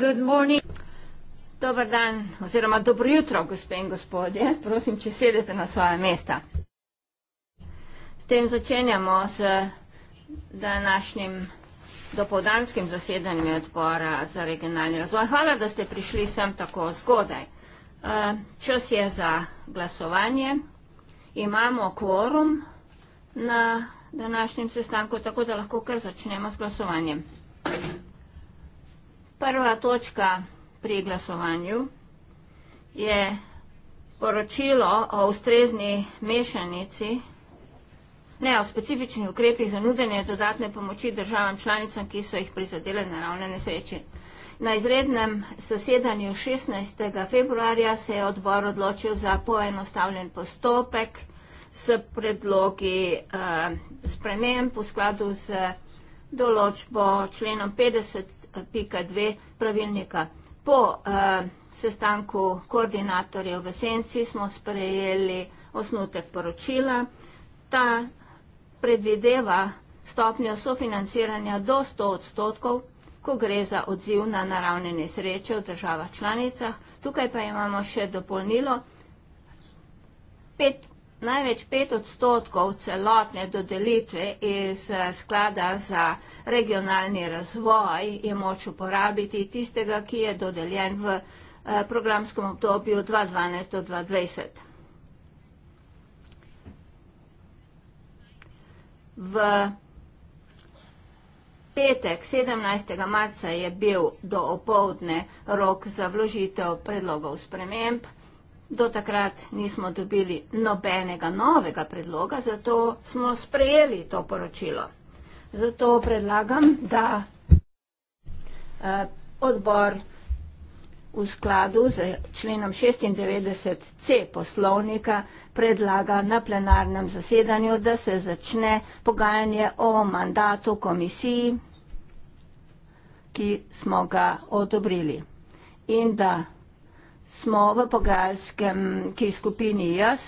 Good morning. Dober dan oziroma dobro jutro, gospe in gospodje. Prosim, če sedete na svoje mesta. S tem začenjamo s današnjim dopoldanskim zasedanjem odbora za regionalni razvoj. Hvala, da ste prišli sem tako zgodaj. Čas je za glasovanje. Imamo kvorum na današnjem sestanku, tako da lahko kar začnemo s glasovanjem. Prva točka pri glasovanju je poročilo o ustrezni mešanici, ne o specifičnih ukrepih za nudenje dodatne pomoči državam članicam, ki so jih prizadele naravne nesreče. Na izrednem zasedanju 16. februarja se je odbor odločil za poenostavljen postopek s predlogi eh, sprememb v skladu z določbo členom 16.2 pravilnika. Po eh, sestanku koordinatorjev v Senci smo sprejeli osnutek poročila. Ta predvideva stopnjo sofinanciranja do 100 odstotkov, ko gre za odziv na naravne nesreče v državah članicah. Tukaj pa imamo še dopolnilo. 5 največ pet odstotkov celotne dodelitve iz eh, sklada za regionalni razvoj je moč uporabiti tistega, ki je dodeljen v eh, programskem obdobju dva dvanajst do dva dvajset. V petek, sedemnajstega marca, je bil do opoldne rok za vložitev predlogov sprememb. Do takrat nismo dobili nobenega novega predloga, zato smo sprejeli to poročilo. Zato predlagam, da eh, odbor v skladu z členom 96c poslovnika predlaga na plenarnem zasedanju, da se začne pogajanje o mandatu komisiji, ki smo ga odobrili in da smo v pogajalskem ki skupini jaz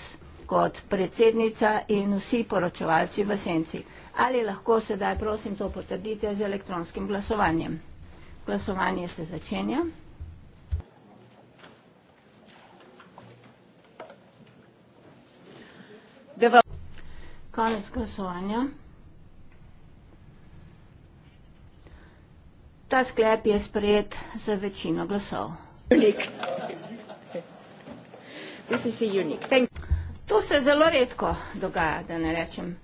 kot predsednica in vsi poročevalci v senci. Ali lahko sedaj prosim to potrdite z elektronskim glasovanjem? Glasovanje se začenja. Deva. Konec glasovanja. Ta sklep je sprejet za večino glasov. Velik this is a unique thing. To se zelo redko dogaja, da ne rečem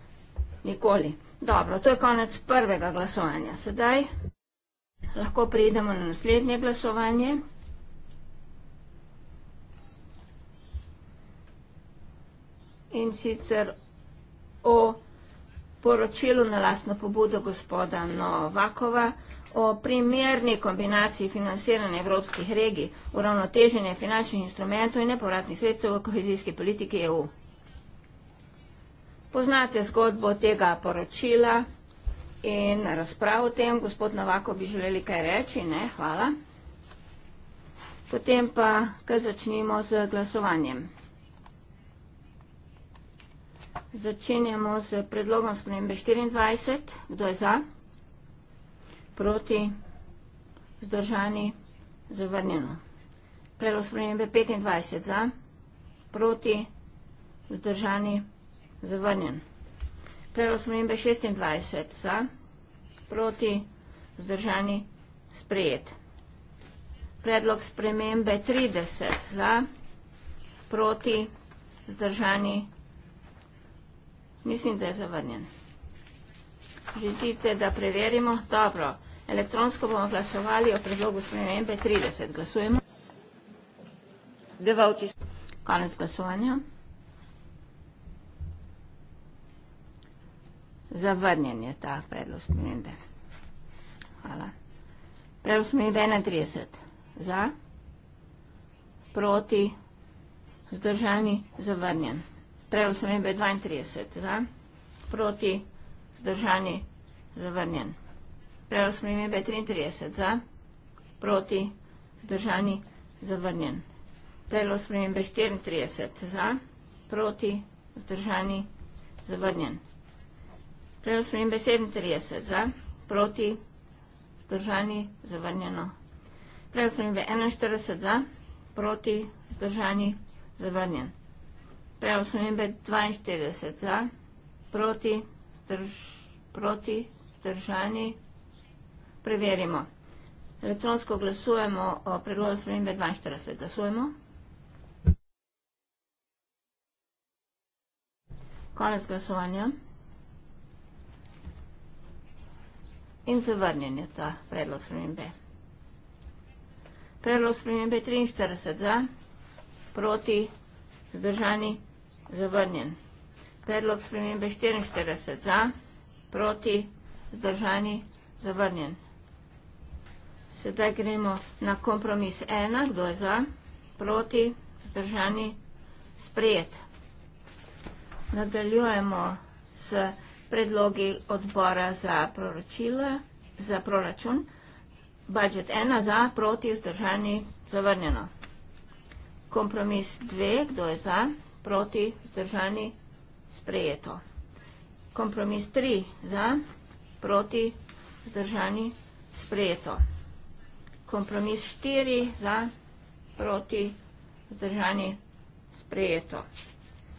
nikoli. Dobro, to je konec prvega glasovanja. Sedaj lahko prejdemo na naslednje glasovanje. In sicer o poročilu na lastno pobudo gospoda Novakova, ki je o primerni kombinaciji financiranja evropskih regij, uravnoteženje finančnih instrumentov in nepovratnih sredstev v kohezijski politiki EU. Poznate zgodbo tega poročila in razprav o tem, gospod Novako bi želeli kaj reči, ne, hvala. Potem pa, kar začnimo z glasovanjem. Začenjamo z predlogom spremembe 24, kdo je za? Kdo je za? proti, vzdržani, zavrnjeno. Predlog spremembe 25 za, proti, vzdržani, zavrnjen. Predlog spremembe 26 za, proti, vzdržani, sprejet. Predlog spremembe 30 za, proti, vzdržani, mislim, da je zavrnjen. Želite, da preverimo? Dobro. Dobro. Elektronsko bomo glasovali o predlogu spremembe 30. Glasujemo. Konec glasovanja. Zavrnjen je ta predlog spremembe. Hvala. Predlog spremembe 31. Za. Proti. Zdržani. Zavrnjen. Predlog spremembe 32. Za. Proti. Zdržani. Zavrnjen. Predlog spremembe je 33 za, proti, zdržani, zavrnjen. Predlog spremembe 34 za, proti, zdržani, zavrnjen. Predlog spremembe 37 za, proti, zdržani, zavrnjeno. Predlog spremembe 41 za, proti, zdržani, zavrnjen. Predlog spremembe 42 za, proti, zdrž, proti zdržani, zavrnjen. Preverimo. Elektronsko glasujemo o predlogu spremembe 42. Glasujemo. Konec glasovanja. In zavrnjen je ta predlog spremembe. Predlog spremembe 43. Za, proti, zdržani, zavrnjen. Predlog spremembe 44. Za, proti, zdržani, zavrnjen. Sedaj gremo na kompromis ena, kdo je za, proti, vzdržani, sprejet. Nadaljujemo s predlogi odbora za proračila, za proračun. Budžet ena za, proti, vzdržani, zavrnjeno. Kompromis dve, kdo je za, proti, vzdržani, sprejeto. Kompromis tri, za, proti, vzdržani, sprejeto. Sprejeto kompromis štiri za, proti, vzdržani, sprejeto.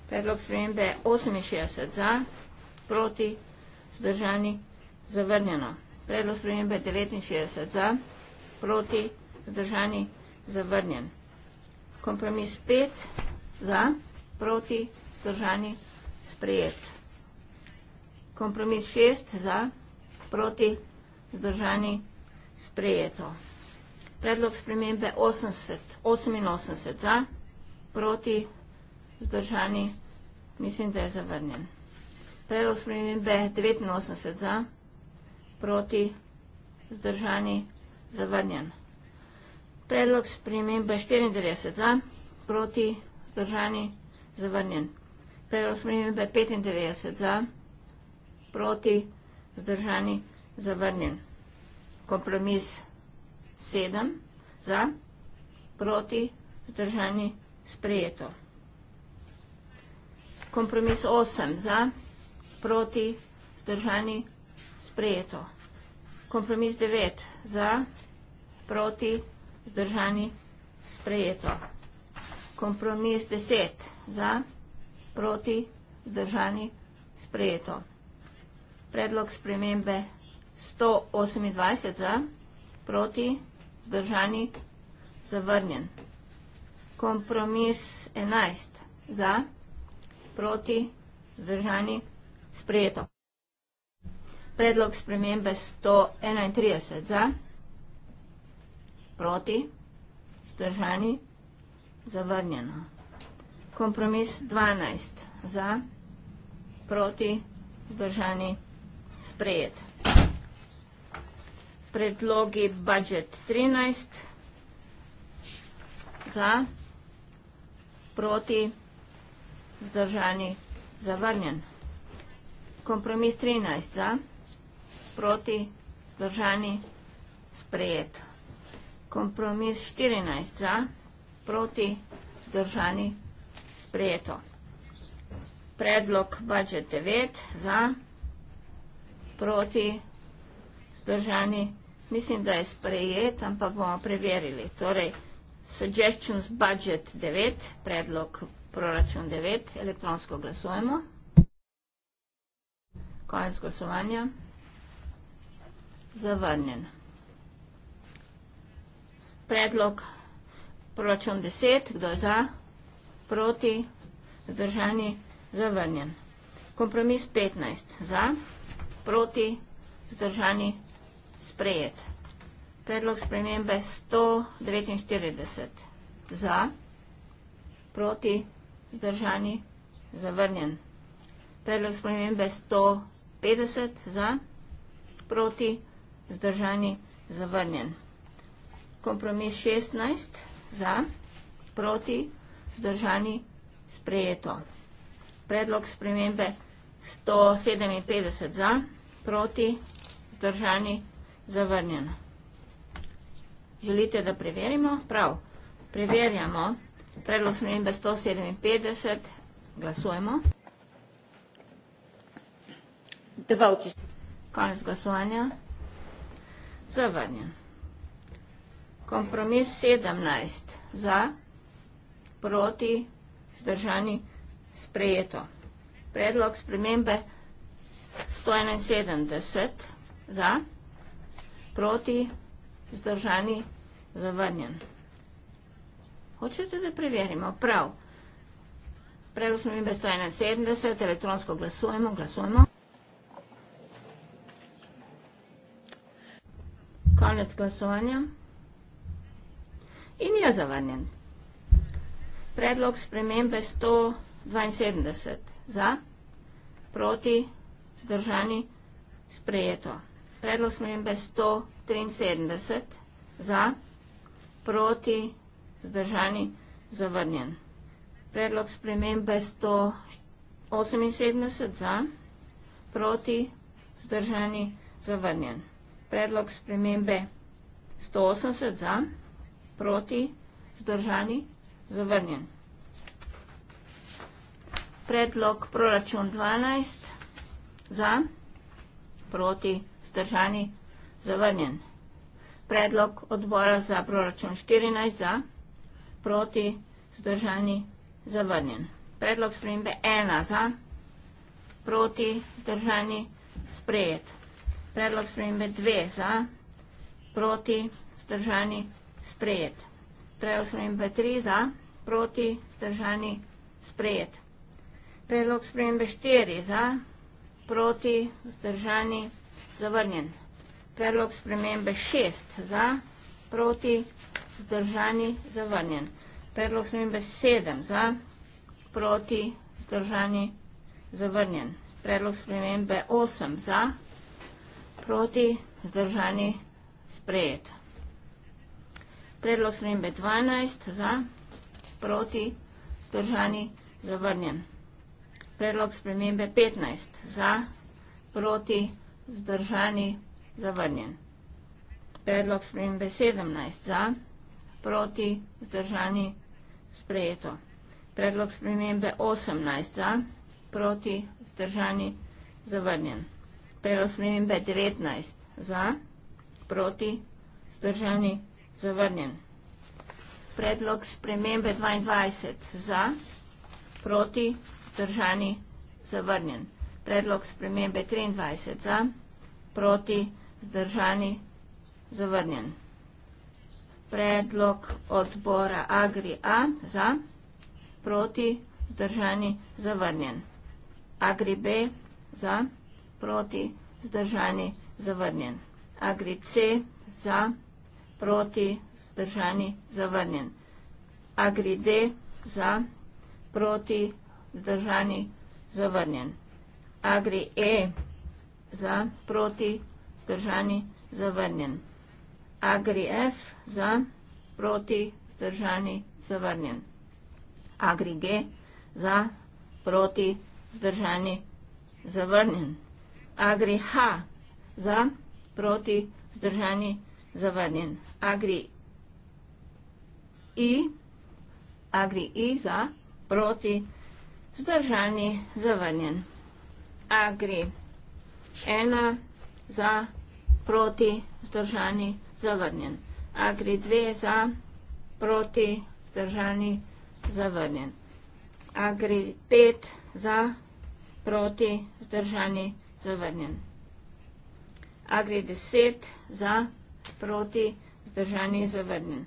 Predlog spremembe je 68 za, proti, vzdržani, zavrnjeno. Predlog spremembe je 69 za, proti, vzdržani, zavrnjen. Kompromis pet za, proti, vzdržani, sprejet. Kompromis šest za, proti, vzdržani, sprejeto predlog spremembe 80, 88 za, proti, vzdržani, mislim, da je zavrnjen. Predlog spremembe 89 za, proti, vzdržani, zavrnjen. Predlog spremembe 94 za, proti, vzdržani, zavrnjen. Predlog spremembe 95 za, proti, vzdržani, zavrnjen. Kompromis vzdržani sedem za, proti, zdržani, sprejeto. Kompromis osem za, proti, zdržani, sprejeto. Kompromis devet za, proti, zdržani, sprejeto. Kompromis deset za, proti, zdržani, sprejeto. Predlog spremembe 128 za, proti, zdržani, sprejeto vzdržani, zavrnjen. Kompromis enajst, za, proti, vzdržani, sprejeto. Predlog spremembe 131, za, proti, vzdržani, zavrnjeno. Kompromis 12, za, proti, vzdržani, sprejeto predlogi budget 13 za proti zdržani zavrnjen. Kompromis 13 za proti zdržani sprejet. Kompromis 14 za proti zdržani sprejeto. Predlog budget 9 za proti zdržani sprejeto mislim, da je sprejet, ampak bomo preverili. Torej, suggestions budget 9, predlog proračun 9, elektronsko glasujemo. Konec glasovanja. Zavrnjen. Predlog proračun 10, kdo je za, proti, zdržani, zavrnjen. Kompromis 15, za, proti, zdržani, zavrnjen sprejet. Predlog spremembe 149. Za, proti, zdržani, zavrnjen. Predlog spremembe 150. Za, proti, zdržani, zavrnjen. Kompromis 16. Za, proti, zdržani, sprejeto. Predlog spremembe 157. Za, proti, zdržani, zavrnjen. Zavrnjeno. Želite, da preverimo? Prav. Preverjamo. Predlog smenjbe 157. Glasujemo. Dva vtis. Konec glasovanja. Zavrnjeno. Kompromis 17. Za, proti, zdržani, sprejeto. Predlog spremembe 171. Za, proti, zdržani, sprejeto proti, zdržani, zavrnjen. Hočete, da preverimo? Prav. Predlog smo ime 171, elektronsko glasujemo, glasujemo. Konec glasovanja. In je zavrnjen. Predlog spremembe 172. Za, proti, zdržani, sprejeto. Predlog spremembe 173 za, proti, zdržani, zavrnjen. Predlog spremembe 178 za, proti, zdržani, zavrnjen. Predlog spremembe 180 za, proti, zdržani, zavrnjen. Predlog proračun 12 za, proti, zdržani, zavrnjen vzdržani zavrnjen. Predlog odbora za proračun 14 za, proti vzdržani zavrnjen. Predlog spremembe 1 za, proti vzdržani sprejet. Predlog spremembe 2 za, proti vzdržani sprejet. Predlog spremembe 3 za, proti vzdržani sprejet. Predlog spremembe 4 za, proti vzdržani sprejet zavrnjen. Predlog spremembe šest za, proti, zdržani, zavrnjen. Predlog spremembe sedem za, proti, zdržani, zavrnjen. Predlog spremembe osem za, proti, zdržani, sprejet. Predlog spremembe dvanajst za, proti, zdržani, zavrnjen. Predlog spremembe petnajst za, proti, zdržani, zavrnjen vzdržani, zavrnjen. Predlog spremembe sedemnajst za, proti, vzdržani, sprejeto. Predlog spremembe osemnajst za, proti, vzdržani, zavrnjen. Predlog spremembe devetnajst za, proti, vzdržani, zavrnjen. Predlog spremembe dvaindvajset za, proti, vzdržani, zavrnjen predlog spremembe 23 za, proti, zdržani, zavrnjen. Predlog odbora Agri A za, proti, zdržani, zavrnjen. Agri B za, proti, zdržani, zavrnjen. Agri C za, proti, zdržani, zavrnjen. Agri D za, proti, zdržani, zavrnjen agri e za proti vzdržani zavrnjen. Agri F za proti vzdržani zavrnjen. Agri G za proti vzdržani zavrnjen. Agri H za proti vzdržani zavrnjen. Agri I, agri I za proti vzdržani zavrnjen. A gre ena za proti zdržani zavrnjen. A gre dve za proti zdržani zavrnjen. A gre pet za proti zdržani zavrnjen. A gre deset za proti zdržani zavrnjen.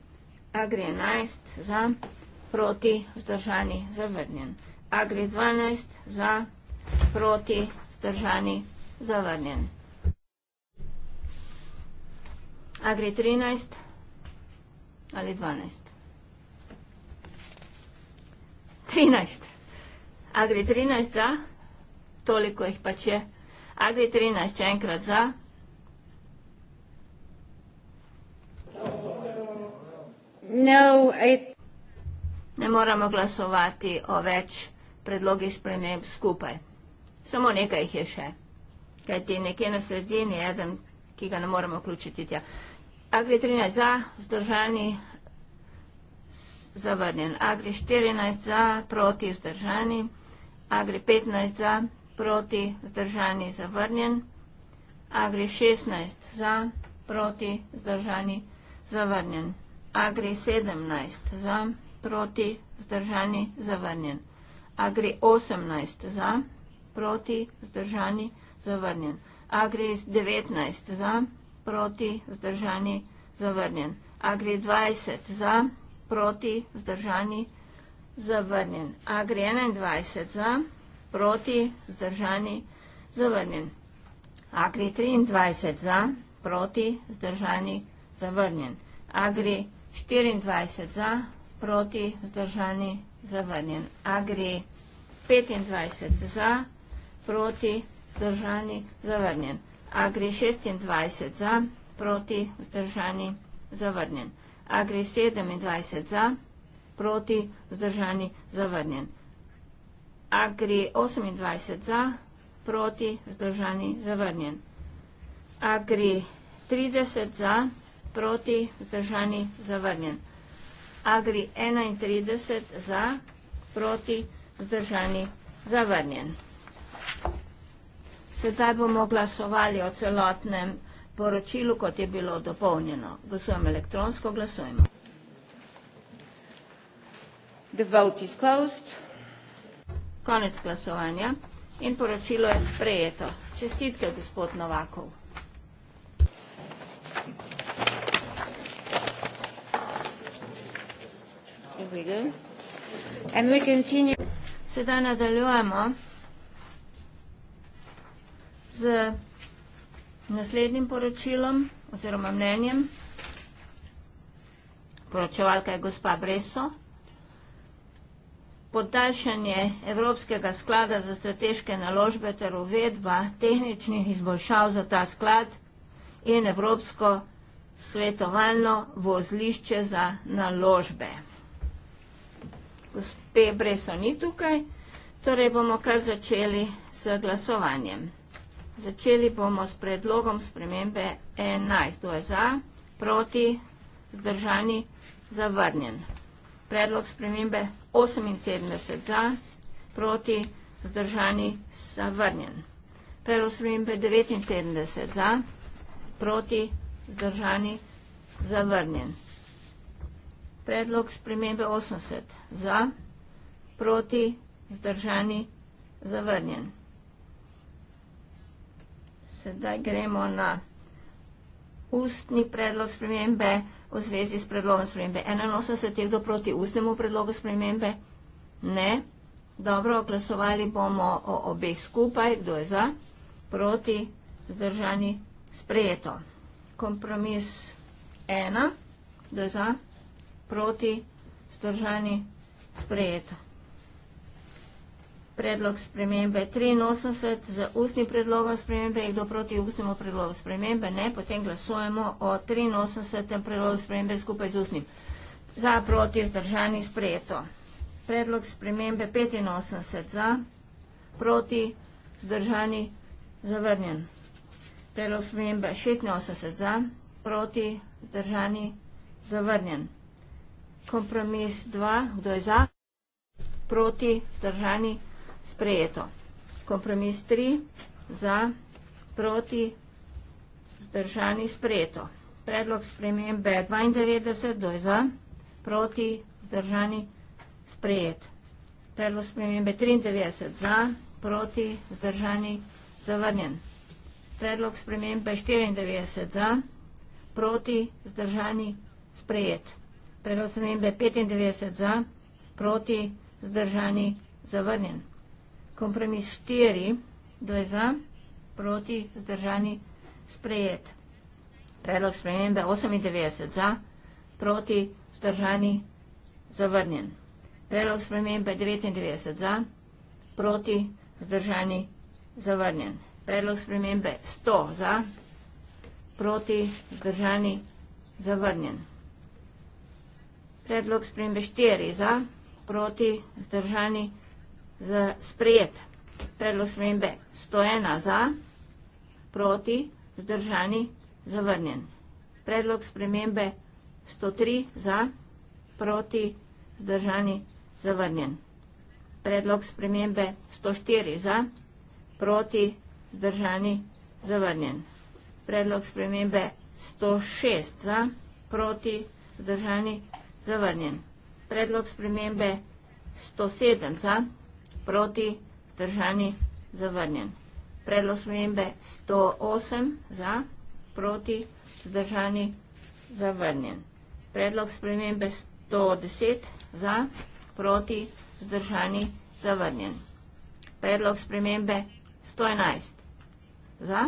A gre enajst za proti zdržani zavrnjen. A gre dvanajst za proti zdržani zavrnjen proti, vzdržani, zavrnjen. A gre 13 ali 12? 13. A gre 13 za? Toliko jih pač je. A gre 13 še enkrat za? No, ne moramo glasovati o več predlogih sprememb skupaj. Samo nekaj jih je še. Kaj ti nekje na sredini je eden, ki ga ne moremo vključiti tja. Agri 13 za, vzdržani, zavrnjen. Agri 14 za, proti, vzdržani. Agri 15 za, proti, vzdržani, zavrnjen. Agri 16 za, proti, vzdržani, zavrnjen. Agri 17 za, proti, vzdržani, zavrnjen. Agri 18 za, proti, vzdržani, zavrnjen proti, vzdržani, zavrnjen. Agris 19 za, proti, vzdržani, zavrnjen. Agri 20 za, proti, vzdržani, zavrnjen. Agri 21 za, proti, vzdržani, zavrnjen. Agri 23 za, proti, vzdržani, zavrnjen. Agri 24 za, proti, vzdržani, zavrnjen. Agri 25 za, proti, vzdržani, zavrnjen proti, vzdržani, zavrnjen. Agri 26 za, proti, vzdržani, zavrnjen. Agri 27 za, proti, vzdržani, zavrnjen. Agri 28 za, proti, vzdržani, zavrnjen. Agri 30 za, proti, vzdržani, zavrnjen. Agri 31 za, proti, vzdržani, zavrnjen. Sedaj bomo glasovali o celotnem poročilu, kot je bilo dopolnjeno. Glasujemo elektronsko, glasujemo. The vote is closed. Konec glasovanja in poročilo je sprejeto. Čestitke, gospod Novakov. Sedaj nadaljujemo z naslednjim poročilom oziroma mnenjem. Poročevalka je gospa Breso. Podaljšanje Evropskega sklada za strateške naložbe ter uvedba tehničnih izboljšav za ta sklad in Evropsko svetovalno vozlišče za naložbe. Gospe Breso ni tukaj, torej bomo kar začeli z glasovanjem. Začeli bomo s predlogom spremembe 11. Kdo je za? Proti? Zdržani? Zavrnjen. Predlog spremembe 78 za, proti, zdržani, zavrnjen. Predlog spremembe 79 za, proti, zdržani, zavrnjen. Predlog spremembe 80 za, proti, zdržani, zavrnjen. Sedaj gremo na ustni predlog spremembe v zvezi s predlogom spremembe. 81 je kdo proti ustnemu predlogu spremembe? Ne. Dobro, glasovali bomo o obeh skupaj. Kdo je za? Proti? Zdržani? Sprejeto. Kompromis 1. Kdo je za? Proti? Zdržani? Sprejeto predlog spremembe 83 z ustnim predlogom spremembe in kdo proti ustnemu predlogu spremembe, ne, potem glasujemo o 83. predlogu spremembe skupaj z ustnim. Za, proti, zdržani, sprejeto. Predlog spremembe 85 za, proti, zdržani, zavrnjen. Predlog spremembe 86 za, proti, zdržani, zavrnjen. Kompromis 2, kdo je za, proti, zdržani, zavrnjen sprejeto. Kompromis 3 za proti zdržani sprejeto. Predlog spremembe 92, doj za proti zdržani sprejet. Predlog spremembe 93 za proti zdržani zavrnjen. Predlog spremembe 94 za proti zdržani sprejet. Predlog spremembe 95 za proti zdržani zavrnjen kompromis 4, kdo je za, proti, zdržani, sprejet. Predlog spremembe 98 za, proti, zdržani, zavrnjen. Predlog spremembe 99 za, proti, zdržani, zavrnjen. Predlog spremembe 100 za, proti, zdržani, zavrnjen. Predlog spremembe 4 za, proti, zdržani, zavrnjen za sprejet predlog smembe 101 za, proti, zdržani, zavrnjen. Predlog smembe 103 za, proti, zdržani, zavrnjen. Predlog smembe 104 za, proti, zdržani, zavrnjen. Predlog smembe 106 za, proti, zdržani, zavrnjen. Predlog smembe 107 za, proti, zdržani, zavrnjen proti, vzdržani, zavrnjen. Predlog spremembe 108 za, proti, vzdržani, zavrnjen. Predlog spremembe 110 za, proti, vzdržani, zavrnjen. Predlog spremembe 111 za,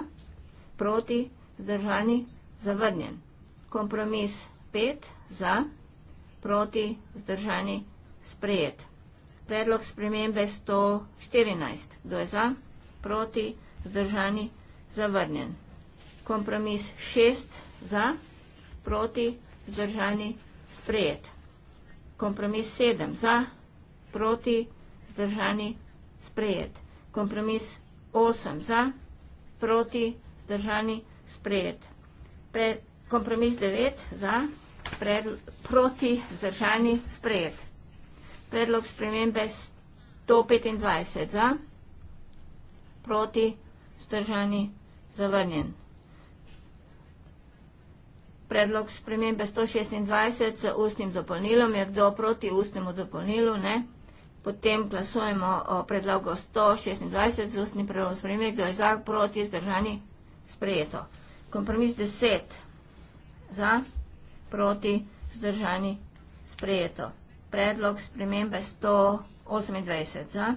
proti, vzdržani, zavrnjen. Kompromis 5 za, proti, vzdržani, sprejet predlog spremembe 114. Kdo je za? Proti? Zdržani? Zavrnjen. Kompromis 6. Za? Proti? Zdržani? Sprejet. Kompromis 7. Za? Proti? Zdržani? Sprejet. Kompromis 8. Za? Proti? Zdržani? Sprejet. Kompromis 9. Za? Proti? Zdržani? Sprejet. Kompromis 9. Za? Proti? Zdržani? Sprejet predlog spremembe 125 za, proti, zdržani, zavrnjen. Predlog spremembe 126 za ustnim dopolnilom je kdo proti ustnemu dopolnilu, ne? Potem glasujemo o predlogu 126 za ustni predlog spremembe, kdo je za, proti, zdržani, sprejeto. Kompromis 10 za, proti, zdržani, sprejeto predlog spremembe 128 za,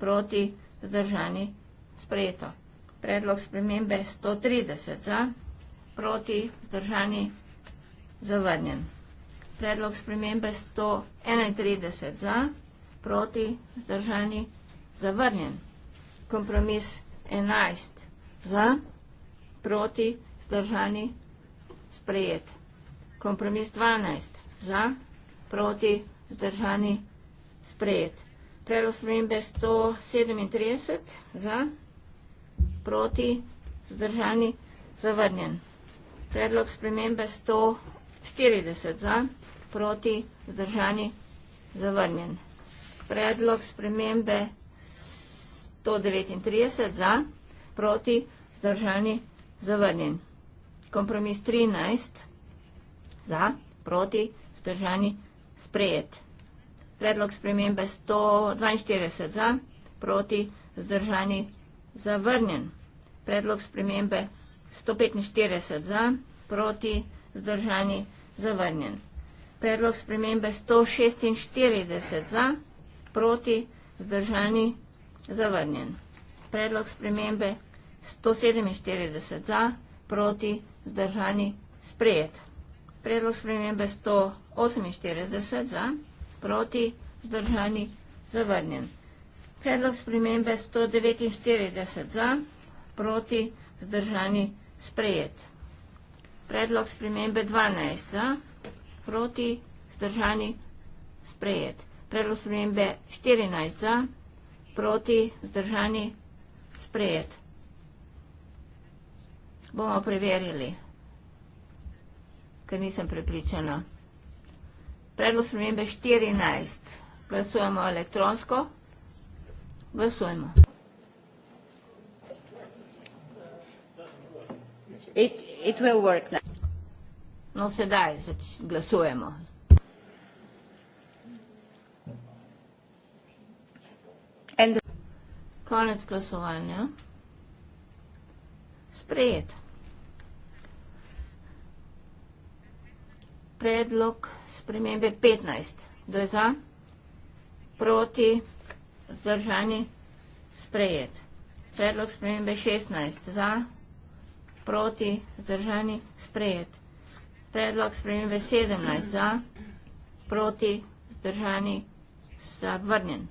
proti zdržani sprejeto. Predlog spremembe 130 za, proti zdržani zavrnjen. Predlog spremembe 131 za, proti zdržani zavrnjen. Kompromis 11 za, proti zdržani sprejet. Kompromis 12 za, proti zdržani sprejet proti zdržani sprejet. Predlog spremembe 137 za, proti zdržani zavrnjen. Predlog spremembe 140 za, proti zdržani zavrnjen. Predlog spremembe 139 za, proti zdržani zavrnjen. Kompromis 13 za, proti zdržani zavrnjen sprejet. Predlog spremembe 142 za, proti, zdržani, zavrnjen. Predlog spremembe 145 za, proti, zdržani, zavrnjen. Predlog spremembe 146 za, proti, zdržani, zavrnjen. Predlog spremembe 147 za, proti, zdržani, sprejet. Predlog spremembe 148 za, proti, zdržani, zavrnjen. Predlog spremembe 149 za, proti, zdržani, sprejet. Predlog spremembe 12 za, proti, zdržani, sprejet. Predlog spremembe 14 za, proti, zdržani, sprejet. Bomo preverili. Predlog spremembe 14 za, proti, zdržani, sprejet ker nisem prepričana. Predlog spremembe 14. Glasujemo elektronsko. Glasujemo. It, it no, sedaj glasujemo. And Konec glasovanja. Sprejeto. predlog spremembe 15. Kdo je za? Proti? Zdržani? Sprejet. Predlog spremembe 16. Za? Proti? Zdržani? Sprejet. Predlog spremembe 17. Za? Proti? Zdržani? Zavrnjen.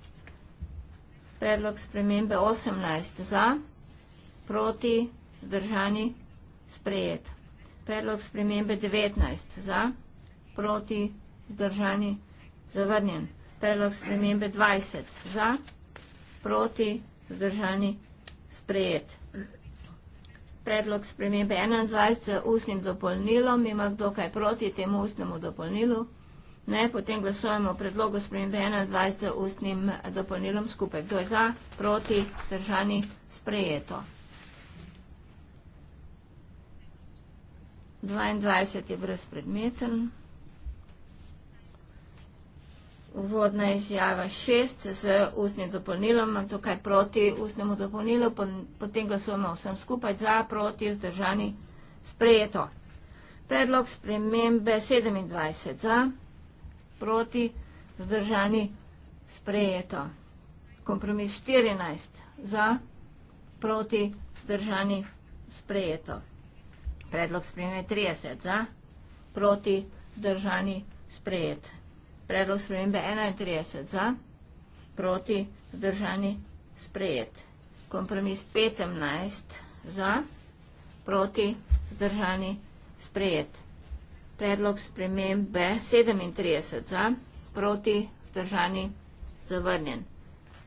Predlog spremembe 18. Za? Proti? Zdržani? Sprejet. Predlog spremembe 19. Za? Proti? Zdržani? Sprejet proti, zdržani, zavrnjen. Predlog spremembe 20. Za, proti, zdržani, sprejet. Predlog spremembe 21 z ustnim dopolnilom. Ima kdo kaj proti temu ustnemu dopolnilu? Ne, potem glasujemo o predlogu spremembe 21 z ustnim dopolnilom skupaj. Kdo je za, proti, zdržani, sprejeto. 22 je brezpredmeten. Uvodna izjava šest z ustnim dopolnilom, imam tukaj proti ustnemu dopolnilu, potem glasujemo vsem skupaj za, proti, zdržani, sprejeto. Predlog spremembe 27 za, proti, zdržani, sprejeto. Kompromis 14 za, proti, zdržani, sprejeto. Predlog spremembe 30 za, proti, zdržani, sprejeto predlog spremembe 31 za, proti zdržani sprejet. Kompromis 15 za, proti zdržani sprejet. Predlog spremembe 37 za, proti zdržani zavrnjen.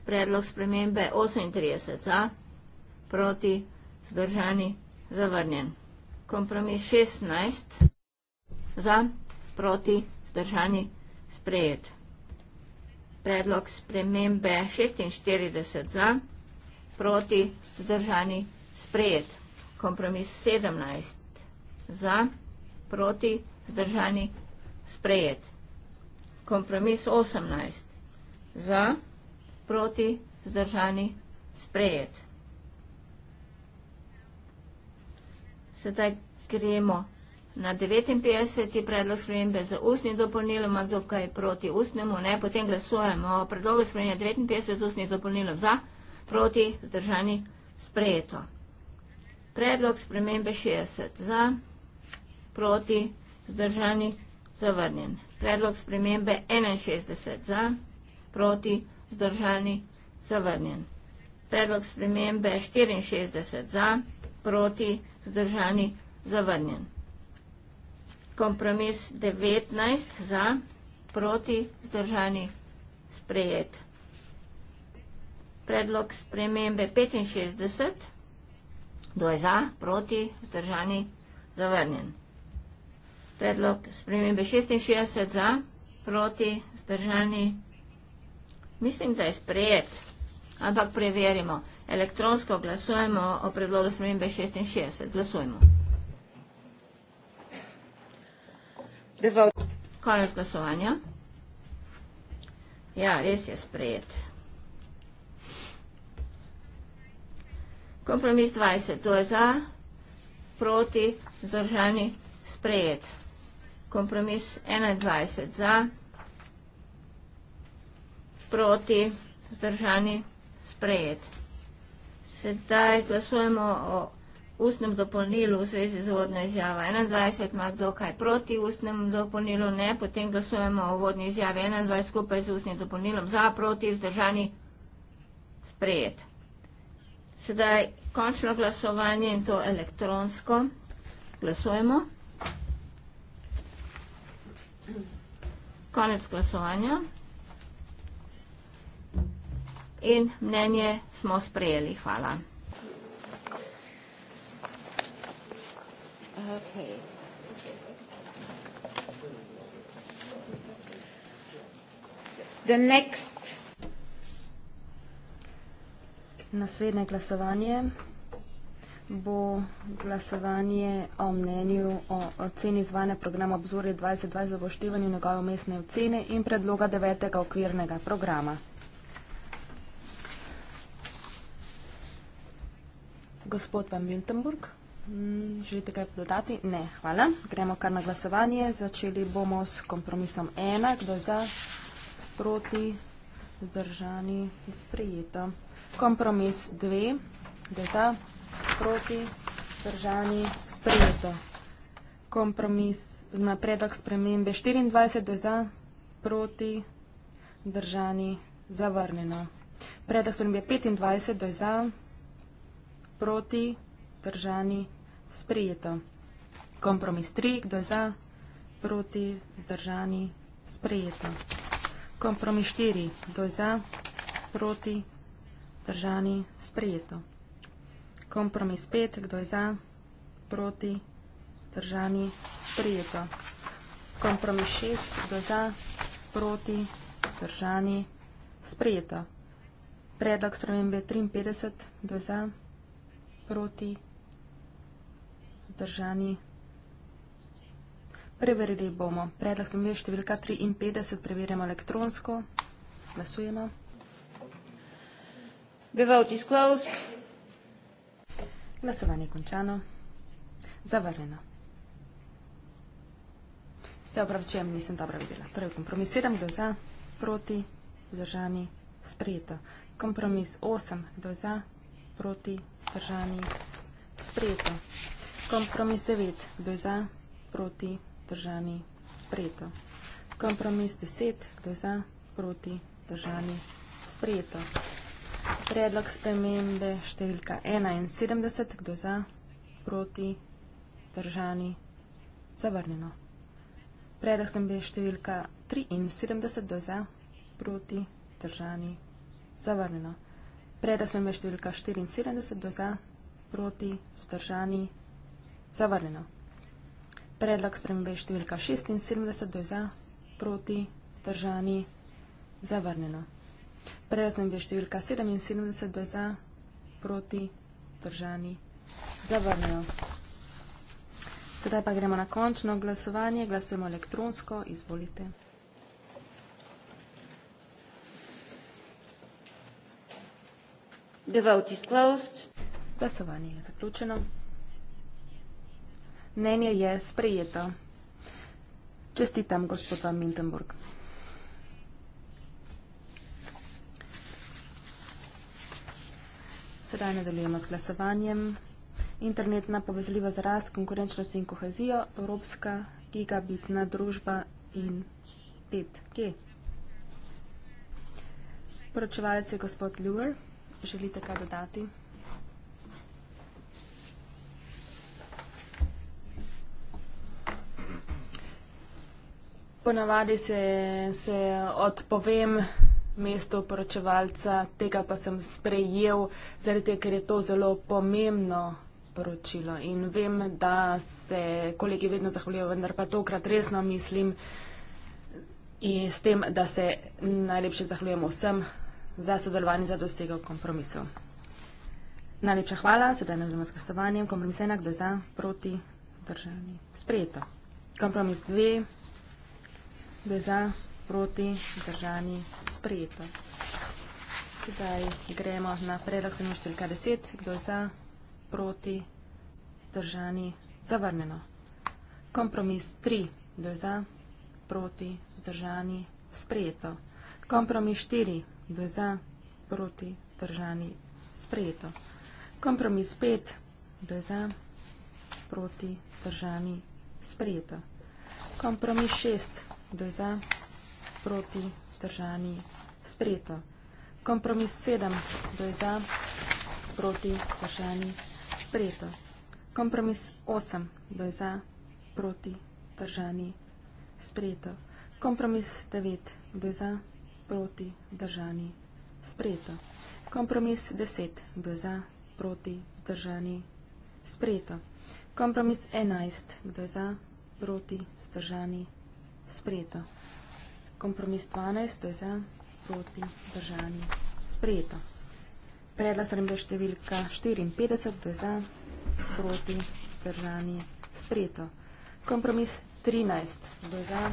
Predlog spremembe 38 za, proti zdržani zavrnjen. Kompromis 16 za, proti zdržani zavrnjen sprejet. Predlog spremembe 46 za, proti zdržani sprejet. Kompromis 17 za, proti zdržani sprejet. Kompromis 18 za, proti zdržani sprejet. Sedaj gremo Na 59 je predlog spremembe za ustni dopolnilom, ima kdo kaj proti ustnemu, ne, potem glasujemo o predlogu spremembe 59 z ustni dopolnilom za, proti, zdržani, sprejeto. Predlog spremembe 60 za, proti, zdržani, zavrnjen. Predlog spremembe 61 za, proti, zdržani, zavrnjen. Predlog spremembe 64 za, proti, zdržani, zavrnjen. Predlog spremembe 64 za, proti, zdržani, zavrnjen kompromis 19 za, proti, zdržani, sprejet. Predlog spremembe 65, do je za, proti, zdržani, zavrnjen. Predlog spremembe 66 za, proti, zdržani, mislim, da je sprejet, ampak preverimo. Elektronsko glasujemo o predlogu spremembe 66. Glasujemo. Glasujemo. Devalt. Konec glasovanja. Ja, res je sprejet. Kompromis 20. To je za, proti, zdržani, sprejet. Kompromis 21. Za, proti, zdržani, sprejet. Sedaj glasujemo o ustnem dopolnilu v zvezi z vodno izjavo 21, ima kdo kaj proti ustnem dopolnilu, ne, potem glasujemo o vodni izjavi 21 skupaj z ustnim dopolnilom za, proti, vzdržani, sprejet. Sedaj končno glasovanje in to elektronsko. Glasujemo. Konec glasovanja. In mnenje smo sprejeli. Hvala. okay. The next. Naslednje glasovanje bo glasovanje o mnenju o oceni izvajanja programa obzorje 2020 za poštevanje njegove mestne ocene in predloga devetega okvirnega programa. Gospod Van Wintenburg. Mm, želite kaj dodati? Ne, hvala. Gremo kar na glasovanje. Začeli bomo s kompromisom ena. Kdo za? Proti? Zdržani? Sprejeto. Kompromis dve. Kdo za? Proti? Zdržani? Sprejeto. Kompromis na predlog spremembe 24. Kdo za? Proti? Zdržani? Zavrnjeno. Predlog spremembe 25. Kdo za? Proti? Zdržani? Sprejeto sprejeto. Kompromis 3, kdo je za, proti, vzdržani, sprejeto. Kompromis 4, kdo je za, proti, vzdržani, sprejeto. Kompromis 5, kdo je za, proti, vzdržani, sprejeto. Kompromis 6, kdo je za, proti, vzdržani, sprejeto. Predlog spremembe 53, kdo je za, proti, vzdržani, sprejeto vzdržani. Preverili bomo. Predlog slovenje številka 53 preverjamo elektronsko. Glasujemo. Glasovanje je končano. Zavrljeno. Se opravičujem, nisem dobro videla. Torej, kompromisiram, kdo za, proti, vzdržani, sprejeto. Kompromis 8, kdo za, proti, vzdržani, sprejeto. Kompromis 9. Kdo je za? Proti. Držani. Sprejeto. Kompromis 10. Kdo je za? Proti. Držani. Sprejeto. Predlog spremembe številka 71. Kdo je za? Proti. Držani. Zavrnjeno. Predlog spremembe številka 73. Kdo je za? Proti. Držani. Zavrnjeno. Predlog spremembe številka 74. Kdo je za? Proti. Zdržani. Zavrnjeno. Zavrnjeno. Predlog spremembe številka 76 do za, proti, držani, zavrnjeno. Predlog spremembe številka 77 do za, proti, držani, zavrnjeno. Sedaj pa gremo na končno glasovanje. Glasujemo elektronsko. Izvolite. The vote is closed. Glasovanje je zaključeno. Mnenje je sprejeto. Čestitam, gospod van Mintenburg. Sedaj nadaljujemo z glasovanjem. Internetna povezljiva za rast, konkurenčnost in kohezijo, Evropska gigabitna družba in 5G. Poročevalec je gospod Ljuger. Želite kaj dodati? Ponavadi se, se odpovem mestu poročevalca, tega pa sem sprejel, zaradi tega, ker je to zelo pomembno poročilo. In vem, da se kolegi vedno zahvaljujejo, vendar pa tokrat resno mislim in s tem, da se najlepše zahvaljujem vsem za sodelovanje, za dosego kompromisov. Najlepša hvala, sedaj nadaljujemo s glasovanjem. Kompromis enak, kdo za, proti, državni. Sprejeto. Kompromis dve da je za, proti, držani, sprejeto. Sedaj gremo na predlog samo številka 10, kdo je za, proti, držani, zavrnjeno. Kompromis 3, kdo je za, proti, držani, sprejeto. Kompromis 4, kdo je za, proti, držani, sprejeto. Kompromis 5, kdo je za, proti, držani, sprejeto. Kompromis 6, kdo je za, proti, držani, sprejeto. Kompromis 7, kdo je za, proti, držani, sprejeto. Kompromis 8, kdo je za, proti, držani, sprejeto. Kompromis 9, kdo je za, proti, držani, sprejeto. Kompromis 10, kdo je za, proti, držani, sprejeto. Kompromis 11, kdo je za, proti, držani, sprejeto sprejeto. Kompromis 12, to je za proti držanje sprejeto. Predla sremde številka 54, to je za proti držanje sprejeto. Kompromis 13, to je za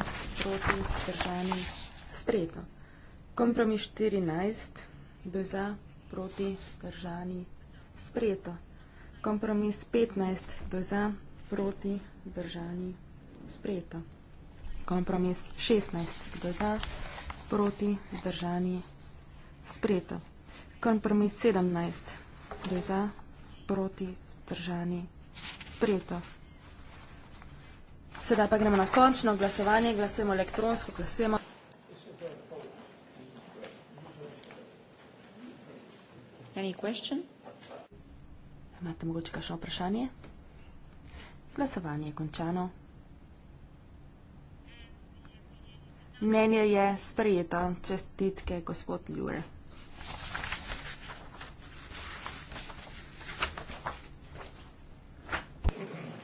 proti držanje sprejeto. Kompromis 14, to je za proti držanje sprejeto. Kompromis 15, to je za proti držanje sprejeto kompromis 16. Kdo za? Proti držani spreto. Kompromis 17. Kdo za? Proti držani spreto. Sedaj pa gremo na končno glasovanje. Glasujemo elektronsko. Glasujemo. Any question? Imate mogoče kakšno vprašanje? Glasovanje je končano. Mnenje je sprejeto. Čestitke, gospod Ljure.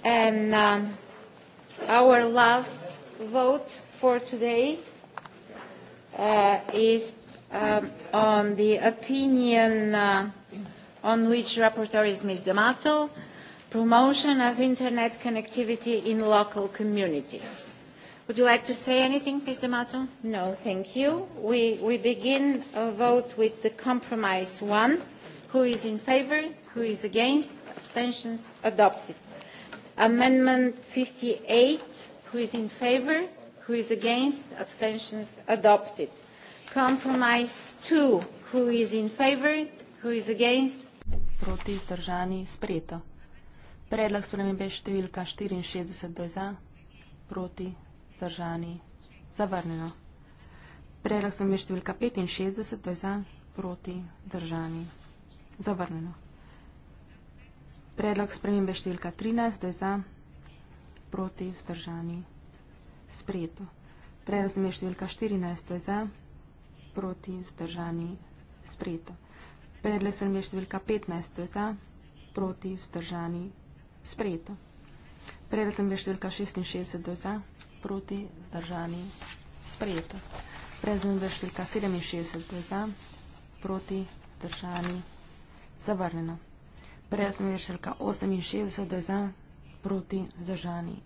And uh, our last vote for today uh, is um, on the opinion uh, on which rapporteur is Ms. D'Amato, promotion of internet connectivity in local communities. Would you like to say anything, Ms. D'Amato? No, thank you. We, we begin a vote with the compromise one. Who is in favor? Who is against? Abstentions? Adopted. Amendment 58. Who is in favor? Who is against? Abstentions? Adopted. Compromise 2. Who is in favor? Who is against? Proti zdržani sprejeto. Predlog spremembe številka 64 do za, proti vzdržani. Zavrnjeno. Predlog sem je številka 65, to je za proti držani. Zavrnjeno. Predlog spremembe številka 13, to je za proti vzdržani. Sprejeto. Predlog sem je številka 14, to je za proti vzdržani. Sprejeto. Predlog sem je številka 15, to je za proti vzdržani. Sprejeto. Predlog sem je številka 66, to je za proti vzdržani proti, vzdržani, sprejeto. Predzvenuda številka 67 za, proti, vzdržani, zavrnjeno. Predzvenuda številka 68 za, proti, vzdržani,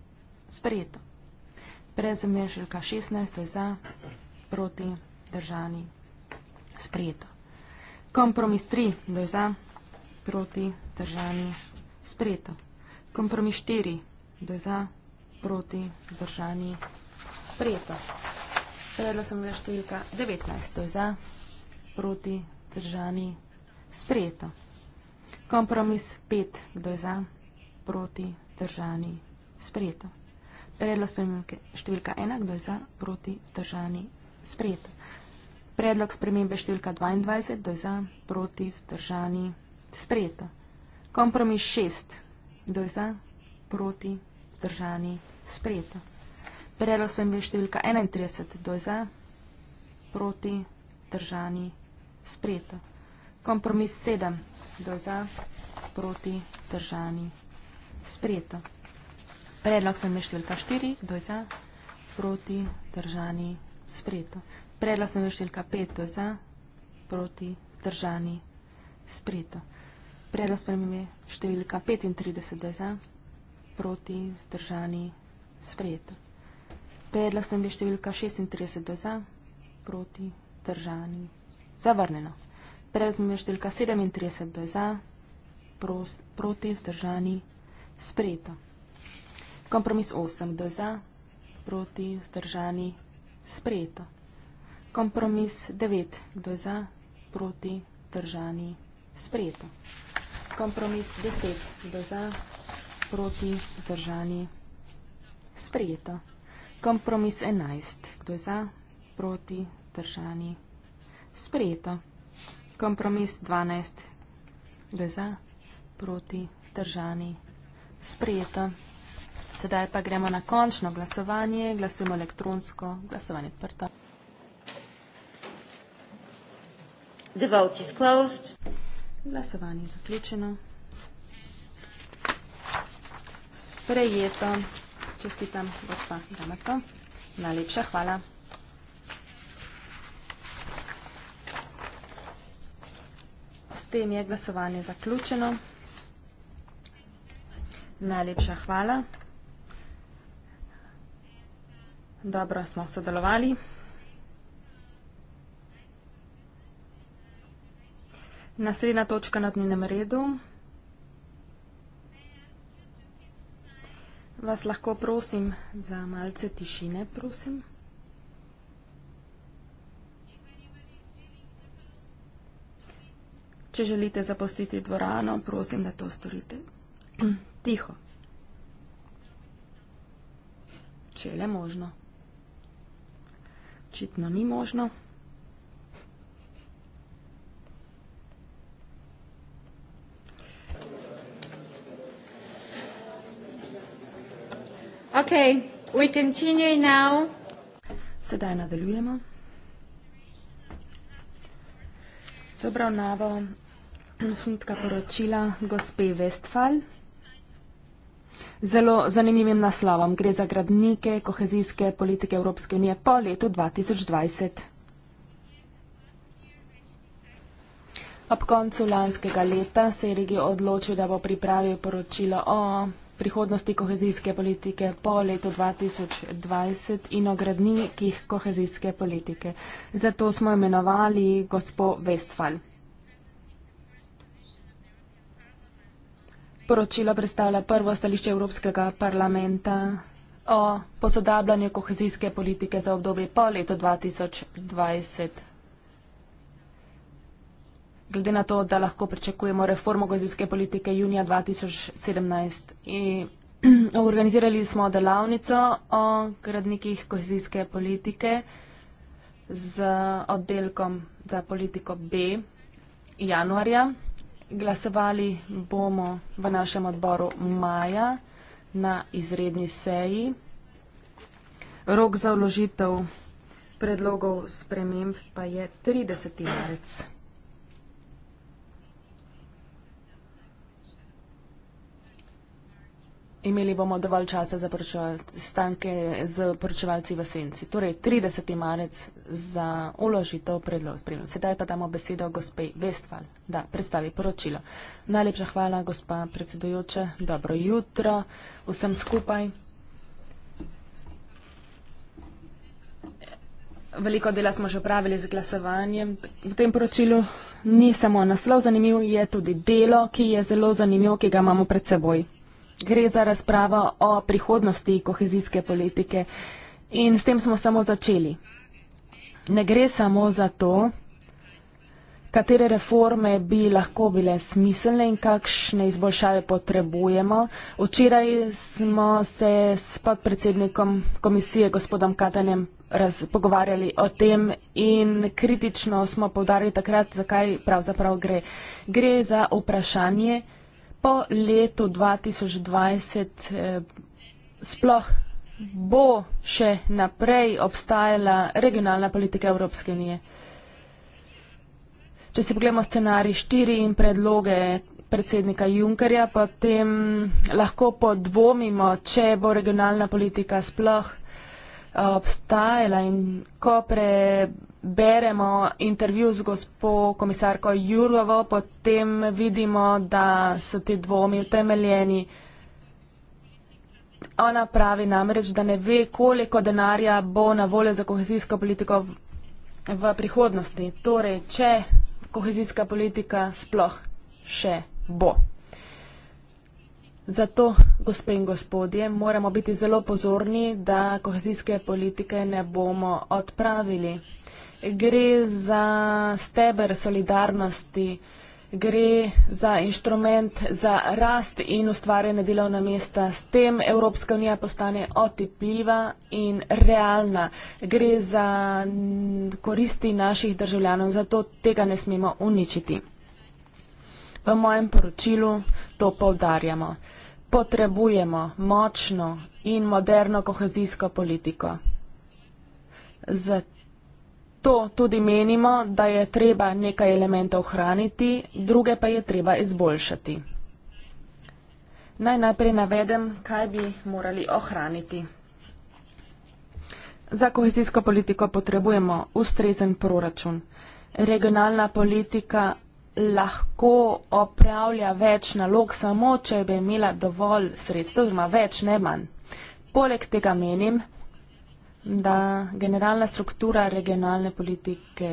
sprejeto. Predzvenuda številka 16 za, proti, vzdržani, sprejeto. Kompromis 3 za, proti, vzdržani, sprejeto. Kompromis 4 za, proti, vzdržani, sprejeto proti vzdržani sprejeto. Predla sem bila številka 19, to je za proti vzdržani sprejeto. Kompromis 5, to je za proti vzdržani sprejeto. Predlog spremembe številka 1, kdo je za, proti, vzdržani, sprejeto. Predlog spremembe številka 22, kdo je za, proti, vzdržani, sprejeto. Kompromis 6, kdo je za, proti, vzdržani, sprejeto vzdržani, sprejeto. Prijelo smo imeli številka 31, do za, proti, vzdržani, sprejeto. Kompromis 7, do za, proti, vzdržani, sprejeto. Predlog smo imeli številka 4, do za, proti, vzdržani, sprejeto. Predlog smo imeli številka 5, do za, proti, vzdržani, sprejeto. Predlog smo imeli številka 35, do za, proti, vzdržani, sprejeto proti, vzdržani, sprejeto. Predla sem bi številka 36 do za, proti, vzdržani, zavrnjeno. Predla sem bi številka 37 do za, proti, vzdržani, sprejeto. Kompromis 8 do za, proti, vzdržani, sprejeto. Kompromis 9 do za, proti, vzdržani, sprejeto. Kompromis 10 do za, proti, zdržani, sprejeto. Kompromis 11. Kdo je za, proti, zdržani, sprejeto. Kompromis 12. Kdo je za, proti, zdržani, sprejeto. Sedaj pa gremo na končno glasovanje. Glasujemo elektronsko. Glasovanje odprto. The vote is closed. Glasovanje zaključeno. prejeto. Čestitam, gospa Damato. Najlepša hvala. S tem je glasovanje zaključeno. Najlepša hvala. Dobro smo sodelovali. Naslednja točka na dnevnem redu. Vas lahko prosim za malce tišine, prosim? Če želite zapustiti dvorano, prosim, da to storite. Tiho. Če je le možno. Očitno ni možno. Okay, we continue now. Sedaj nadaljujemo. Z obravnavo osnutka poročila gospe Westfall. Zelo zanimivim naslovom gre za gradnike kohezijske politike Evropske unije po letu 2020. Ob koncu lanskega leta se je regijo odločil, da bo pripravil poročilo o prihodnosti kohezijske politike po letu 2020 in o gradnikih kohezijske politike. Zato smo imenovali gospo Westphal. Poročilo predstavlja prvo stališče Evropskega parlamenta o posodabljanju kohezijske politike za obdobje po letu 2020 glede na to, da lahko pričakujemo reformo gozdinske politike junija 2017. In, organizirali smo delavnico o gradnikih gozdinske politike z oddelkom za politiko B januarja. Glasovali bomo v našem odboru maja na izredni seji. Rok za vložitev predlogov sprememb pa je 30. marec. imeli bomo dovolj časa za stanke z poročevalci v senci. Torej, 30. marec za uložitev predlog sprejem. Sedaj pa damo besedo gospe Vestval, da predstavi poročilo. Najlepša hvala, gospa predsedujoča. Dobro jutro vsem skupaj. Veliko dela smo že opravili z glasovanjem v tem poročilu. Ni samo naslov zanimiv, je tudi delo, ki je zelo zanimivo, ki ga imamo pred seboj gre za razpravo o prihodnosti kohezijske politike. In s tem smo samo začeli. Ne gre samo za to, katere reforme bi lahko bile smiselne in kakšne izboljšave potrebujemo. Včeraj smo se s podpredsednikom komisije, gospodom Katanem, pogovarjali o tem in kritično smo povdarjali takrat, zakaj pravzaprav gre. Gre za vprašanje, po letu 2020 eh, sploh bo še naprej obstajala regionalna politika Evropske unije. Če si pogledamo scenarij štiri in predloge predsednika Junkerja, potem lahko podvomimo, če bo regionalna politika sploh eh, obstajala in ko pre beremo intervju z gospo komisarko Jurovo, potem vidimo, da so ti dvomi utemeljeni. Ona pravi namreč, da ne ve, koliko denarja bo na voljo za kohezijsko politiko v, v prihodnosti. Torej, če kohezijska politika sploh še bo. Zato, gospe in gospodje, moramo biti zelo pozorni, da kohezijske politike ne bomo odpravili gre za steber solidarnosti, gre za inštrument za rast in ustvarjene delovna mesta. S tem Evropska unija postane otipljiva in realna. Gre za koristi naših državljanov, zato tega ne smemo uničiti. V mojem poročilu to povdarjamo. Potrebujemo močno in moderno kohezijsko politiko. Zato zato tudi menimo, da je treba nekaj elementov hraniti, druge pa je treba izboljšati. Naj najprej navedem, kaj bi morali ohraniti. Za kohezijsko politiko potrebujemo ustrezen proračun. Regionalna politika lahko opravlja več nalog samo, če bi imela dovolj sredstev, ima več ne manj. Poleg tega menim, da generalna struktura regionalne politike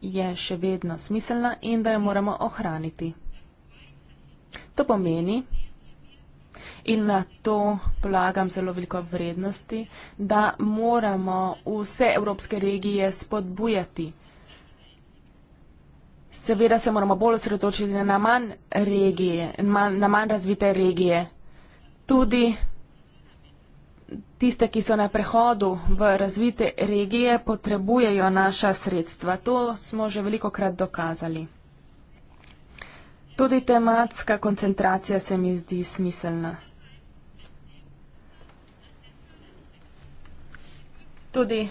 je še vedno smiselna in da jo moramo ohraniti. To pomeni, in na to polagam zelo veliko vrednosti, da moramo vse evropske regije spodbujati. Seveda se moramo bolj osredotočiti na manj, regije, na manj razvite regije. Tudi tiste, ki so na prehodu v razvite regije, potrebujejo naša sredstva. To smo že veliko krat dokazali. Tudi tematska koncentracija se mi zdi smiselna. Tudi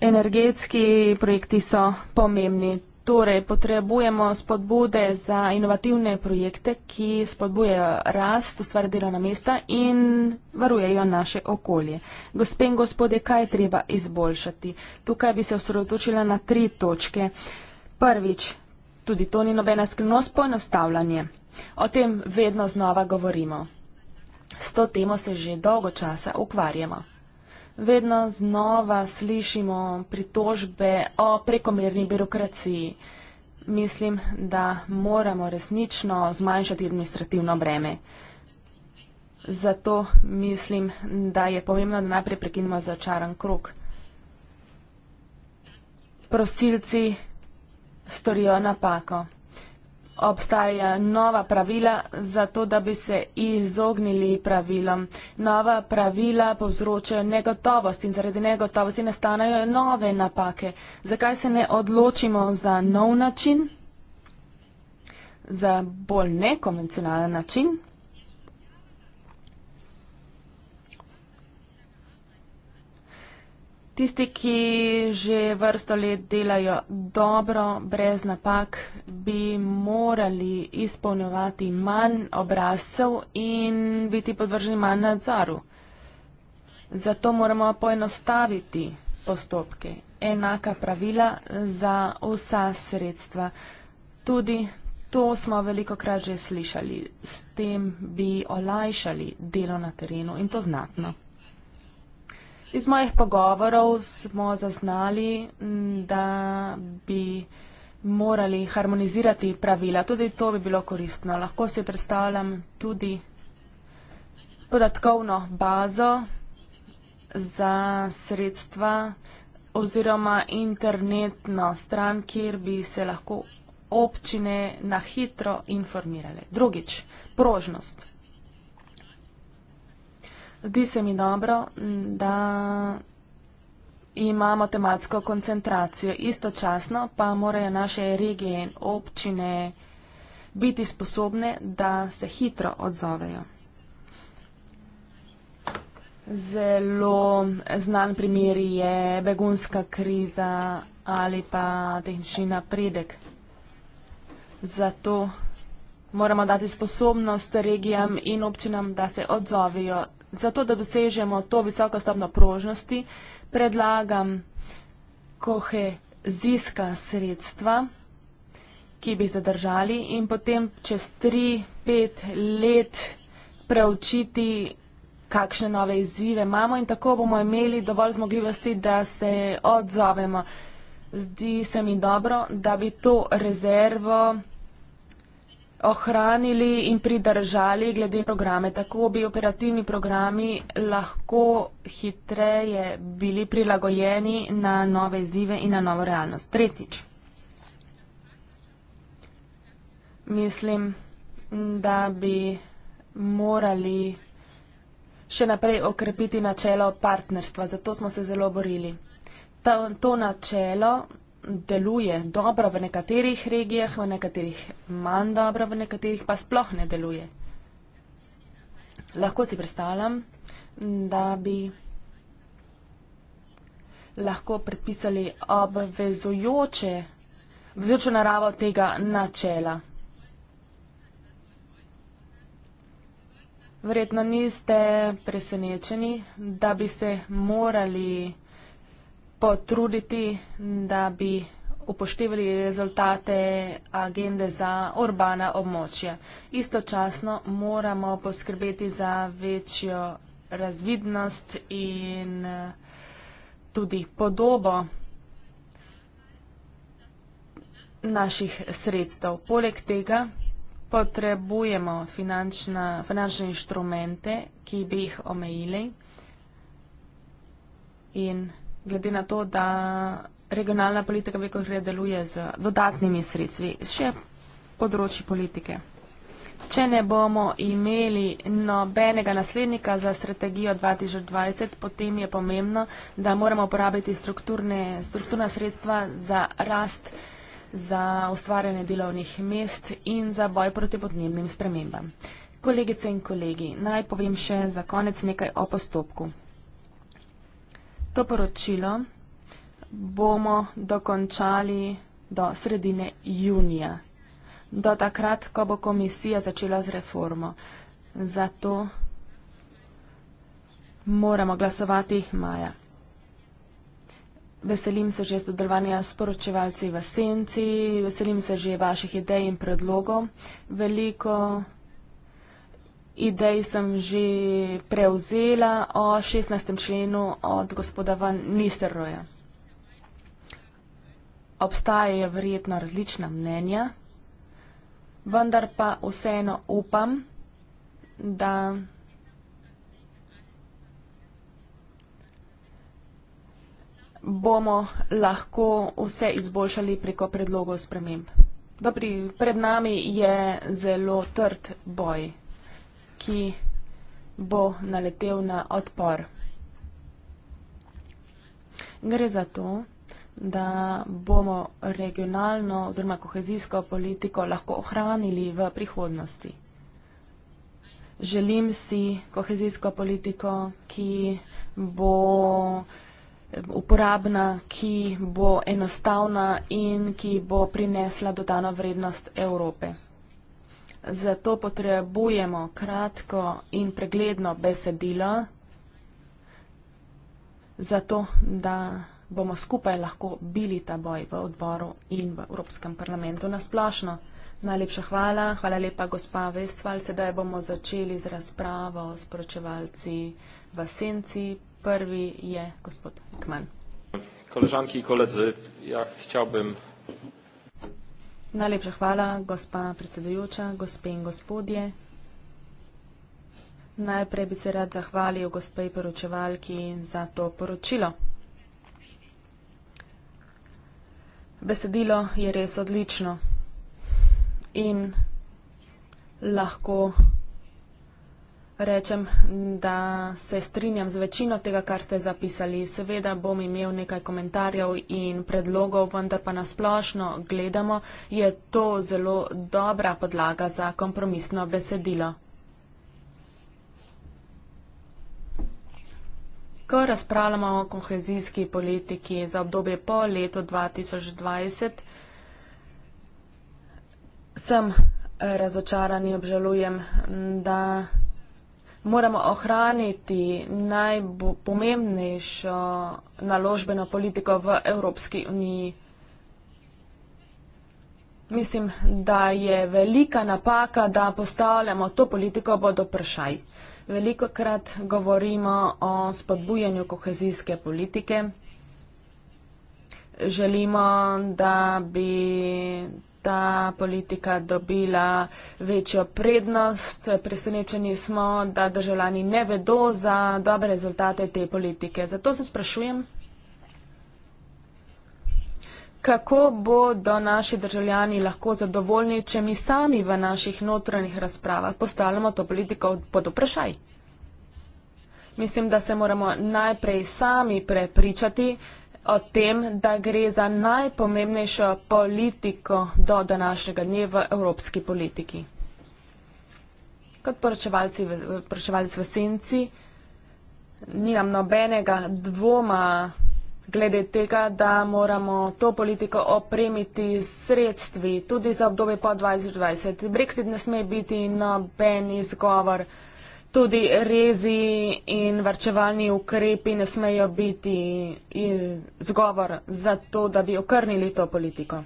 energetski projekti so pomembni. Torej, potrebujemo spodbude za inovativne projekte, ki spodbujejo rast, ustvarjajo delovna mesta in varujejo naše okolje. Gospe in gospode, kaj je treba izboljšati? Tukaj bi se osredotočila na tri točke. Prvič, tudi to ni nobena skrivnost, poenostavljanje. O tem vedno znova govorimo. S to temo se že dolgo časa ukvarjamo vedno znova slišimo pritožbe o prekomerni birokraciji. Mislim, da moramo resnično zmanjšati administrativno breme. Zato mislim, da je pomembno, da najprej prekinemo začaran krok. Prosilci storijo napako obstajajo nova pravila, zato da bi se izognili pravilom. Nova pravila povzročajo negotovost in zaradi negotovosti nastanejo nove napake. Zakaj se ne odločimo za nov način, za bolj nekonvencionalen način? Tisti, ki že vrsto let delajo dobro, brez napak, bi morali izpolnjevati manj obrazcev in biti podvrženi manj nadzoru. Zato moramo poenostaviti postopke, enaka pravila za vsa sredstva. Tudi to smo veliko krat že slišali. S tem bi olajšali delo na terenu in to znatno. Iz mojih pogovorov smo zaznali, da bi morali harmonizirati pravila. Tudi to bi bilo koristno. Lahko si predstavljam tudi podatkovno bazo za sredstva oziroma internetno stran, kjer bi se lahko občine na hitro informirale. Drugič, prožnost. Zdi se mi dobro, da imamo tematsko koncentracijo. Istočasno pa morajo naše regije in občine biti sposobne, da se hitro odzovejo. Zelo znan primer je begunska kriza ali pa tehnični napredek. Zato moramo dati sposobnost regijam in občinam, da se odzovejo zato, da dosežemo to visoko stopno prožnosti, predlagam koheziska sredstva, ki bi zadržali in potem čez tri, pet let preučiti, kakšne nove izzive imamo in tako bomo imeli dovolj zmogljivosti, da se odzovemo. Zdi se mi dobro, da bi to rezervo ohranili in pridržali glede programe. Tako bi operativni programi lahko hitreje bili prilagojeni na nove izzive in na novo realnost. Tretjič. Mislim, da bi morali še naprej okrepiti načelo partnerstva. Zato smo se zelo borili. To, to načelo deluje dobro v nekaterih regijah, v nekaterih manj dobro, v nekaterih pa sploh ne deluje. Lahko si predstavljam, da bi lahko predpisali obvezujoče, vzjočo naravo tega načela. Verjetno niste presenečeni, da bi se morali vzjočiti, potruditi, da bi upoštevali rezultate agende za urbana območja. Istočasno moramo poskrbeti za večjo razvidnost in eh, tudi podobo naših sredstev. Poleg tega potrebujemo finančna, finančne inštrumente, ki bi jih omejili in glede na to, da regionalna politika veliko hre deluje z dodatnimi sredstvi, še področji politike. Če ne bomo imeli nobenega naslednika za strategijo 2020, potem je pomembno, da moramo uporabiti strukturna sredstva za rast, za ustvarjanje delovnih mest in za boj proti podnebnim spremembam. Kolegice in kolegi, naj povem še za konec nekaj o postopku. To poročilo bomo dokončali do sredine junija, do takrat, ko bo komisija začela z reformo. Zato moramo glasovati maja. Veselim se že sodelovanja s poročevalci v Senci, veselim se že vaših idej in predlogov. Veliko idej sem že prevzela o 16. členu od gospoda Van Nisterroja. Obstajajo verjetno različna mnenja, vendar pa vseeno upam, da bomo lahko vse izboljšali preko predlogov sprememb. Dobri, pred nami je zelo trd boj ki bo naletel na odpor. Gre za to, da bomo regionalno oziroma kohezijsko politiko lahko ohranili v prihodnosti. Želim si kohezijsko politiko, ki bo uporabna, ki bo enostavna in ki bo prinesla dodano vrednost Evrope. Zato potrebujemo kratko in pregledno besedilo, zato da bomo skupaj lahko bili ta boj v odboru in v Evropskem parlamentu nasplošno. Najlepša hvala, hvala lepa gospa Vestval. Sedaj bomo začeli z razpravo s poročevalci v Senci. Prvi je gospod Ekman. Koležanki in koledzi, ja, htjal bi Najlepša hvala, gospa predsedujoča, gospe in gospodje. Najprej bi se rad zahvalil gospej poročevalki za to poročilo. Besedilo je res odlično in lahko rečem, da se strinjam z večino tega, kar ste zapisali. Seveda bom imel nekaj komentarjev in predlogov, vendar pa nasplošno gledamo, je to zelo dobra podlaga za kompromisno besedilo. Ko razpravljamo o kohezijski politiki za obdobje po letu 2020, sem razočaran in obžalujem, da moramo ohraniti najpomembnejšo naložbeno politiko v Evropski uniji. Mislim, da je velika napaka, da postavljamo to politiko pod vprašaj. Veliko krat govorimo o spodbujanju kohezijske politike. Želimo, da bi ta politika dobila večjo prednost. Presenečeni smo, da državljani ne vedo za dobre rezultate te politike. Zato se sprašujem, kako bodo naši državljani lahko zadovoljni, če mi sami v naših notranjih razpravah postavljamo to politiko pod vprašaj. Mislim, da se moramo najprej sami prepričati, o tem, da gre za najpomembnejšo politiko do današnjega dne v evropski politiki. Kot poročevalec v senci, nimam nobenega dvoma glede tega, da moramo to politiko opremiti s sredstvi, tudi za obdobje po 2020. Brexit ne sme biti noben izgovor tudi rezi in varčevalni ukrepi ne smejo biti zgovor za to, da bi okrnili to politiko.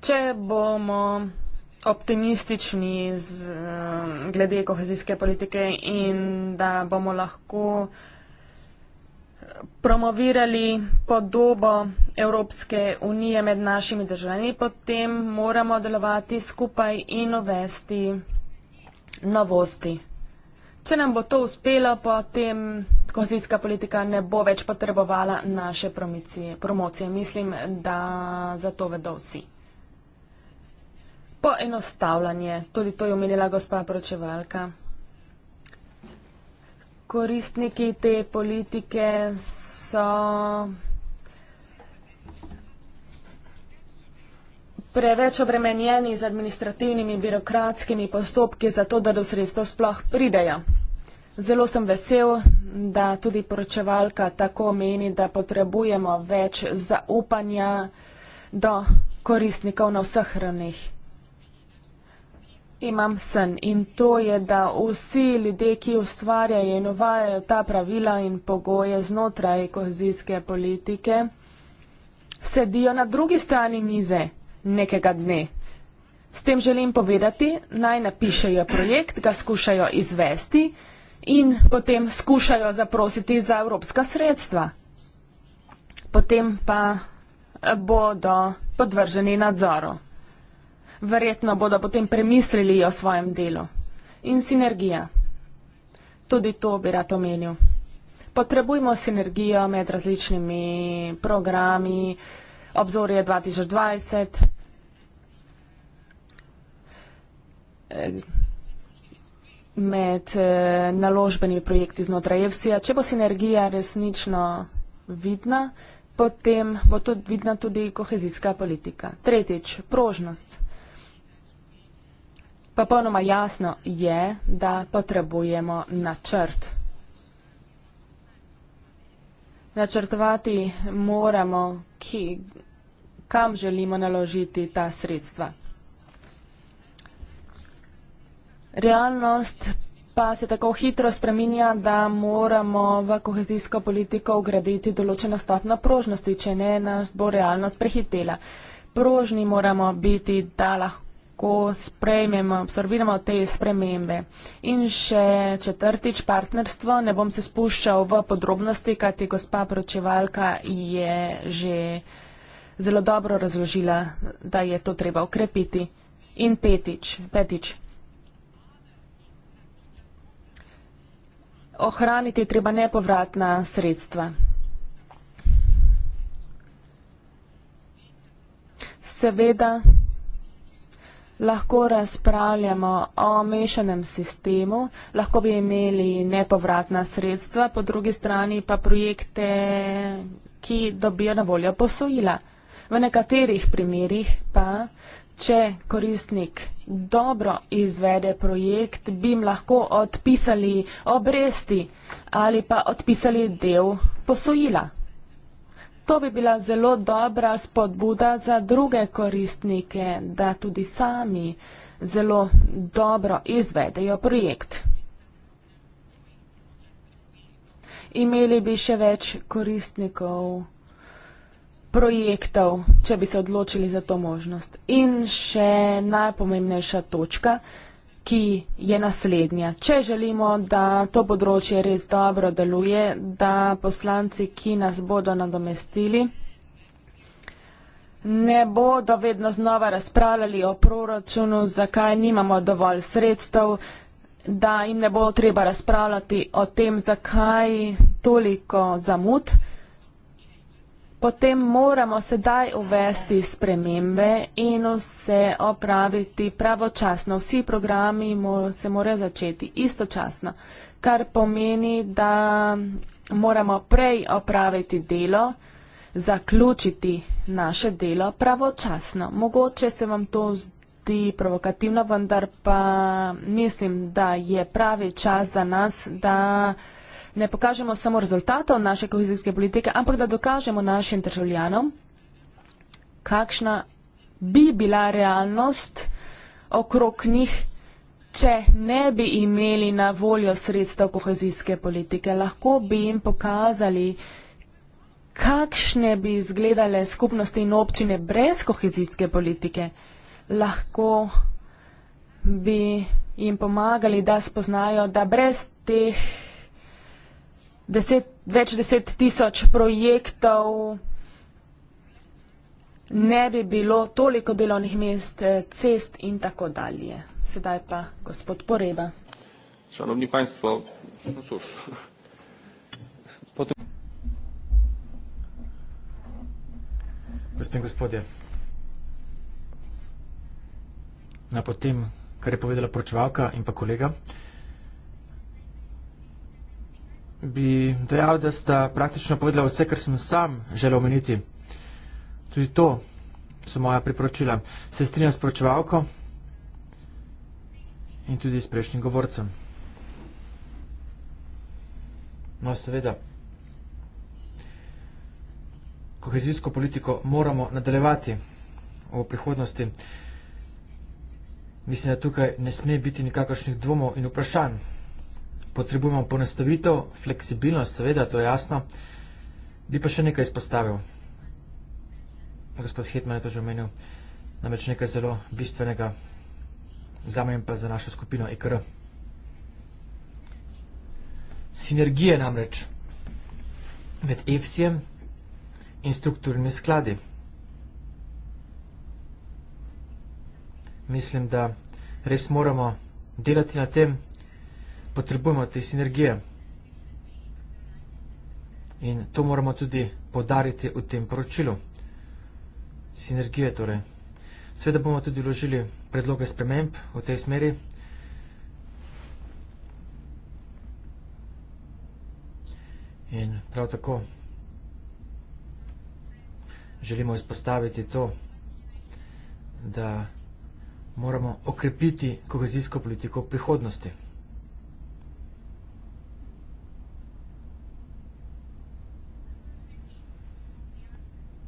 Če bomo optimistični z, eh, glede kohezijske politike in da bomo lahko uh, promovirali podobo Evropske unije med našimi državami, potem moramo delovati skupaj in uvesti novosti. Če nam bo to uspelo, potem kozijska politika ne bo več potrebovala naše promicije, promocije. Mislim, da za to vedo vsi. Poenostavljanje, tudi to je omenila gospa poročevalka koristniki te politike so preveč obremenjeni z administrativnimi birokratskimi postopki, zato da do sredstva sploh pridejo. Zelo sem vesel, da tudi poročevalka tako meni, da potrebujemo več zaupanja do koristnikov na vseh ravneh. Imam sen in to je, da vsi ljudje, ki ustvarjajo in uvajajo ta pravila in pogoje znotraj kohezijske politike, sedijo na drugi strani mize nekega dne. S tem želim povedati, naj napišejo projekt, ga skušajo izvesti in potem skušajo zaprositi za evropska sredstva. Potem pa bodo podvrženi nadzoru verjetno bodo potem premislili o svojem delu. In sinergija. Tudi to bi rad omenil. Potrebujemo sinergijo med različnimi programi, obzorje 2020. med eh, naložbenimi projekti znotraj EFSI-ja. Če bo sinergija resnično vidna, potem bo tudi vidna tudi kohezijska politika. Tretjič, prožnost. Popolnoma jasno je, da potrebujemo načrt. Načrtovati moramo, ki, kam želimo naložiti ta sredstva. Realnost pa se tako hitro spreminja, da moramo v kohezijsko politiko ugraditi določeno stopno prožnosti, če ne nas bo realnost prehitela. Prožni moramo biti, da lahko lahko sprejmemo, absorbiramo te spremembe. In še četrtič, partnerstvo. Ne bom se spuščal v podrobnosti, kajti gospa pročevalka je že zelo dobro razložila, da je to treba ukrepiti. In petič. petič. Ohraniti je treba nepovratna sredstva. Seveda lahko razpravljamo o mešanem sistemu, lahko bi imeli nepovratna sredstva, po drugi strani pa projekte, ki dobijo na voljo posojila. V nekaterih primerjih pa, če koristnik dobro izvede projekt, bi jim lahko odpisali obresti ali pa odpisali del posojila. To bi bila zelo dobra spodbuda za druge koristnike, da tudi sami zelo dobro izvedejo projekt. Imeli bi še več koristnikov projektov, če bi se odločili za to možnost. In še najpomembnejša točka ki je naslednja. Če želimo, da to področje res dobro deluje, da poslanci, ki nas bodo nadomestili, ne bodo vedno znova razpravljali o proračunu, zakaj nimamo dovolj sredstev, da jim ne bo treba razpravljati o tem, zakaj toliko zamud potem moramo sedaj uvesti spremembe in vse opraviti pravočasno. Vsi programi se morajo začeti istočasno, kar pomeni, da moramo prej opraviti delo, zaključiti naše delo pravočasno. Mogoče se vam to zdi provokativno, vendar pa mislim, da je pravi čas za nas, da se vam to zdi provokativno ne pokažemo samo rezultatov naše kohezijske politike, ampak da dokažemo našim državljanom, kakšna bi bila realnost okrog njih, če ne bi imeli na voljo sredstev kohezijske politike. Lahko bi jim pokazali, kakšne bi izgledale skupnosti in občine brez kohezijske politike. Lahko bi jim pomagali, da spoznajo, da brez teh deset, več deset tisoč projektov ne bi bilo toliko delovnih mest, eh, cest in tako dalje. Sedaj pa gospod Poreba. Šanovni panjstvo, no cóż. Potem... Gospod in gospodje, na potem, kar je povedala poročevalka in pa kolega, bi dejal, da sta praktično povedala vse, kar sem sam želel omeniti. Tudi to so moja priporočila. Se strinjam s poročevalko in tudi s prejšnjim govorcem. No, seveda, kohezijsko politiko moramo nadaljevati v prihodnosti. Mislim, da tukaj ne sme biti nikakršnih dvomov in vprašanj potrebujemo ponestavitev, fleksibilnost, seveda, to je jasno. Bi pa še nekaj izpostavil. Gospod Hetman je to že omenil, namreč nekaj zelo bistvenega za me in pa za našo skupino IKR. E Sinergije namreč med EFSI-jem in strukturnimi skladi. Mislim, da res moramo delati na tem, potrebujemo te sinergije. In to moramo tudi podariti v tem poročilu. Sinergije torej. Sveda bomo tudi vložili predloge sprememb v tej smeri. In prav tako želimo izpostaviti to, da moramo okrepiti kohezijsko politiko v prihodnosti.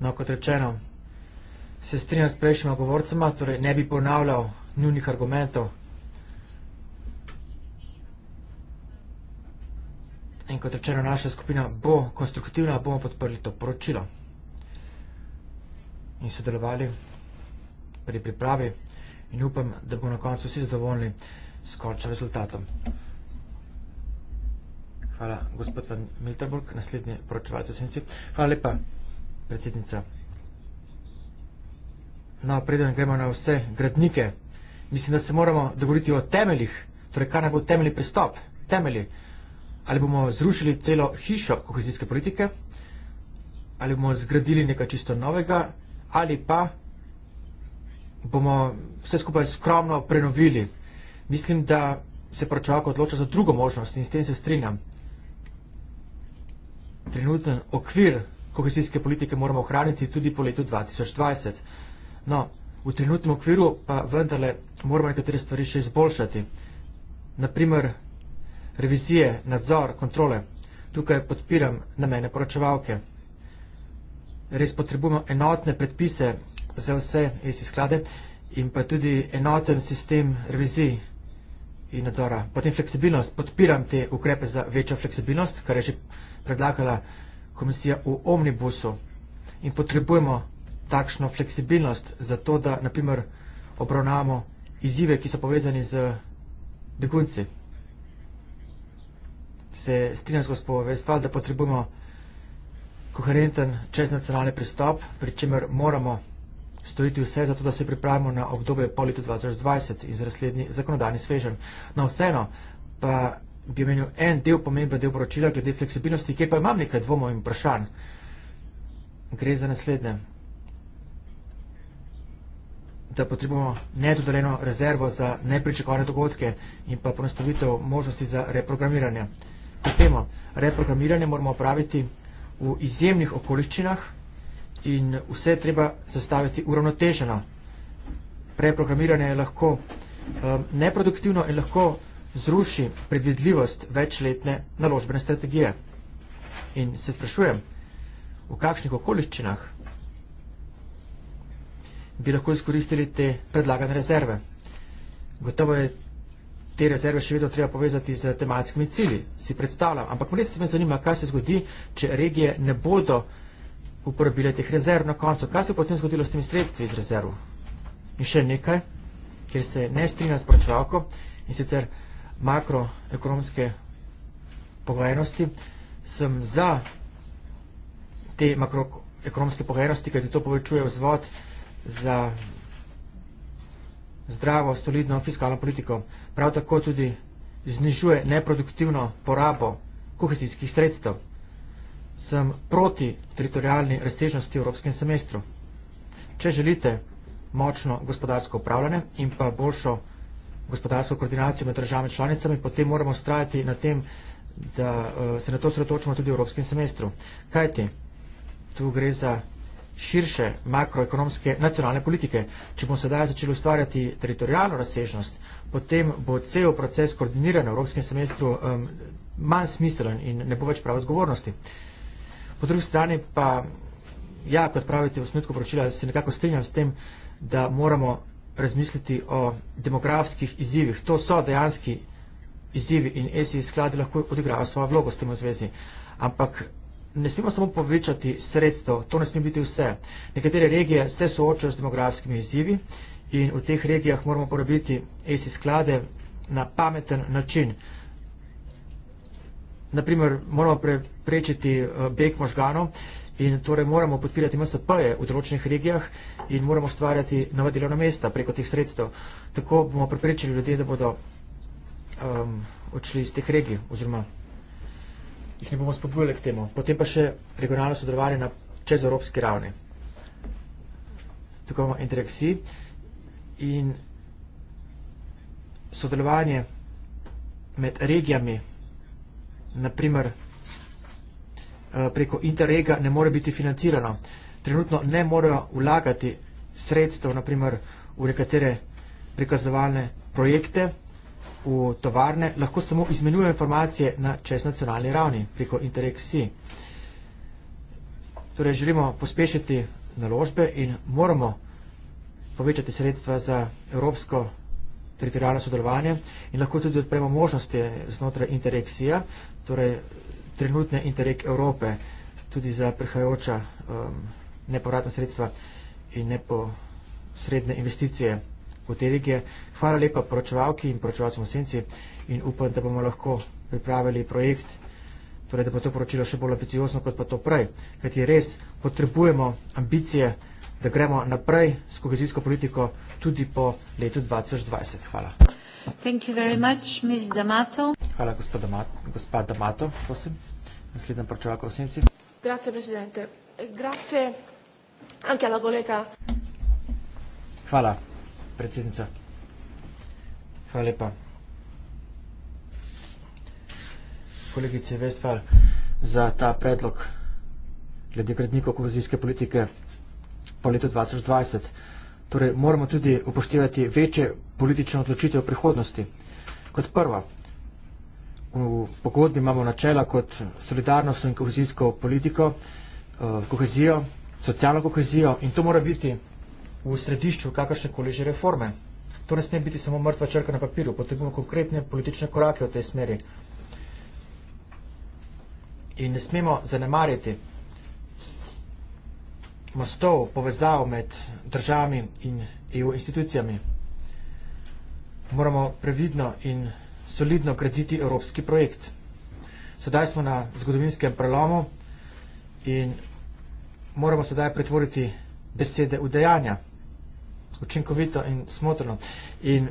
No, kot rečeno, se strinjam s prejšnjima govorcema, torej ne bi ponavljal njunih argumentov. In kot rečeno, naša skupina bo konstruktivna, bomo podprli to poročilo in sodelovali pri pripravi in upam, da bo na koncu vsi zadovoljni s končnim rezultatom. Hvala, gospod Van Milterburg, naslednji poročevalci v Senci. Hvala lepa predsednica. No, preden gremo na vse gradnike, mislim, da se moramo dogovoriti o temeljih, torej kaj naj bo temeljni pristop, temelji. Ali bomo zrušili celo hišo kohezijske politike, ali bomo zgradili nekaj čisto novega, ali pa bomo vse skupaj skromno prenovili. Mislim, da se pročevalk odloča za drugo možnost in s tem se strinjam. Trenuten okvir kohezijske politike moramo ohraniti tudi po letu 2020. No, v trenutnem okviru pa vendarle moramo nekatere stvari še izboljšati. Naprimer, revizije, nadzor, kontrole. Tukaj podpiram namene poročevalke. Res potrebujemo enotne predpise za vse ESI sklade in pa tudi enoten sistem revizij in nadzora. Potem fleksibilnost. Podpiram te ukrepe za večjo fleksibilnost, kar je že predlagala komisija v omnibusu in potrebujemo takšno fleksibilnost za to, da naprimer obravnavamo izzive, ki so povezani z begunci. Se strinjam z gospodom Vestval, da potrebujemo koherenten čeznacionalni pristop, pri čemer moramo storiti vse za to, da se pripravimo na obdobje po letu 2020 in za naslednji zakonodajni svežen. No, vseeno pa bi menil en del pomemben del poročila glede fleksibilnosti, kjer pa imam nekaj dvomov in vprašanj. Gre za naslednje. Da potrebujemo nedodaleno rezervo za nepričakovane dogodke in pa ponastavitev možnosti za reprogramiranje. Kot temo, reprogramiranje moramo opraviti v izjemnih okoliščinah in vse treba zastaviti uravnoteženo. Preprogramiranje je lahko um, neproduktivno in lahko zruši predvidljivost večletne naložbene strategije. In se sprašujem, v kakšnih okoliščinah bi lahko izkoristili te predlagane rezerve. Gotovo je te rezerve še vedno treba povezati z tematskimi cilji, si predstavljam. Ampak res se me zanima, kaj se zgodi, če regije ne bodo uporabile teh rezerv na koncu. Kaj se potem zgodilo s temi sredstvi iz rezerv? In še nekaj, kjer se ne strinja s poročevalko in sicer rezerv, makroekonomske pogajnosti, sem za te makroekonomske pogajnosti, kajti to povečuje vzvod za zdravo, solidno fiskalno politiko. Prav tako tudi znižuje neproduktivno porabo kohezijskih sredstev. Sem proti teritorijalni razsežnosti v evropskem semestru. Če želite močno gospodarsko upravljanje in pa boljšo gospodarsko koordinacijo med državami članicami, potem moramo ustrajati na tem, da eh, se na to sredotočimo tudi v evropskem semestru. Kajti, tu gre za širše makroekonomske nacionalne politike. Če bomo sedaj začeli ustvarjati teritorijalno razsežnost, potem bo cel proces koordiniran v evropskem semestru um, manj smiselen in ne bo več prave odgovornosti. Po drugi strani pa, ja, kot pravite v snutku poročila, se nekako strinjam s tem, da moramo razmisliti o demografskih izzivih. To so dejanski izzivi in SI skladi lahko odigrajo svojo vlogo s tem v zvezi. Ampak ne smemo samo povečati sredstvo, to ne sme biti vse. Nekatere regije se soočajo z demografskimi izzivi in v teh regijah moramo porabiti SI sklade na pameten način. Naprimer, moramo preprečiti eh, beg možganov. In torej moramo podpirati MSP-je v določenih regijah in moramo stvarjati nova delovna mesta preko teh sredstev. Tako bomo pripričali ljudi, da bodo um, odšli iz teh regij oziroma jih ne bomo spodbujali k temu. Potem pa še regionalno sodelovanje na čez evropski ravni. Tukaj imamo interaksi in sodelovanje med regijami, naprimer Eh, preko Interrega ne more biti financirano. Trenutno ne morejo vlagati sredstev, naprimer v nekatere prikazovalne projekte, v tovarne, lahko samo izmenjujejo informacije na čestnacionalni ravni preko Interreg-SI. Torej želimo pospešiti naložbe in moramo povečati sredstva za evropsko teritorijalno sodelovanje in lahko tudi odpremo možnosti znotraj Interreg-SI-ja, torej trenutne interreg Evrope, tudi za prihajajoča um, nepovratna sredstva in neposredne investicije v te regije. Hvala lepa poročevalki in poročevalcem v Senci in upam, da bomo lahko pripravili projekt, torej da bo to poročilo še bolj ambiciozno kot pa to prej, kajti res potrebujemo ambicije, da gremo naprej s kohezijsko politiko tudi po letu 2020. Hvala. Thank you very much, Ms. D'Amato. Hvala, gospod D'Amato. Prosim, naslednja poročevalka v senci. Grazie, presidente. Grazie anche alla collega. Hvala, predsednica. Hvala lepa. Kolegice Vestfal, za ta predlog glede gradnikov kohezijske politike po letu 2020. Torej, moramo tudi upoštevati večje politične odločitve v prihodnosti. Kot prva, v pogodbi imamo načela kot solidarnost in kohezijsko politiko, eh, kohezijo, socialno kohezijo in to mora biti v središču kakršne koli že reforme. To ne sme biti samo mrtva črka na papiru, potrebujemo konkretne politične korake v tej smeri. In ne smemo zanemariti mostov, povezav med državami in EU institucijami. Moramo previdno in solidno krediti evropski projekt. Sedaj smo na zgodovinskem prelomu in moramo sedaj pretvoriti besede v dejanja. Učinkovito in smotrno. In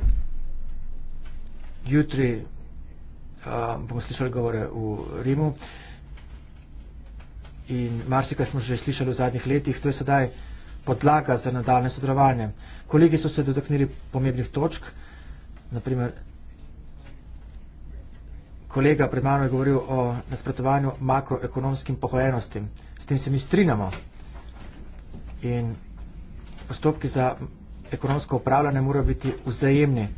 jutri uh, bomo slišali govore v Rimu. In marsikaj smo že slišali v zadnjih letih, to je sedaj podlaga za nadaljne sodelovanje. Kolegi so se dotaknili pomembnih točk, naprimer kolega pred mano je govoril o nasprotovanju makroekonomskim pohojenostim. S tem se mi strinjamo. In postopki za ekonomsko upravljanje morajo biti vzajemni.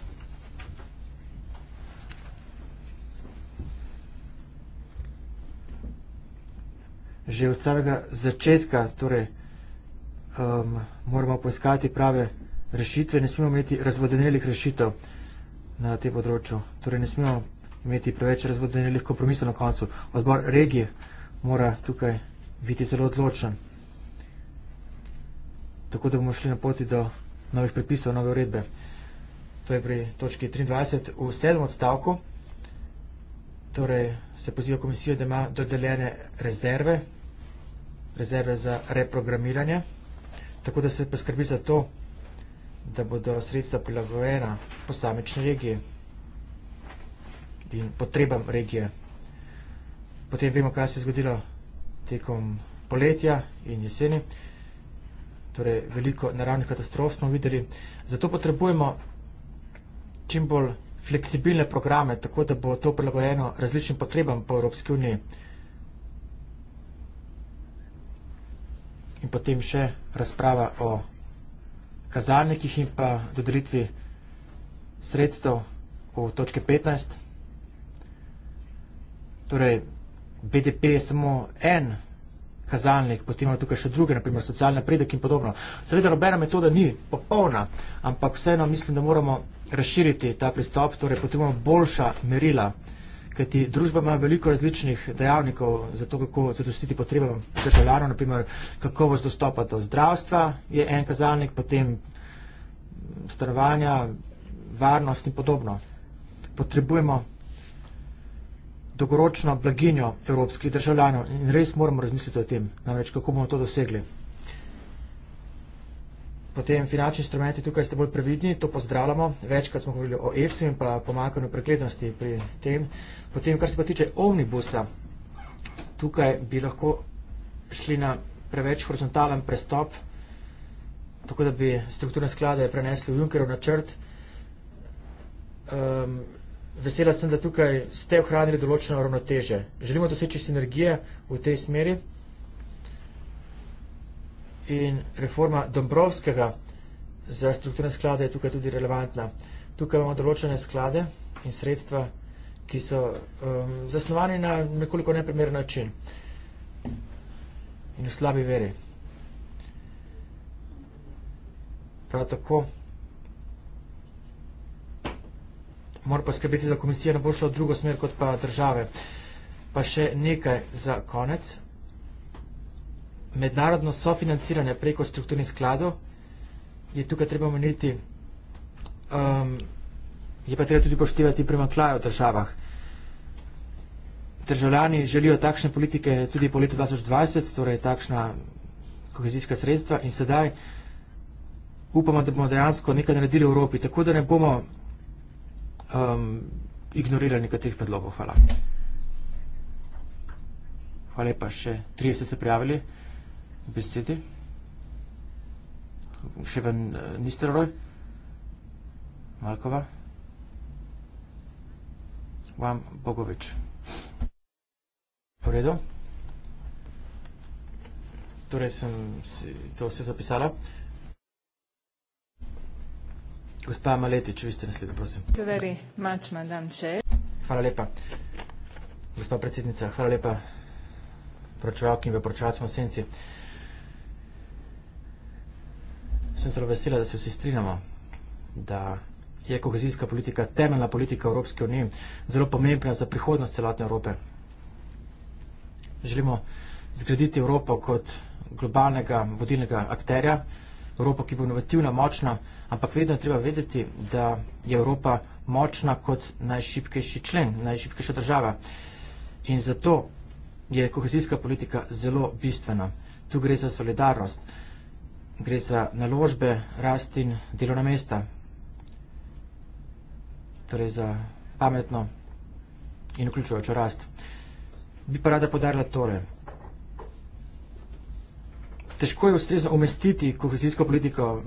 Že od samega začetka torej, um, moramo poiskati prave rešitve, ne smemo imeti razvodenelih rešitev na tem področju. Torej, ne smemo imeti preveč razvodenih kompromisov na koncu. Odbor regije mora tukaj biti zelo odločen. Tako da bomo šli na poti do novih predpisov, nove uredbe. To je pri točki 23 v sedmem odstavku. Torej se poziva komisijo, da ima dodeljene rezerve, rezerve za reprogramiranje, tako da se poskrbi za to, da bodo sredstva prilagojena posamečni regiji in potrebam regije. Potem vemo, kaj se je zgodilo tekom poletja in jeseni. Torej, veliko naravnih katastrof smo videli. Zato potrebujemo čim bolj fleksibilne programe, tako da bo to prilagojeno različnim potrebam po Evropski uniji. In potem še razprava o kazalnikih in pa dodelitvi sredstev v točki 15 torej BDP je samo en kazalnik, potem imamo tukaj še druge, naprimer socialni napredek in podobno. Seveda nobena metoda ni popolna, ampak vseeno mislim, da moramo razširiti ta pristop, torej potrebujemo boljša merila, kajti družba ima veliko različnih dejavnikov za to, kako zadostiti potrebam državljanov, naprimer kakovost dostopa do zdravstva je en kazalnik, potem stanovanja, varnost in podobno. Potrebujemo dolgoročno blaginjo evropskih državljanov in res moramo razmisliti o tem, namreč kako bomo to dosegli. Potem finančni instrumenti, tukaj ste bolj previdni, to pozdravljamo, večkrat smo govorili o EFSI in pa pomakanju preglednosti pri tem. Potem, kar se pa tiče omnibusa, tukaj bi lahko šli na preveč horizontalen prestop, tako da bi strukturne sklade prenesli v Junckerov načrt. Ehm, Vesela sem, da tukaj ste ohranili določeno ravnoteže. Želimo doseči sinergije v tej smeri. In reforma Dombrovskega za strukturne sklade je tukaj tudi relevantna. Tukaj imamo določene sklade in sredstva, ki so um, zasnovani na nekoliko neprimeren način in v slabi veri. Prav tako mora pa skrbeti, da komisija ne bo šla v drugo smer kot pa države. Pa še nekaj za konec. Mednarodno sofinanciranje preko strukturnih skladov je tukaj treba omeniti, um, je pa treba tudi poštivati primankljaj v državah. Državljani želijo takšne politike tudi po letu 2020, torej takšna kohezijska sredstva in sedaj upamo, da bomo dejansko nekaj naredili v Evropi, tako da ne bomo um, ignoriranje nekaterih predlogov. Hvala. Hvala lepa. Še tri ste se prijavili besedi. Še ven eh, niste roj. Malkova. Vam Bogovič. V redu. Torej sem si to vse zapisala. Gospa Maletič, vi ste naslednji, prosim. Hvala lepa. Gospa predsednica, hvala lepa. Pročevalki in pročevalci v senci. Sem zelo vesela, da se vsi strinjamo, da je kohezijska politika temeljna politika Evropske unije, zelo pomembna za prihodnost celotne Evrope. Želimo zgraditi Evropo kot globalnega vodilnega akterja, Evropo, ki bo inovativna, močna, ampak vedno treba vedeti, da je Evropa močna kot najšipkejši člen, najšipkejša država. In zato je kohezijska politika zelo bistvena. Tu gre za solidarnost, gre za naložbe, rast in delovna mesta, torej za pametno in vključujočo rast. Bi pa rada podarila tole. Težko je ustrezno umestiti kohezijsko politiko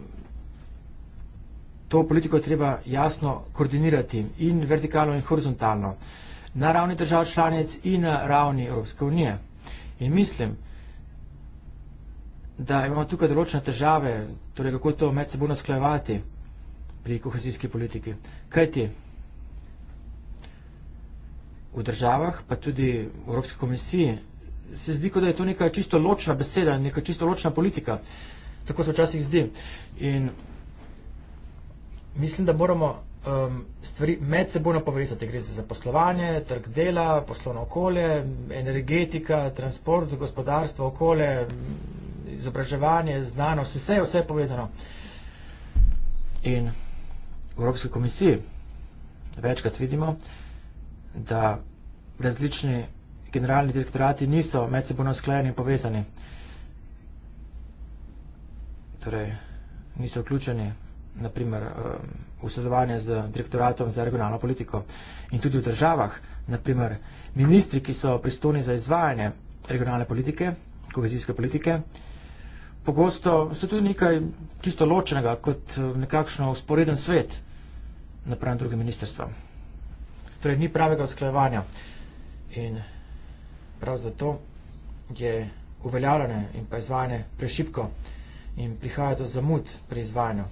to politiko treba jasno koordinirati in vertikalno in horizontalno na ravni držav članic in na ravni Evropske unije. In mislim, da imamo tukaj določene težave, torej kako to med seboj nasklajevati pri kohezijski politiki. Kajti v državah, pa tudi v Evropski komisiji, se zdi, kot da je to neka čisto ločna beseda, neka čisto ločna politika. Tako se včasih zdi. In mislim, da moramo um, stvari medsebojno povezati. Gre za poslovanje, trg dela, poslovno okolje, energetika, transport, gospodarstvo, okolje, izobraževanje, znanost, vse je vse povezano. In v Evropski komisiji večkrat vidimo, da različni generalni direktorati niso medsebojno sklenjeni in povezani. Torej, niso vključeni naprimer eh, v sodelovanje z direktoratom za regionalno politiko in tudi v državah, naprimer ministri, ki so pristojni za izvajanje regionalne politike, kohezijske politike, pogosto so tudi nekaj čisto ločenega kot eh, nekakšno usporeden svet napravljen druge ministerstva. Torej, ni pravega usklajevanja in prav zato je uveljavljanje in pa izvajanje prešipko in prihaja do zamud pri izvajanju.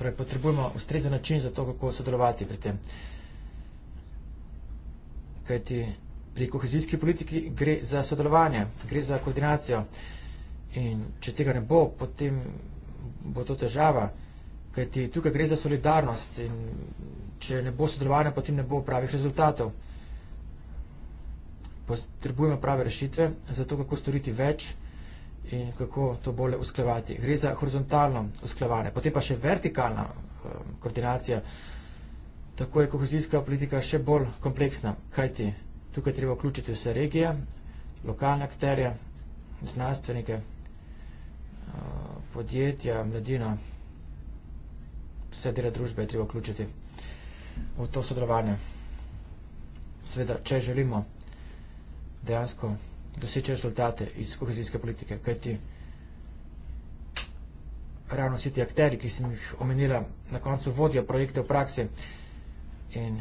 Torej, potrebujemo ustrezen način za to, kako sodelovati pri tem. Kajti pri kohezijski politiki gre za sodelovanje, gre za koordinacijo. In če tega ne bo, potem bo to težava. Kajti tukaj gre za solidarnost in če ne bo sodelovanja, potem ne bo pravih rezultatov. Potrebujemo prave rešitve za to, kako storiti več in kako to bolje usklevati. Gre za horizontalno usklevanje, potem pa še vertikalna eh, koordinacija. Tako je kohezijska politika še bolj kompleksna, kajti tukaj treba vključiti vse regije, lokalne akterje, znanstvenike, eh, podjetja, mladino, vse dele družbe je treba vključiti v to sodelovanje. Sveda, če želimo dejansko doseči rezultate iz kohezijske politike, kajti ravno vsi ti akteri, ki sem jih omenila, na koncu vodijo projekte v praksi in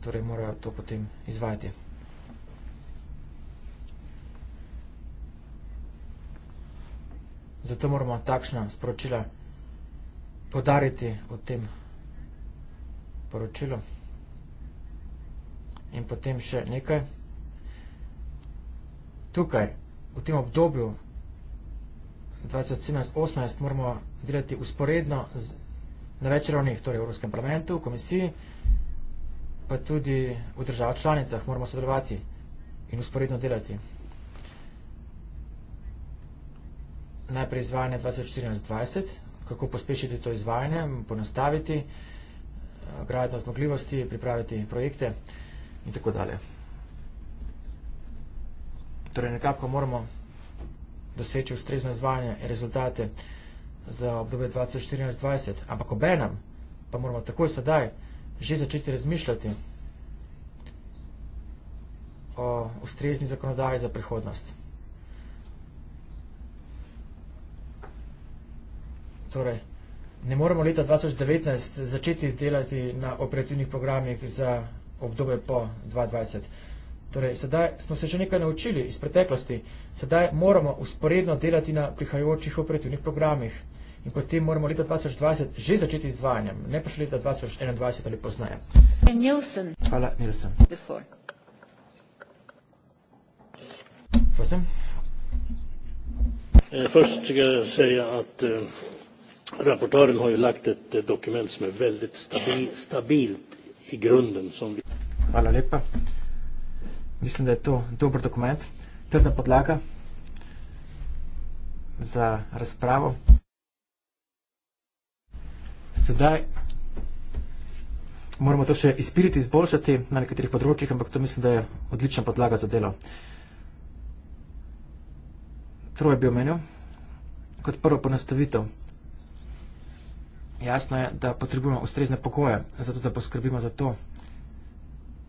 torej morajo to potem izvajati. Zato moramo takšna sporočila podariti v tem poročilu. In potem še nekaj tukaj, v tem obdobju 2017-2018, moramo delati usporedno z, na več ravnih, torej v Evropskem parlamentu, v komisiji, pa tudi v državah članicah moramo sodelovati in usporedno delati. Najprej izvajanje 2014-2020, kako pospešiti to izvajanje, ponastaviti eh, gradno zmogljivosti, pripraviti projekte in tako dalje. Torej, nekako moramo doseči ustrezno izvajanje in rezultate za obdobje 2014-2020, ampak obenem pa moramo takoj sedaj že začeti razmišljati o ustrezni zakonodaji za prihodnost. Torej, ne moramo leta 2019 začeti delati na operativnih programih za obdobje po 2020. Torej, sedaj smo se že nekaj naučili iz preteklosti, sedaj moramo usporedno delati na prihajajočih operativnih programih in potem moramo leta 2020 že začeti izvajanjem, ne pa še leta 2021 ali poznaje. Nielsen. Hvala, Nilsen. Prosim. Eh, Først skal jeg sige, at eh, rapportøren har jo lagt et eh, dokument, som er veldig stabil, stabilt i grunden. Som vi... Hvala lepa mislim, da je to dober dokument, trdna podlaga za razpravo. Sedaj moramo to še izpiliti, izboljšati na nekaterih področjih, ampak to mislim, da je odlična podlaga za delo. Troje bi omenil kot prvo ponastavitev. Jasno je, da potrebujemo ustrezne pokoje, zato da poskrbimo za to,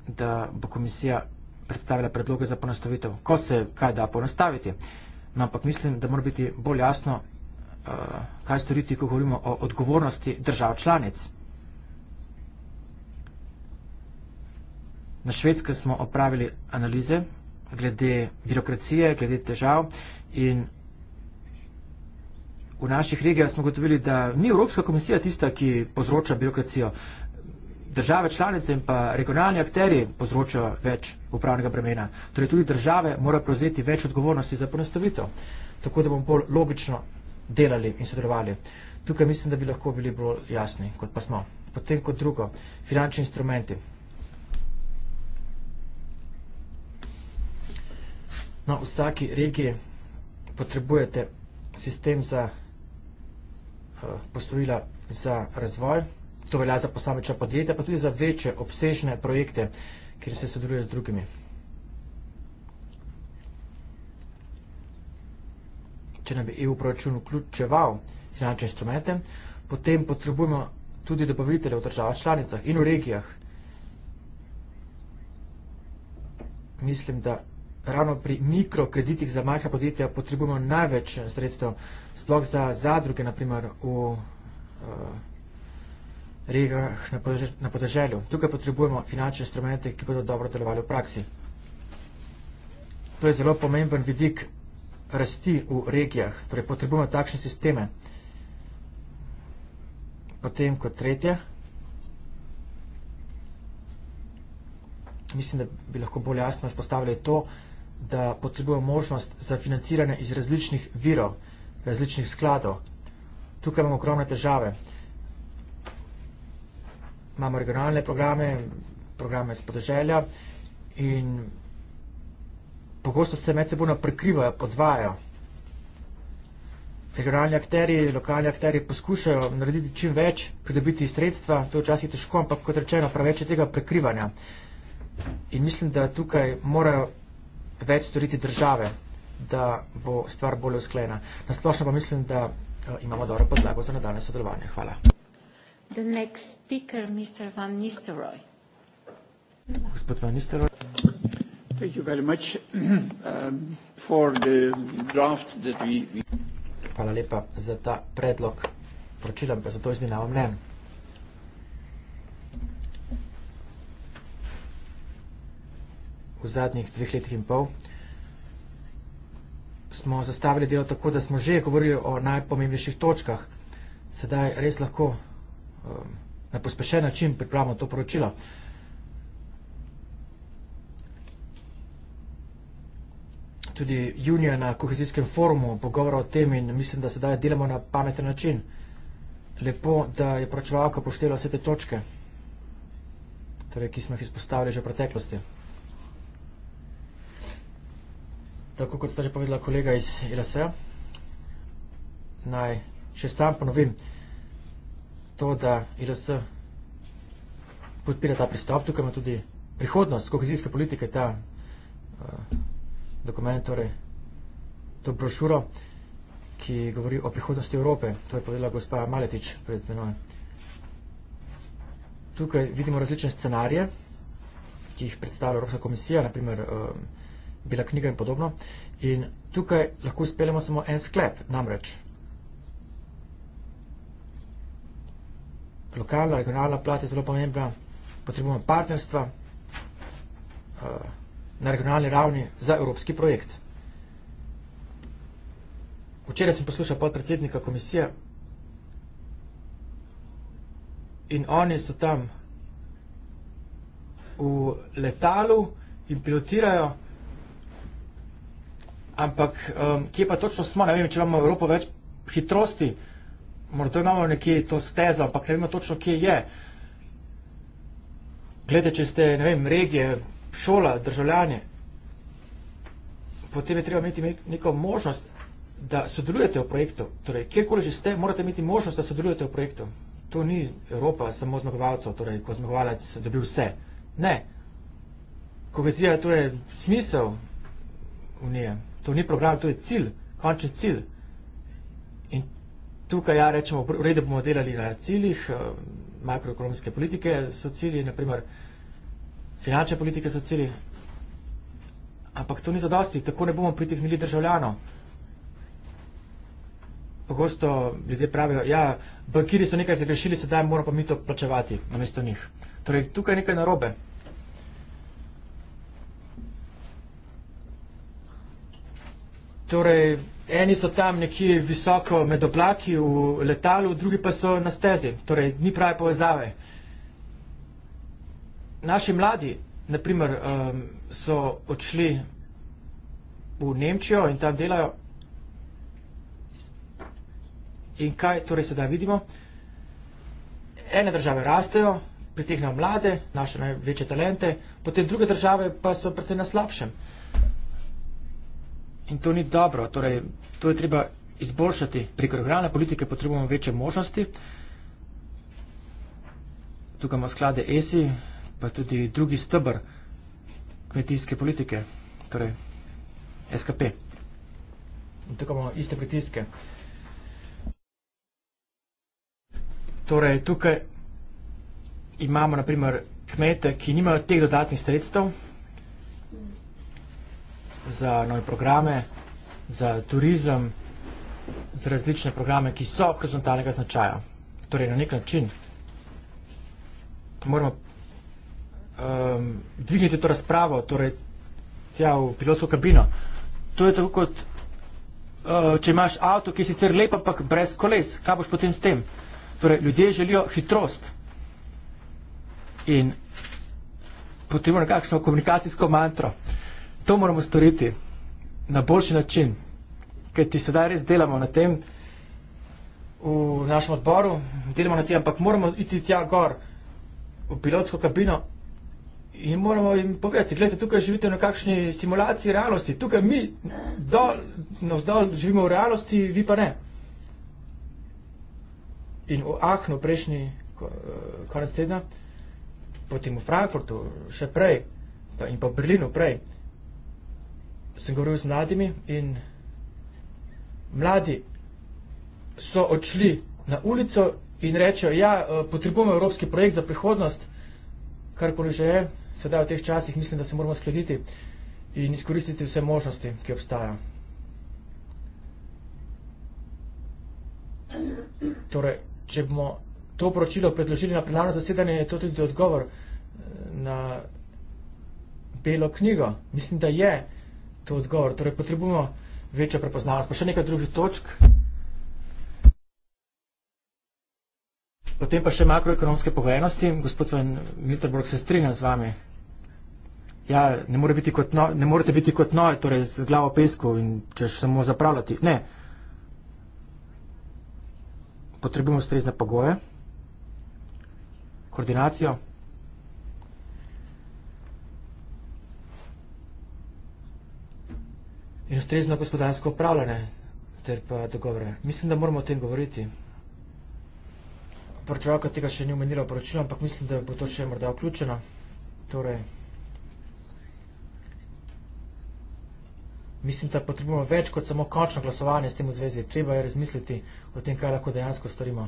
da bo komisija predstavila predloge za ponastavitev, ko se kaj da ponastaviti. No, ampak mislim, da mora biti bolj jasno, eh, kaj storiti, ko govorimo o odgovornosti držav članic. Na Švedske smo opravili analize glede birokracije, glede težav in v naših regijah smo gotovili, da ni Evropska komisija tista, ki povzroča birokracijo, države članice in pa regionalni akteri povzročajo več upravnega bremena. Torej tudi države morajo prevzeti več odgovornosti za ponastavitev, tako da bomo bolj logično delali in sodelovali. Tukaj mislim, da bi lahko bili bolj jasni, kot pa smo. Potem kot drugo, finančni instrumenti. Na no, vsaki regiji potrebujete sistem za uh, eh, poslovila za razvoj. To velja za posamečna podjetja, pa tudi za večje obsežne projekte, kjer se sodeluje z drugimi. Če nam bi EU proračun vključeval finančne instrumente, potem potrebujemo tudi dobavitele v državah članicah in v regijah. Mislim, da ravno pri mikrokreditih za majhna podjetja potrebujemo največ sredstev, sploh za zadruge, naprimer v uh, regijah na podeželju. Tukaj potrebujemo finančne instrumente, ki bodo dobro delovali v praksi. To je zelo pomemben vidik rasti v regijah, torej potrebujemo takšne sisteme. Potem kot tretje, mislim, da bi lahko bolj jasno spostavili to, da potrebujemo možnost za financiranje iz različnih virov, različnih skladov. Tukaj imamo ogromne težave imamo regionalne programe, programe z podeželja in pogosto se med sebojno prekrivajo, podzvajajo. Regionalni akteri, lokalni akteri poskušajo narediti čim več, pridobiti sredstva, to je včasih težko, ampak kot rečeno, preveč je tega prekrivanja. In mislim, da tukaj morajo več storiti države, da bo stvar bolje usklena. Nasplošno pa mislim, da eh, imamo dobro podlago za nadaljne sodelovanje. Hvala. The next speaker, Mr. Van Nistelrooy. Gospod Van Nistelrooy. Thank you very much um, for the draft that we, we... Hvala lepa za ta predlog. Pročilam pa za to izmenjavo mnen. V zadnjih dveh letih in pol smo zastavili delo tako, da smo že govorili o najpomembnejših točkah. Sedaj res lahko Um, na pospešen način pripravimo to poročilo. Tudi junija na kohezijskem forumu pogovora o tem in mislim, da sedaj delamo na pameten način. Lepo, da je poročevalka poštela vse te točke, torej, ki smo jih izpostavili že v preteklosti. Tako kot sta že povedala kolega iz LSE, naj še sam ponovim, da to, da IRS podpira ta pristop, tukaj ima tudi prihodnost kohezijske politike, ta eh, dokument, torej to brošuro, ki govori o prihodnosti Evrope. To je povedala gospa Maletič pred menoj. Tukaj vidimo različne scenarije, ki jih predstavlja Evropska komisija, naprimer eh, Bila knjiga in podobno. In tukaj lahko uspelemo samo en sklep, namreč. lokalna, regionalna plat je zelo pomembna, potrebujemo partnerstva eh, na regionalni ravni za evropski projekt. Včeraj sem poslušal podpredsednika komisije in oni so tam v letalu in pilotirajo, ampak ehm, kje pa točno smo, ne vem, če imamo Evropo več hitrosti, ampak morda imamo nekje to stezo, ampak ne vemo točno, kje je. Glede, če ste, ne vem, regije, šola, državljani, potem je treba imeti neko možnost, da sodelujete v projektu. Torej, kjerkoli že ste, morate imeti možnost, da sodelujete v projektu. To ni Evropa samo zmagovalcev, torej, ko zmagovalec dobi vse. Ne. Kohezija, to je smisel Unije. To ni program, to je cilj, končni cilj. In tukaj ja, rečemo, v redu bomo delali na ciljih, eh, makroekonomske politike so cilji, naprimer finančne politike so cilji, ampak to ni zadosti, tako ne bomo pritihnili državljano. Pogosto ljudje pravijo, ja, bankiri so nekaj zagrešili, sedaj moramo pa mi to plačevati namesto njih. Torej, tukaj nekaj narobe. Torej, Eni so tam nekje visoko med oblaki v letalu, drugi pa so na stezi, torej ni prave povezave. Naši mladi, naprimer, um, so odšli v Nemčijo in tam delajo. In kaj torej sedaj vidimo? Ene države rastejo, pritehnejo mlade, naše največje talente, potem druge države pa so predvsem na slabšem. In to ni dobro. Torej, to je treba izboljšati. Pri korporalne politike potrebujemo večje možnosti. Tukaj imamo sklade ESI, pa tudi drugi stebr kmetijske politike, torej SKP. In tukaj imamo iste pritiske. Torej, tukaj imamo naprimer kmete, ki nimajo teh dodatnih sredstev, za nove programe, za turizem, za različne programe, ki so horizontalnega značaja. Torej, na nek način moramo um, dvigniti to razpravo, torej tja v pilotsko kabino. To je tako kot, uh, če imaš avto, ki je sicer lep, ampak brez koles, kaj boš potem s tem? Torej, ljudje želijo hitrost in potrebno nekakšno komunikacijsko mantro. To moramo storiti na boljši način, ker ti sedaj res delamo na tem, v našem odboru, delamo na tem, ampak moramo iti tja gor, v pilotsko kabino in moramo jim povedati, gledajte, tukaj živite na kakšni simulaciji realnosti, tukaj mi dol, navzdol živimo v realnosti, vi pa ne. In v Ahnu, prejšnji eh, konec tedna, potem v Frankfurtu, še prej, pa in pa v Berlinu prej, sem govoril z mladimi in mladi so odšli na ulico in rečejo, ja, eh, potrebujemo evropski projekt za prihodnost, karkoli že je, sedaj v teh časih mislim, da se moramo sklediti in izkoristiti vse možnosti, ki obstajajo. Torej, če bomo to poročilo predložili na plenarno zasedanje, je to tudi odgovor eh, na belo knjigo. Mislim, da je to odgovor. Torej, potrebujemo večjo prepoznavnost. Pa še nekaj drugih točk. Potem pa še makroekonomske pogojenosti. Gospod Sven Milterborg se strinja z vami. Ja, ne, more biti kot no, ne morete biti kot noj, torej z glavo pesku in češ samo zapravljati. Ne. Potrebujemo ustrezne pogoje, koordinacijo. in ustrezno gospodarsko upravljanje ter pa dogovore. Mislim, da moramo o tem govoriti. Poročevalka tega še ni omenila v poročilu, ampak mislim, da bo to še morda vključeno. Torej, mislim, da potrebujemo več kot samo končno glasovanje s tem v zvezi. Treba je razmisliti o tem, kaj lahko dejansko storimo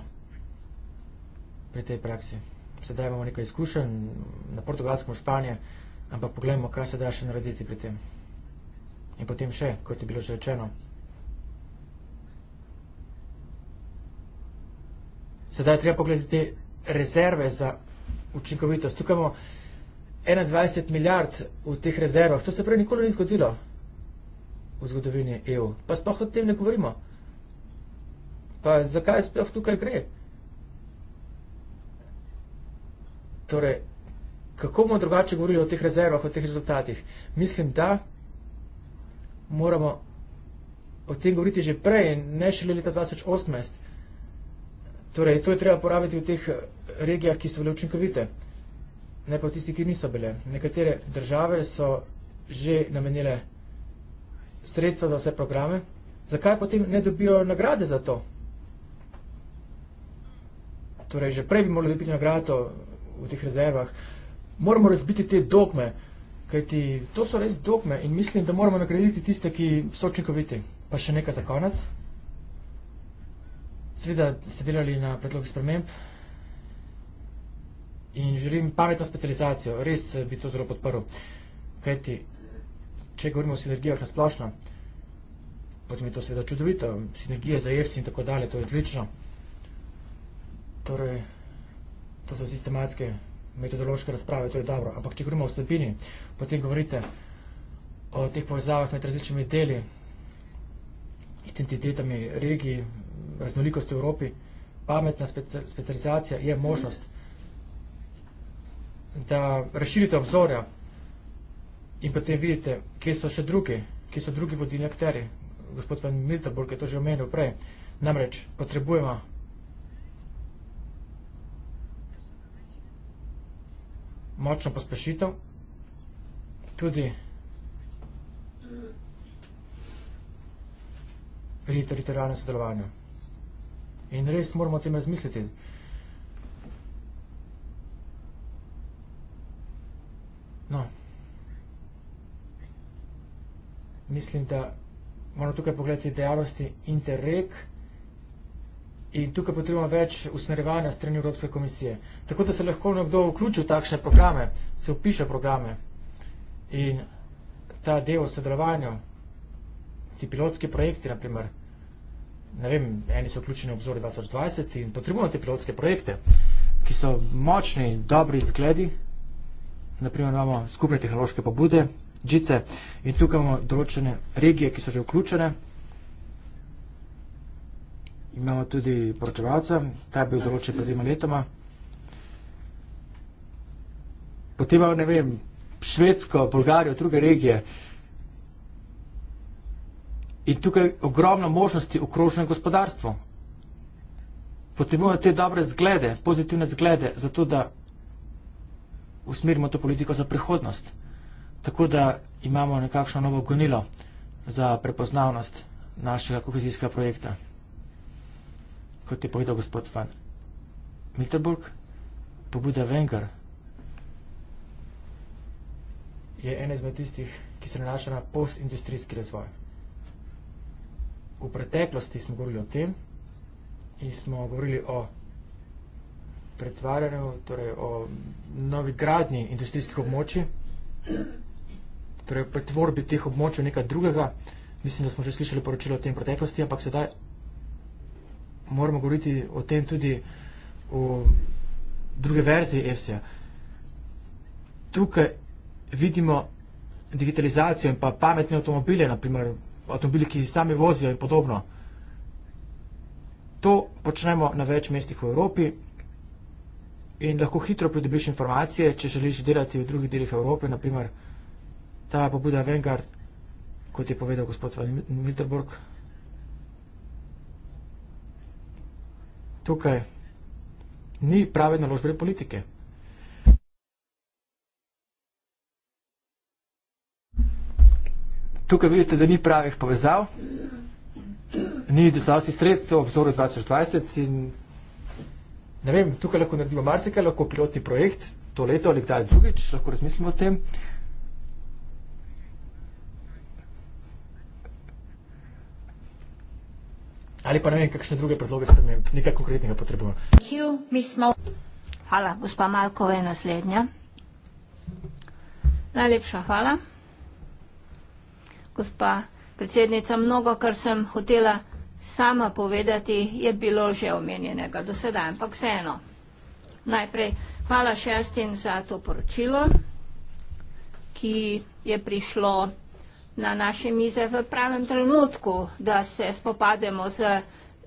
pri tej praksi. Sedaj imamo nekaj izkušenj na portugalskem Španiji, ampak poglejmo, kaj se da še narediti pri tem. In potem še, kot je bilo že rečeno, sedaj je treba pogledati rezerve za učinkovitost. Tukaj imamo 21 milijard v teh rezervah. To se prej nikoli ni zgodilo v zgodovini EU. Pa sploh o tem ne govorimo. Pa zakaj sploh tukaj gre? Torej, kako bomo drugače govorili o teh rezervah, o teh rezultatih? Mislim, da moramo o tem govoriti že prej, ne šele leta 2018. Torej, to je treba uporabiti v teh eh, regijah, ki so bile učinkovite, ne pa v tisti, ki niso bile. Nekatere države so že namenile sredstva za vse programe. Zakaj potem ne dobijo nagrade za to? Torej, že prej bi morali dobiti nagrado v teh rezervah. Moramo razbiti te dogme, kajti to so res dogme in mislim, da moramo nagraditi tiste, ki so učinkoviti. Pa še nekaj za konec. Seveda ste delali na predlogu sprememb in želim pametno specializacijo. Res eh, bi to zelo podprl. Kajti, če govorimo o sinergijah na splošno, potem je to seveda čudovito. Sinergije za EFSI in tako dalje, to je odlično. Torej, to so sistematske metodološke razprave, to je dobro. Ampak če govorimo o vsebini, potem govorite o teh povezavah med različnimi deli, identitetami regiji, raznolikosti v Evropi. Pametna specializacija je možnost, da razširite obzorja in potem vidite, kje so še drugi, kje so drugi vodilni akteri. Gospod Van Miltenburg je to že omenil prej. Namreč potrebujemo močno pospešitev, tudi pri teritorijalnem sodelovanju. In res moramo o tem razmisliti. No. Mislim, da moramo tukaj pogledati dejavnosti interreg, in tukaj potrebujemo več usmerjevanja strani Evropske komisije. Tako da se lahko nekdo vključi v takšne programe, se upiše programe in ta del sodelovanja, ti pilotski projekti, naprimer, ne vem, eni so vključeni v obzor 2020 in potrebujemo te pilotske projekte, ki so močni, dobri izgledi, naprimer imamo skupne tehnološke pobude, žice in tukaj imamo določene regije, ki so že vključene. Imamo tudi poročevalca, ta je bil določen pred dvema letoma. Potem imamo, ne vem, Švedsko, Bolgarijo, druge regije. In tukaj je ogromno možnosti v krožnem gospodarstvu. Potrebujemo te dobre zglede, pozitivne zglede, zato da usmerimo to politiko za prihodnost. Tako da imamo nekakšno novo gonilo za prepoznavnost našega kohezijskega projekta kot je povedal gospod Van Milterburg, pobuda Vengar je ena izmed tistih, ki se nanaša na postindustrijski razvoj. V preteklosti smo govorili o tem in smo govorili o pretvarjanju, torej o novi gradnji industrijskih območij, torej o pretvorbi teh območij nekaj drugega. Mislim, da smo že slišali poročilo o tem preteklosti, ampak sedaj moramo govoriti o tem tudi v druge verzije EFSI-ja. Tukaj vidimo digitalizacijo in pa pametne avtomobile, naprimer avtomobili, ki sami vozijo in podobno. To počnemo na več mestih v Evropi in lahko hitro pridobiš informacije, če želiš delati v drugih delih Evrope, naprimer ta pobuda Vanguard, kot je povedal gospod Van Milterborg, tukaj ni prave naložbene politike. Tukaj vidite, da ni pravih povezav, ni deslavskih sredstev v obzoru 2020 in ne vem, tukaj lahko naredimo marcika, lahko pilotni projekt, to leto ali kdaj drugič, lahko razmislimo o tem. ali pa ne vem, kakšne druge predloge sprememb, nekaj konkretnega potrebujemo. Hvala, gospa Malkova je naslednja. Najlepša hvala. Gospa predsednica, mnogo, kar sem hotela sama povedati, je bilo že omenjenega do sedaj, ampak vseeno. Najprej hvala šestin za to poročilo, ki je prišlo vsega, na naše mize v pravem trenutku, da se spopademo z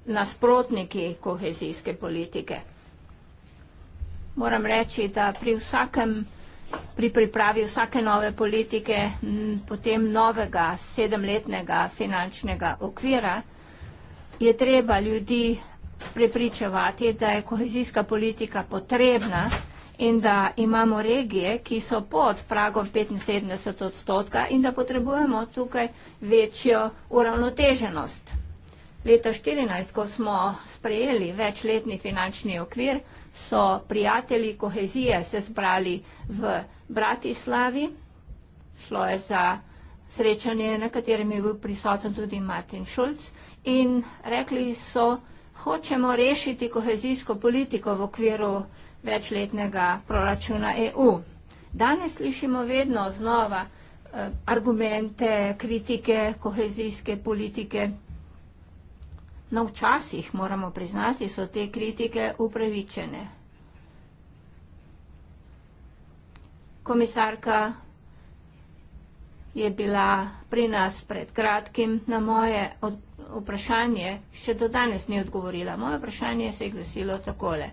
nasprotniki kohezijske politike. Moram reči, da pri vsakem, pri pripravi vsake nove politike, potem novega sedemletnega finančnega okvira, je treba ljudi prepričevati, da je kohezijska politika potrebna, in da imamo regije, ki so pod pragom 75 odstotka in da potrebujemo tukaj večjo uravnoteženost. Leta 2014, ko smo sprejeli večletni finančni okvir, so prijatelji kohezije se zbrali v Bratislavi. Šlo je za srečanje, na katerem je bil prisoten tudi Martin Schulz in rekli so, hočemo rešiti kohezijsko politiko v okviru večletnega proračuna EU. Danes slišimo vedno znova eh, argumente, kritike kohezijske politike. Na no, včasih moramo priznati, so te kritike upravičene. Komisarka je bila pri nas pred kratkim na moje vprašanje, še do danes ni odgovorila. Moje vprašanje se je glasilo takole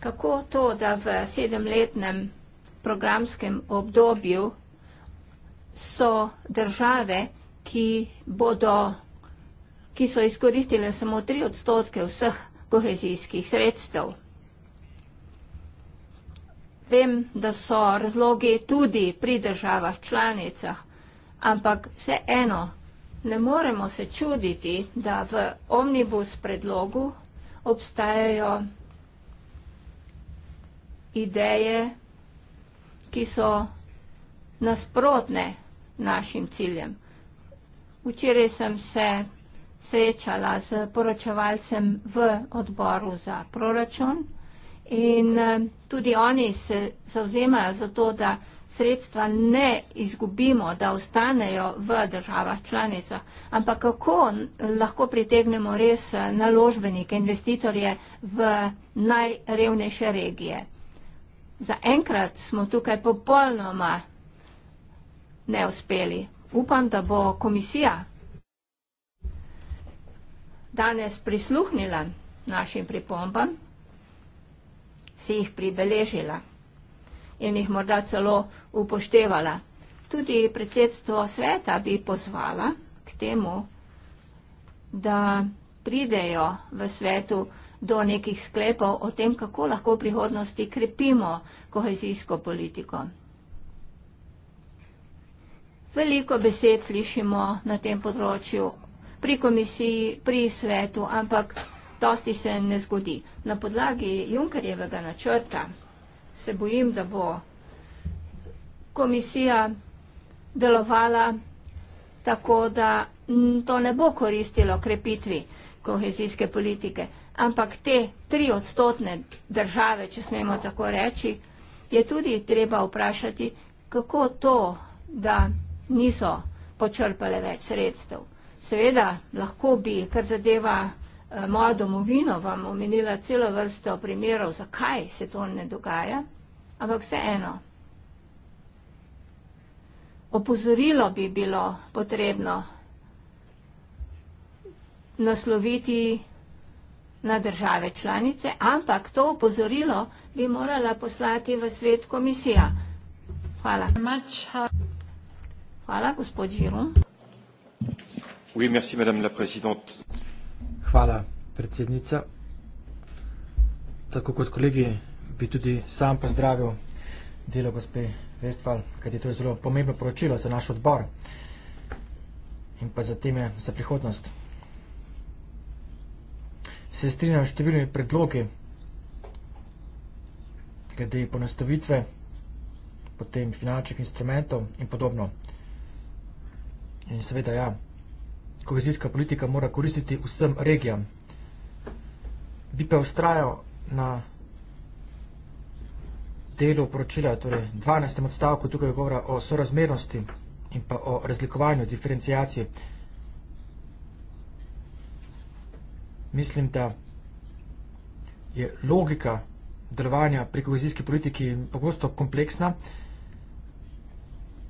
kako to, da v sedemletnem programskem obdobju so države, ki, bodo, ki so izkoristile samo tri odstotke vseh kohezijskih sredstev. Vem, da so razlogi tudi pri državah članicah, ampak vseeno ne moremo se čuditi, da v omnibus predlogu obstajajo ideje, ki so nasprotne našim ciljem. Včeraj sem se srečala z poročevalcem v odboru za proračun in eh, tudi oni se zauzemajo za to, da sredstva ne izgubimo, da ostanejo v državah članicah. Ampak kako lahko pritegnemo res eh, naložbenike, investitorje v najrevnejše regije? zaenkrat smo tukaj popolnoma neuspeli. Upam, da bo komisija danes prisluhnila našim pripombam, si jih pribeležila in jih morda celo upoštevala. Tudi predsedstvo sveta bi pozvala k temu, da pridejo v svetu do nekih sklepov o tem, kako lahko v prihodnosti krepimo kohezijsko politiko. Veliko besed slišimo na tem področju pri komisiji, pri svetu, ampak dosti se ne zgodi. Na podlagi Junkerjevega načrta se bojim, da bo komisija delovala tako, da to ne bo koristilo krepitvi kohezijske politike ampak te tri odstotne države, če smemo tako reči, je tudi treba vprašati, kako to, da niso počrpale več sredstev. Seveda, lahko bi, kar zadeva eh, mojo domovino, vam omenila celo vrsto primerov, zakaj se to ne dogaja, ampak vseeno. Opozorilo bi bilo potrebno nasloviti na države članice, ampak to opozorilo bi morala poslati v svet komisija. Hvala. Hvala, gospod Žirom. Oui, merci, madame la présidente. Hvala, predsednica. Tako kot kolegi, bi tudi sam pozdravil delo gospe Vestval, kajti to je zelo pomembno poročilo za naš odbor in pa za teme za prihodnost se strinjam številnimi predlogi, glede ponastavitve, potem finančnih instrumentov in podobno. In seveda ja, kohezijska politika mora koristiti vsem regijam. Bi pa ustrajal na delu poročila, torej 12. odstavku, tukaj govora o sorazmernosti in pa o razlikovanju, diferencijaciji. mislim, da je logika delovanja pri kohezijski politiki pogosto kompleksna.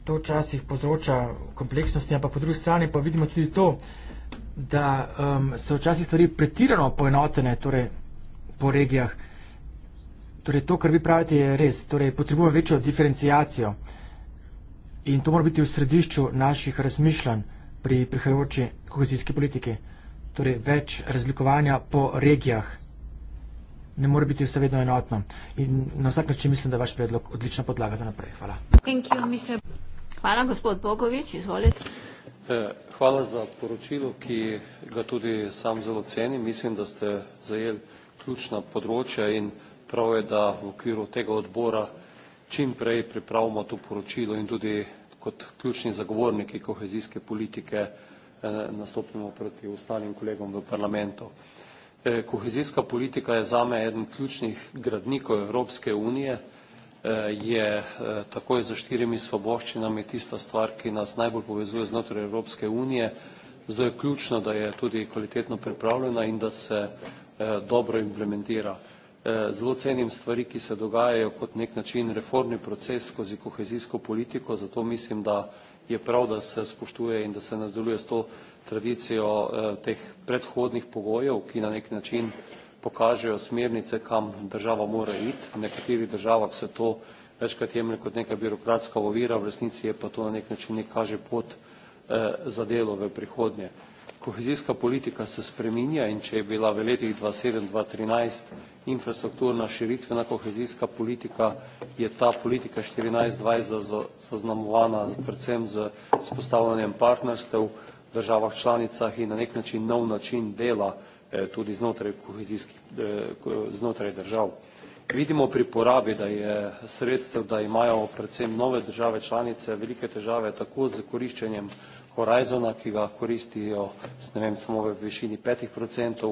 To včasih povzroča kompleksnosti, ampak po drugi strani pa vidimo tudi to, da um, so včasih stvari pretirano poenotene torej, po regijah. Torej, to, kar vi pravite, je res. Torej, potrebujemo večjo diferencijacijo in to mora biti v središču naših razmišljanj pri prihajajoči kohezijski politiki torej več razlikovanja po regijah. Ne more biti vse vedno enotno. In na vsak način mislim, da je vaš predlog odlična podlaga za naprej. Hvala. Hvala, gospod Bogovič. Izvolite. Eh, hvala za poročilo, ki ga tudi sam zelo cenim. Mislim, da ste zajeli ključna področja in prav je, da v okviru tega odbora čim prej pripravimo to poročilo in tudi kot ključni zagovorniki kohezijske politike Eh, nastopimo proti ostalim kolegom v parlamentu. Eh, kohezijska politika je zame eden ključnih gradnikov Evropske unije, eh, je takoj za štirimi svoboščinami tista stvar, ki nas najbolj povezuje znotraj Evropske unije. Zdaj je ključno, da je tudi kvalitetno pripravljena in da se dobro implementira. Zelo cenim stvari, ki se dogajajo kot nek način reformni proces skozi kohezijsko politiko, zato mislim, da je prav, da se spoštuje in da se nadaljuje s to tradicijo eh, teh predhodnih pogojev, ki na nek način pokažejo smernice, kam država mora iti. V nekaterih državah se to večkrat jemlje kot neka birokratska ovira, v resnici je pa to na nek način nek kaže pot eh, za delo v prihodnje kohezijska politika se spreminja in če je bila v letih 2007-2013 infrastrukturna širitvena kohezijska politika, je ta politika 14-20 zaznamovana predvsem z spostavljanjem partnerstev v državah članicah in na nek način nov način dela eh, tudi znotraj, eh, znotraj držav. Vidimo pri porabi, da je sredstev, da imajo predvsem nove države članice velike težave tako z koriščenjem Horizona, ki ga koristijo ne vem, samo v višini 5%.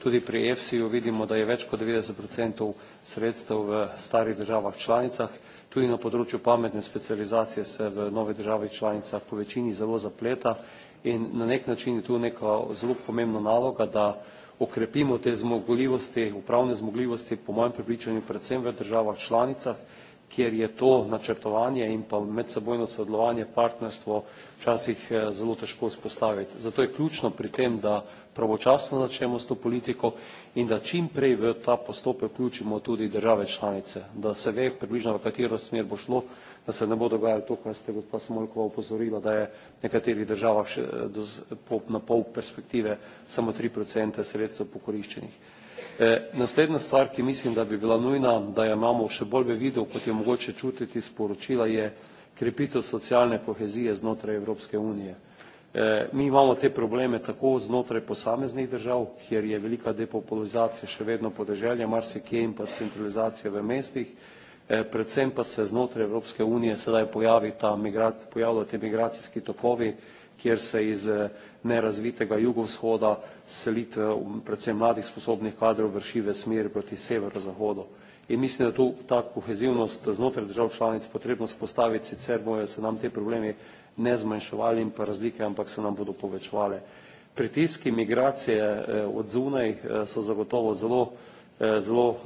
Tudi pri EFSI-ju vidimo, da je več kot 90% sredstev v starih državah članicah. Tudi na področju pametne specializacije se v nove državi članicah po večini zelo zapleta in na nek način je tu neka zelo pomembna naloga, da okrepimo te zmogljivosti, upravne zmogljivosti, po mojem pripričanju, predvsem v državah članicah, kjer je to načrtovanje in pa medsebojno sodelovanje, partnerstvo včasih eh, zelo težko vzpostaviti. Zato je ključno pri tem, da pravočasno začnemo s to politiko in da čim prej v ta postopek vključimo tudi države članice, da se ve približno, v katero smer bo šlo, da se ne bo dogajalo to, kar ste gospa Smolkova upozorila, da je v nekaterih državah še eh, do, po, na pol perspektive samo 3% sredstev pokoriščenih. E, naslednja stvar, ki mislim, da bi bila nujna, da jo imamo še bolj v vidu, kot je mogoče čutiti sporočila, je krepitev socialne kohezije znotraj Evropske unije. E, mi imamo te probleme tako znotraj posameznih držav, kjer je velika depopulizacija še vedno podeželja, marsikje in pa centralizacija v mestih, e, predvsem pa se znotraj Evropske unije sedaj pojavi ta, pojavljajo te migracijski tokovi, kjer se iz eh, nerazvitega jugovzhoda selitve um, predvsem mladih sposobnih kadrov vrši v smer proti severozahodu. In mislim, da tu ta kohezivnost znotraj držav članic potrebno spostaviti, sicer bojo se nam te problemi ne zmanjševali in pa razlike, ampak se nam bodo povečevale. Pritiski migracije eh, od zunaj eh, so zagotovo zelo, zelo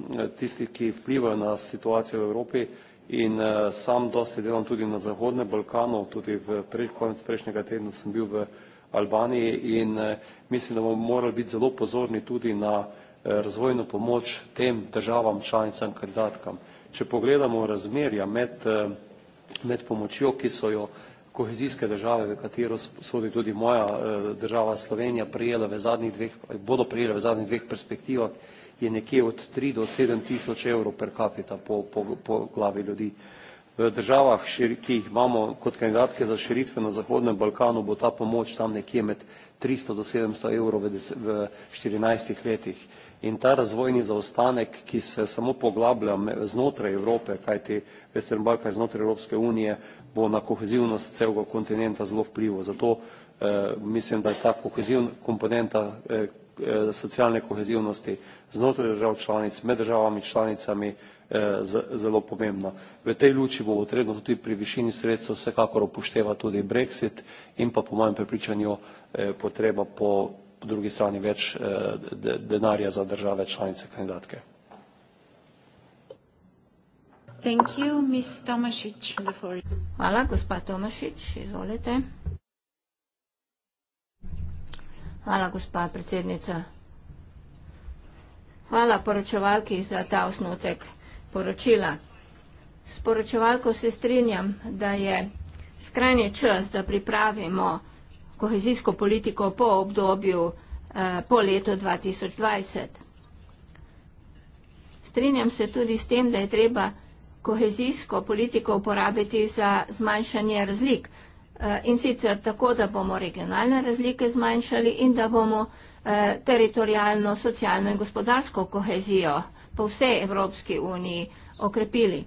tisti, ki vplivajo na situacijo v Evropi, In uh, sam dosti delam tudi na Zahodnem Balkanu, tudi v pre, konec prejšnjega tedna sem bil v Albaniji in uh, mislim, da bomo morali biti zelo pozorni tudi na uh, razvojno pomoč tem državam, članicam, kandidatkam. Če pogledamo razmerja med, uh, med pomočjo, ki so jo kohezijske države, v katero sodi tudi moja uh, država Slovenija, prejela v zadnjih dveh, bodo prejele v zadnjih dveh perspektivah, je nekje od tri do sedem tisoč evrov per capita po, po, po glavi ljudi. V državah, ki jih imamo kot kandidatke za širitve na Zahodnem Balkanu, bo ta pomoč tam nekje med 300 do 700 evrov v 14 letih. In ta razvojni zaostanek, ki se samo poglablja znotraj Evrope, kajti Western Balkan je znotraj Evropske unije, bo na kohezivnost celega kontinenta zelo vplivo. Zato eh, mislim, da je ta kohezivna komponenta eh, Eh, socialne kohezivnosti znotraj držav članic, med državami članicami eh, zelo pomembno. V tej luči bo potrebno tudi pri višini sredstva vsekakor upošteva tudi Brexit in pa po mojem prepričanju eh, potreba po drugi strani več denarja za države članice kandidatke. Hvala, gospa Tomašič, izvolite. Hvala, gospa predsednica. Hvala poročevalki za ta osnutek poročila. S poročevalko se strinjam, da je skrajni čas, da pripravimo kohezijsko politiko po obdobju eh, po letu 2020. Strinjam se tudi s tem, da je treba kohezijsko politiko uporabiti za zmanjšanje razlik. Eh, in sicer tako, da bomo regionalne razlike zmanjšali in da bomo eh, teritorijalno, socialno in gospodarsko kohezijo po vsej Evropski uniji okrepili.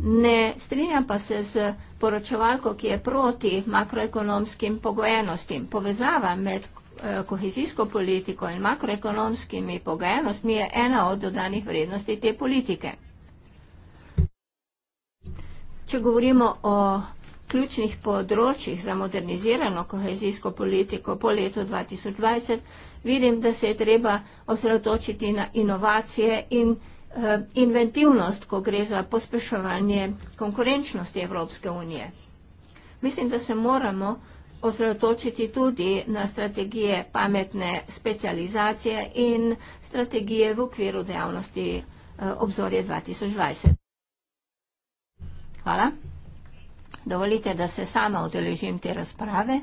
Ne strinjam pa se z poročevalko, ki je proti makroekonomskim pogojenostim. Povezava med eh, kohezijsko politiko in makroekonomskimi pogojenostmi je ena od dodanih vrednosti te politike. Če govorimo o ključnih področjih za modernizirano kohezijsko politiko po letu 2020 vidim, da se je treba osredotočiti na inovacije in eh, inventivnost, ko gre za pospeševanje konkurenčnosti Evropske unije. Mislim, da se moramo osredotočiti tudi na strategije pametne specializacije in strategije v okviru dejavnosti eh, obzorje 2020. Hvala dovolite, da se sama odeležim te razprave,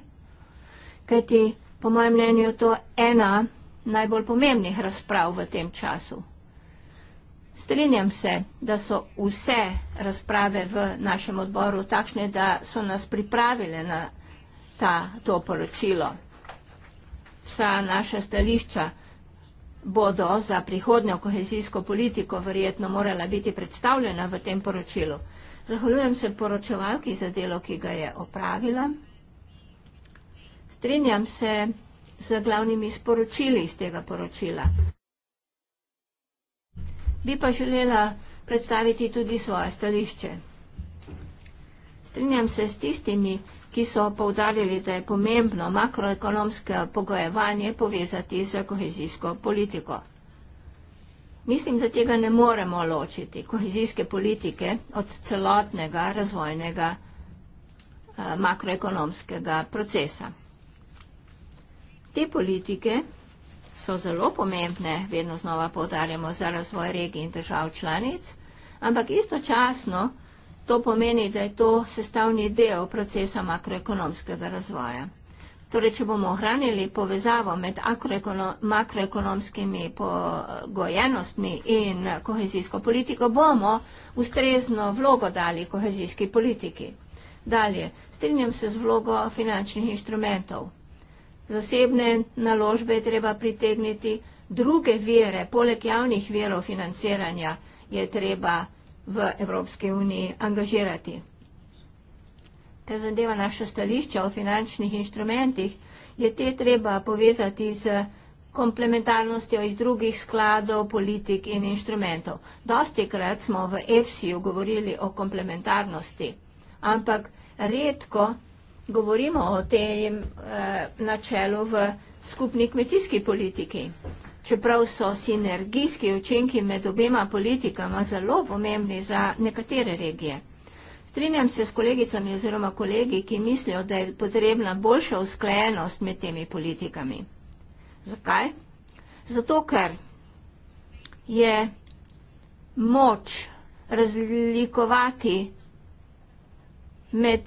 kajti po mojem mnenju je to ena najbolj pomembnih razprav v tem času. Strinjam se, da so vse razprave v našem odboru takšne, da so nas pripravile na ta, to poročilo. Vsa naša stališča bodo za prihodnjo kohezijsko politiko verjetno morala biti predstavljena v tem poročilu. Zahvaljujem se poročevalki za delo, ki ga je opravila. Strinjam se z glavnimi sporočili iz tega poročila. Bi pa želela predstaviti tudi svoje stališče. Strinjam se s tistimi, ki so povdarjali, da je pomembno makroekonomske pogojevanje povezati z kohezijsko politiko. Mislim, da tega ne moremo ločiti, kohezijske politike, od celotnega razvojnega eh, makroekonomskega procesa. Te politike so zelo pomembne, vedno znova povdarjamo, za razvoj regij in držav članic, ampak istočasno to pomeni, da je to sestavni del procesa makroekonomskega razvoja. Torej, če bomo ohranili povezavo med makroekonomskimi pogojenostmi in kohezijsko politiko, bomo ustrezno vlogo dali kohezijski politiki. Dalje, strinjam se z vlogo finančnih inštrumentov. Zasebne naložbe je treba pritegniti, druge vire, poleg javnih virov financiranja, je treba v Evropske uniji angažirati kar zadeva naše stališče o finančnih inštrumentih, je te treba povezati z komplementarnostjo iz drugih skladov, politik in inštrumentov. Dosti krat smo v EFSI-ju govorili o komplementarnosti, ampak redko govorimo o tem eh, načelu v skupni kmetijski politiki. Čeprav so sinergijski učinki med obema politikama zelo pomembni za nekatere regije. Strinjam se s kolegicami oziroma kolegi, ki mislijo, da je potrebna boljša usklajenost med temi politikami. Zakaj? Zato, ker je moč razlikovati med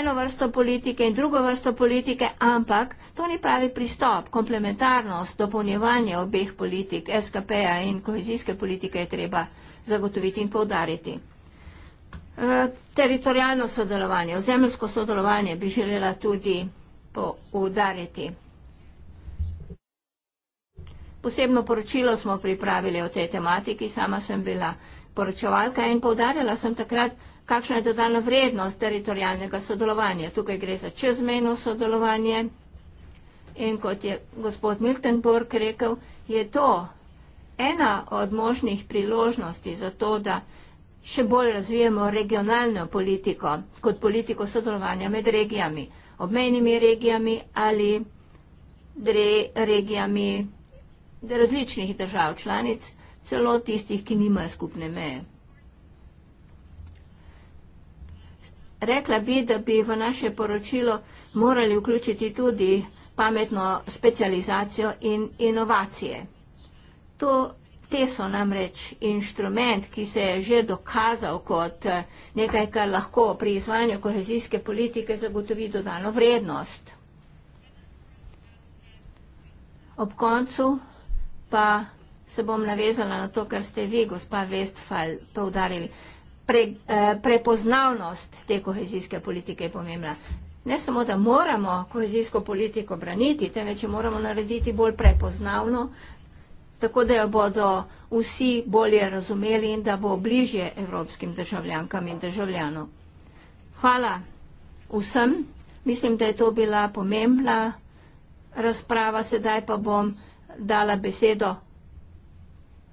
eno vrsto politike in drugo vrsto politike, ampak to ni pravi pristop. Komplementarnost, dopolnjevanje obeh politik, SKP-ja in kohezijske politike je treba zagotoviti in povdariti. Eh, teritorijalno sodelovanje, ozemljsko sodelovanje bi želela tudi poudariti. Posebno poročilo smo pripravili o tej tematiki, sama sem bila poročevalka in poudarjala sem takrat, kakšna je dodana vrednost teritorijalnega sodelovanja. Tukaj gre za čezmejno sodelovanje in kot je gospod Miltenburg rekel, je to ena od možnih priložnosti za to, da še bolj razvijemo regionalno politiko kot politiko sodelovanja med regijami, obmejnimi regijami ali dre, regijami različnih držav članic, celo tistih, ki nimajo skupne meje. Rekla bi, da bi v naše poročilo morali vključiti tudi pametno specializacijo in inovacije. To Te so namreč inštrument, ki se je že dokazal kot eh, nekaj, kar lahko pri izvanju kohezijske politike zagotovi dodano vrednost. Ob koncu pa se bom navezala na to, kar ste vi, gospa Westfall, poudarili. Pre, eh, prepoznavnost te kohezijske politike je pomembna. Ne samo, da moramo kohezijsko politiko braniti, temveč jo moramo narediti bolj prepoznavno, tako da jo bodo vsi bolje razumeli in da bo bližje evropskim državljankam in državljanom. Hvala vsem. Mislim, da je to bila pomembna razprava. Sedaj pa bom dala besedo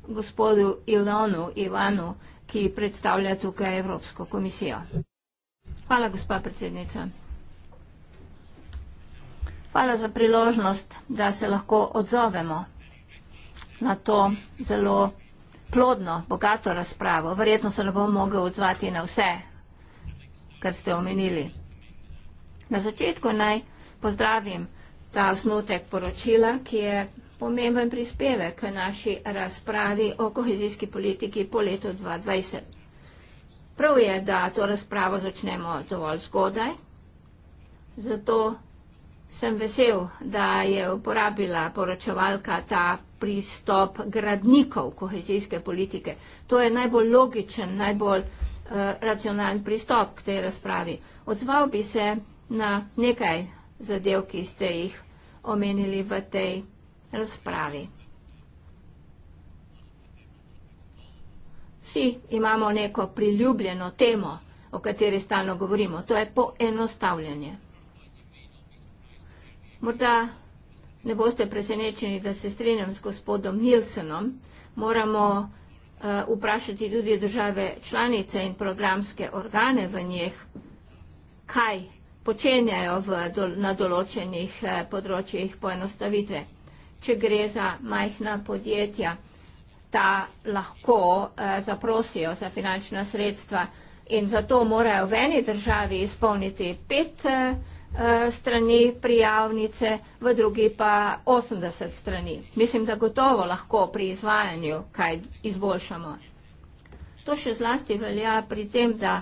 gospodu Ilonu Ivanu, ki predstavlja tukaj Evropsko komisijo. Hvala, gospa predsednica. Hvala za priložnost, da se lahko odzovemo na to zelo plodno, bogato razpravo. Verjetno se ne bom mogel odzvati na vse, kar ste omenili. Na začetku naj pozdravim ta osnutek poročila, ki je pomemben prispevek k naši razpravi o kohezijski politiki po letu 2020. Prav je, da to razpravo začnemo dovolj zgodaj, zato sem vesel, da je uporabila poročevalka ta pristop gradnikov kohezijske politike. To je najbolj logičen, najbolj eh, racionalen pristop k tej razpravi. Odzval bi se na nekaj zadev, ki ste jih omenili v tej razpravi. Vsi imamo neko priljubljeno temo, o kateri stalno govorimo. To je poenostavljanje. Morda ne boste presenečeni, da se strinjam s gospodom Nilsenom, moramo eh, vprašati tudi države članice in programske organe v njih, kaj počenjajo na določenih eh, področjih poenostavitve. Če gre za majhna podjetja, ta lahko eh, zaprosijo za finančna sredstva in zato morajo v eni državi izpolniti pet področje, Eh, strani prijavnice, v drugi pa 80 strani. Mislim, da gotovo lahko pri izvajanju kaj izboljšamo. To še zlasti velja pri tem, da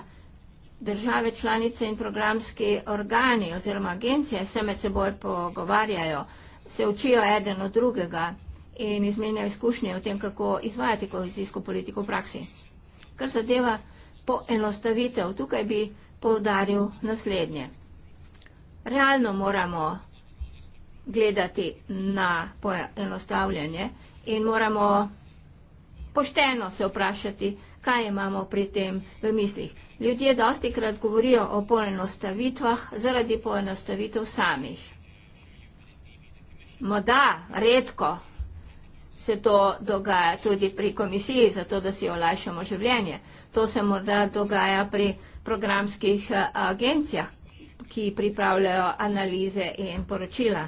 države članice in programski organi oziroma agencije se med seboj pogovarjajo, se učijo eden od drugega in izmenjajo izkušnje o tem, kako izvajati kohezijsko politiko v praksi. Kar zadeva poenostavitev, tukaj bi poudaril naslednje realno moramo gledati na poenostavljanje in moramo pošteno se vprašati, kaj imamo pri tem v mislih. Ljudje dosti krat govorijo o poenostavitvah zaradi poenostavitev samih. Morda redko se to dogaja tudi pri komisiji, zato da si olajšamo življenje. To se morda dogaja pri programskih eh, agencijah, ki pripravljajo analize in poročila,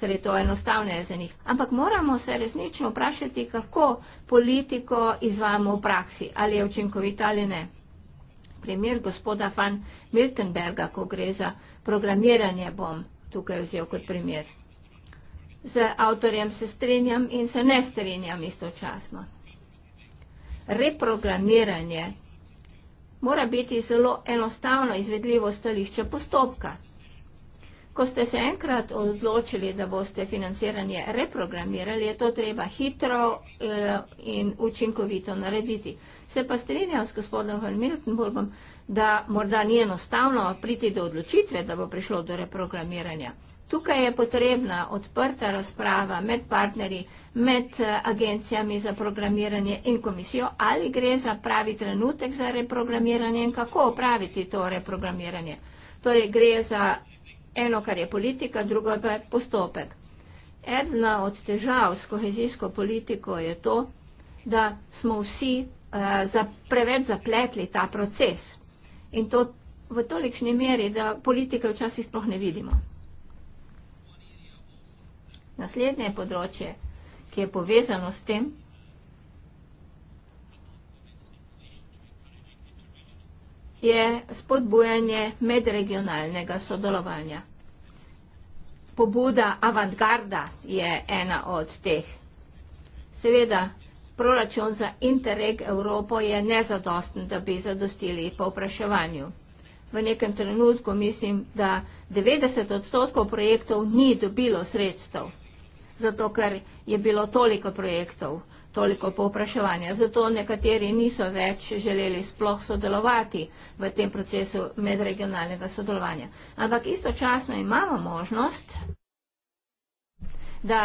ker je to enostavneje za njih. Ampak moramo se resnično vprašati, kako politiko izvajamo v praksi, ali je učinkovita ali ne. Primer gospoda van Miltenberga, ko gre za programiranje, bom tukaj vzel kot primer. Z avtorjem se strinjam in se ne strinjam istočasno. Reprogramiranje mora biti zelo enostavno izvedljivo stališče postopka. Ko ste se enkrat odločili, da boste financiranje reprogramirali, je to treba hitro eh, in učinkovito narediti. Se pa strinjam s gospodom Van Miltenburgom, da morda ni enostavno priti do odločitve, da bo prišlo do reprogramiranja. Tukaj je potrebna odprta razprava med partnerji, med eh, agencijami za programiranje in komisijo, ali gre za pravi trenutek za reprogramiranje in kako opraviti to reprogramiranje. Torej gre za eno, kar je politika, drugo pa je postopek. Edna od težav s kohezijsko politiko je to, da smo vsi uh, za, preveč zapletli ta proces in to v tolikšni meri, da politike včasih sploh ne vidimo. Naslednje področje, ki je povezano s tem, je spodbujanje medregionalnega sodelovanja. Pobuda avantgarda je ena od teh. Seveda, proračun za Interreg Evropo je nezadosten, da bi zadostili povpraševanju. V nekem trenutku mislim, da 90 odstotkov projektov ni dobilo sredstev zato ker je bilo toliko projektov, toliko povpraševanja. Zato nekateri niso več želeli sploh sodelovati v tem procesu medregionalnega sodelovanja. Ampak istočasno imamo možnost, da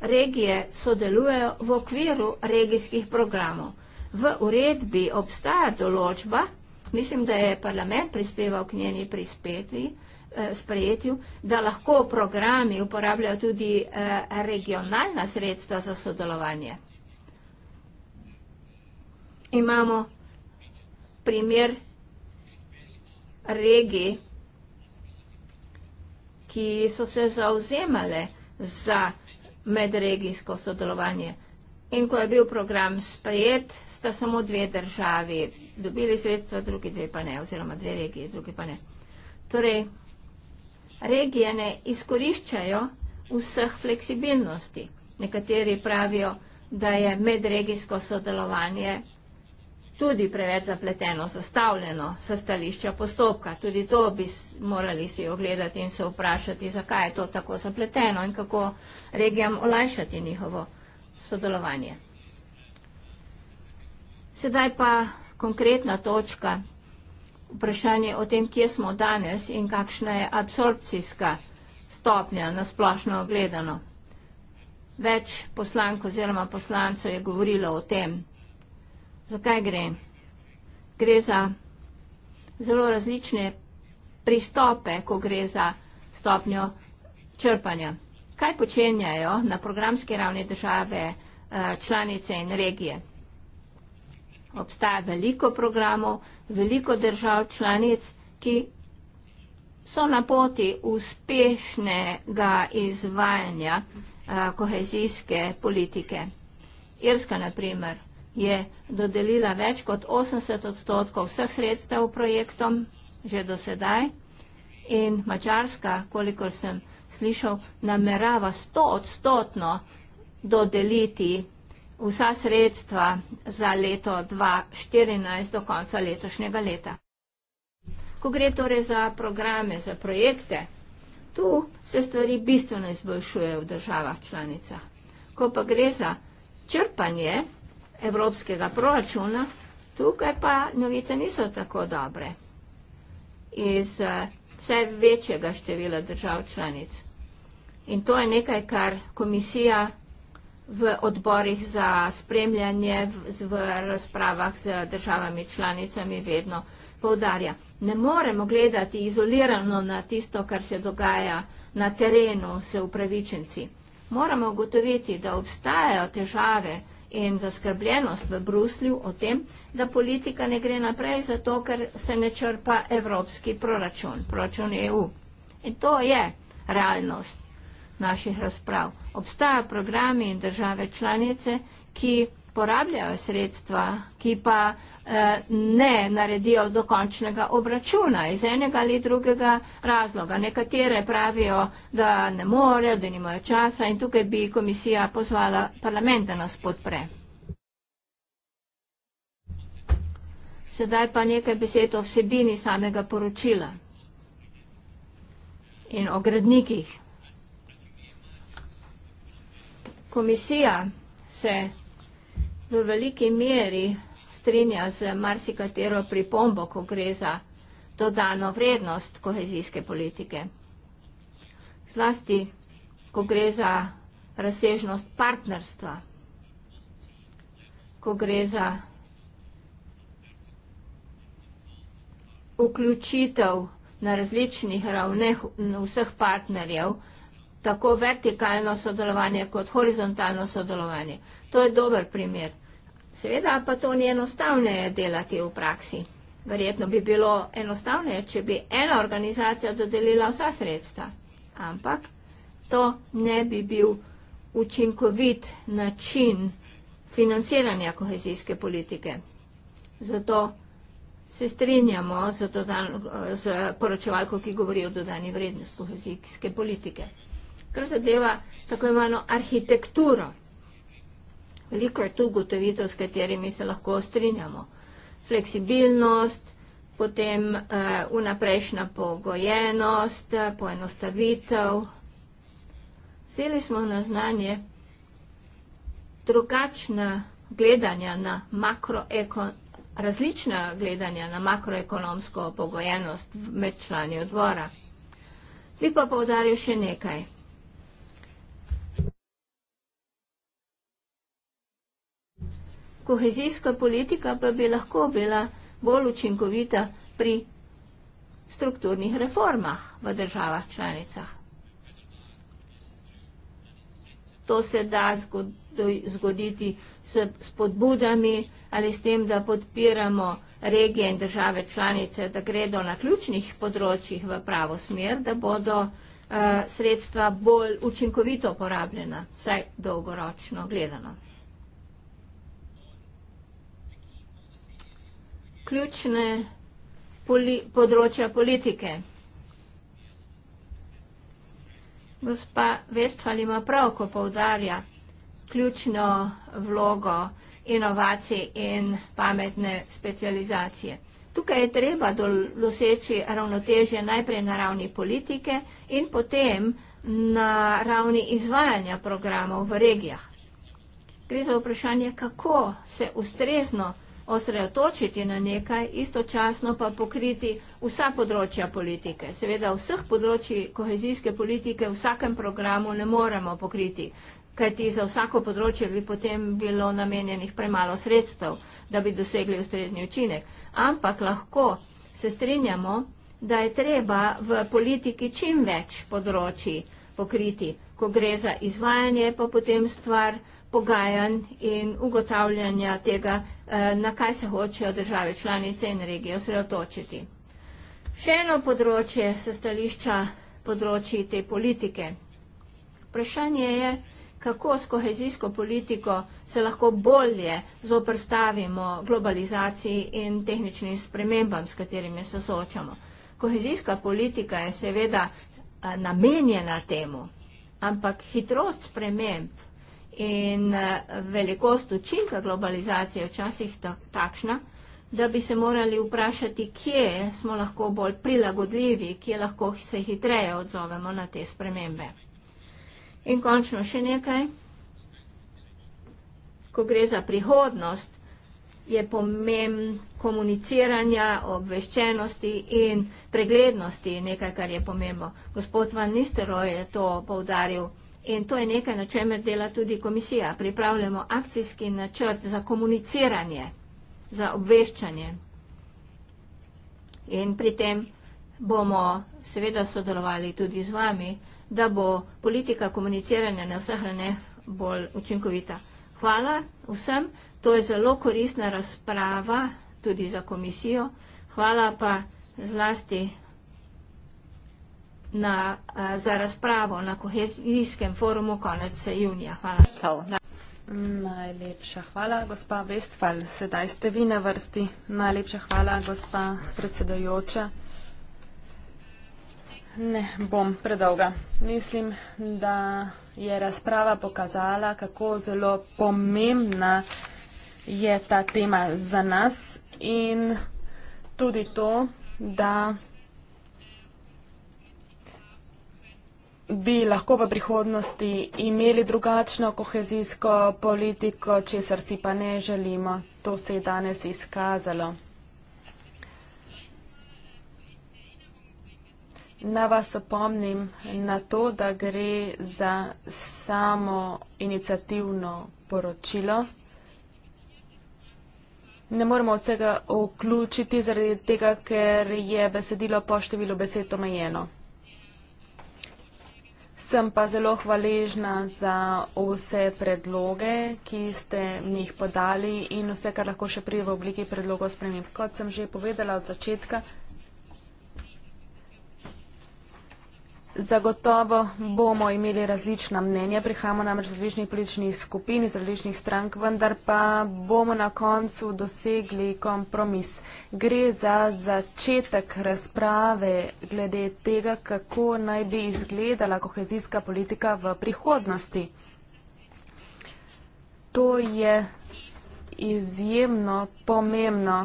regije sodelujejo v okviru regijskih programov. V uredbi obstaja določba, mislim, da je parlament prispeval k njeni prispetvi, Eh, sprejetju, da lahko programi uporabljajo tudi eh, regionalna sredstva za sodelovanje. Imamo primer regij, ki so se zauzemale za medregijsko sodelovanje. In ko je bil program sprejet, sta samo dve državi dobili sredstva, drugi dve pa ne, oziroma dve regije, drugi pa ne. Torej, regije ne izkoriščajo vseh fleksibilnosti. Nekateri pravijo, da je medregijsko sodelovanje tudi preveč zapleteno, zastavljeno s stališča postopka. Tudi to bi morali si ogledati in se vprašati, zakaj je to tako zapleteno in kako regijam olajšati njihovo sodelovanje. Sedaj pa konkretna točka vprašanje o tem, kje smo danes in kakšna je absorpcijska stopnja na splošno ogledano. Več poslank oziroma poslancev je govorilo o tem. Zakaj gre? Gre za zelo različne pristope, ko gre za stopnjo črpanja. Kaj počenjajo na programski ravni države eh, članice in regije? obstaja veliko programov, veliko držav članic, ki so na poti uspešnega izvajanja eh, kohezijske politike. Irska, na primer, je dodelila več kot 80 odstotkov vseh sredstev projektom že do sedaj in Mačarska, kolikor sem slišal, namerava 100 odstotno dodeliti projektom vsa sredstva za leto 2014 do konca letošnjega leta. Ko gre torej za programe, za projekte, tu se stvari bistveno izboljšujejo v državah članicah. Ko pa gre za črpanje evropskega proračuna, tukaj pa novice niso tako dobre. Iz eh, vse večjega števila držav članic. In to je nekaj, kar komisija v odborih za spremljanje, v razpravah z državami članicami vedno povdarja. Ne moremo gledati izolirano na tisto, kar se dogaja na terenu s upravičenci. Moramo ugotoviti, da obstajajo težave in zaskrbljenost v Bruslju o tem, da politika ne gre naprej zato, ker se ne črpa evropski proračun, proračun EU. In to je realnost naših razprav. Obstajajo programi in države članice, ki porabljajo sredstva, ki pa eh, ne naredijo dokončnega obračuna iz enega ali drugega razloga. Nekatere pravijo, da ne morejo, da nimajo časa in tukaj bi komisija pozvala parlament, da nas podpre. Sedaj pa nekaj besed o vsebini samega poročila in o gradnikih. komisija se v veliki meri strinja z marsikatero pripombo, ko gre za dodano vrednost kohezijske politike. Zlasti, ko gre za razsežnost partnerstva, ko gre za vključitev na različnih ravneh vseh partnerjev, tako vertikalno sodelovanje kot horizontalno sodelovanje. To je dober primer. Seveda pa to ni enostavneje delati v praksi. Verjetno bi bilo enostavneje, če bi ena organizacija dodelila vsa sredstva, ampak to ne bi bil učinkovit način financiranja kohezijske politike. Zato se strinjamo z, dodan, z poročevalko, ki govori o dodani vrednosti kohezijske politike kar zadeva tako imeno arhitekturo. Veliko je tu gotovitev, s katerimi se lahko strinjamo. Fleksibilnost, potem unaprejšnja eh, pogojenost, eh, poenostavitev. Vzeli smo na znanje drugačna gledanja na makroekonomijo različna gledanja na makroekonomsko pogojenost med člani odbora. Bi pa poudaril še nekaj. kohezijska politika pa bi lahko bila bolj učinkovita pri strukturnih reformah v državah članicah. To se da zgoditi s spodbudami ali s tem, da podpiramo regije in države članice, da gredo na ključnih področjih v pravo smer, da bodo eh, sredstva bolj učinkovito porabljena, vsaj dolgoročno gledano. ključne poli področja politike. Gospa Vestfal ima prav, ko poudarja ključno vlogo inovacij in pametne specializacije. Tukaj je treba doseči ravnotežje najprej na ravni politike in potem na ravni izvajanja programov v regijah. Gre za vprašanje, kako se ustrezno osredotočiti na nekaj, istočasno pa pokriti vsa področja politike. Seveda vseh področji kohezijske politike v vsakem programu ne moremo pokriti, kajti za vsako področje bi potem bilo namenjenih premalo sredstev, da bi dosegli ustrezni učinek. Ampak lahko se strinjamo, da je treba v politiki čim več področji pokriti. Ko gre za izvajanje, pa potem stvar, pogajanj in ugotavljanja tega, eh, na kaj se hočejo države članice in regije osredotočiti. Še eno področje so stališča področji te politike. Vprašanje je, kako s kohezijsko politiko se lahko bolje zoprstavimo globalizaciji in tehničnim spremembam, s katerimi se soočamo. Kohezijska politika je seveda eh, namenjena temu, ampak hitrost sprememb In eh, velikost učinka globalizacije je včasih takšna, da bi se morali vprašati, kje smo lahko bolj prilagodljivi, kje lahko se hitreje odzovemo na te spremembe. In končno še nekaj. Ko gre za prihodnost, je pomemb komuniciranja, obveščenosti in preglednosti nekaj, kar je pomembno. Gospod Van Nistelrooy je to poudaril vsega. In to je nekaj, na čemer dela tudi komisija. Pripravljamo akcijski načrt za komuniciranje, za obveščanje. In pri tem bomo seveda sodelovali tudi z vami, da bo politika komuniciranja na vseh raneh bolj učinkovita. Hvala vsem, to je zelo koristna razprava tudi za komisijo. Hvala pa zlasti na, za razpravo na kohezijskem forumu konec junija. Hvala. Najlepša hvala, gospa Westfal. Sedaj ste vi na vrsti. Najlepša hvala, gospa predsedojoča. Ne bom predolga. Mislim, da je razprava pokazala, kako zelo pomembna je ta tema za nas in tudi to, da bi lahko v prihodnosti imeli drugačno kohezijsko politiko, česar si pa ne želimo. To se je danes izkazalo. Na vas opomnim na to, da gre za samo inicijativno poročilo. Ne moramo vsega vključiti zaradi tega, ker je besedilo po številu besed omejeno. Sem pa zelo hvaležna za vse predloge, ki ste mi jih podali in vse, kar lahko še prije v obliki predlogov spremem. Kot sem že povedala od začetka, Zagotovo bomo imeli različna mnenja, prihajamo namreč z različnih političnih skupin, iz različnih strank, vendar pa bomo na koncu dosegli kompromis. Gre za začetek razprave glede tega, kako naj bi izgledala kohezijska politika v prihodnosti. To je izjemno pomembno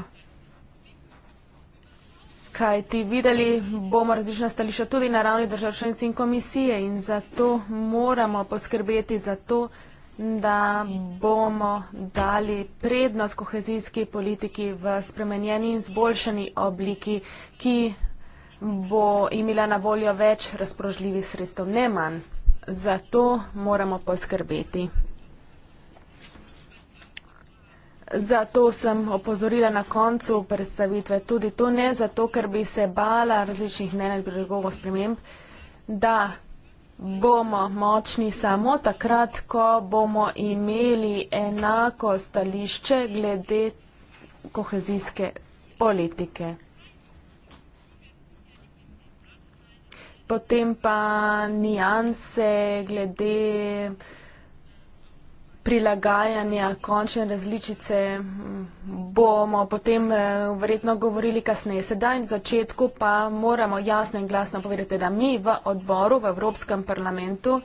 kaj ti videli, bomo različna stališča tudi na ravni državčanic in komisije in zato moramo poskrbeti za to, da bomo dali prednost kohezijski politiki v spremenjeni in zboljšani obliki, ki bo imela na voljo več razprožljivih sredstev, ne manj. Zato moramo poskrbeti. Zato sem opozorila na koncu predstavitve tudi to, ne zato, ker bi se bala različnih mnen ali pregovo sprememb, da bomo močni samo takrat, ko bomo imeli enako stališče glede kohezijske politike. Potem pa nijanse glede prilagajanja končne različice mm, bomo potem eh, verjetno govorili kasneje. Sedaj v začetku pa moramo jasno in glasno povedati, da mi v odboru v Evropskem parlamentu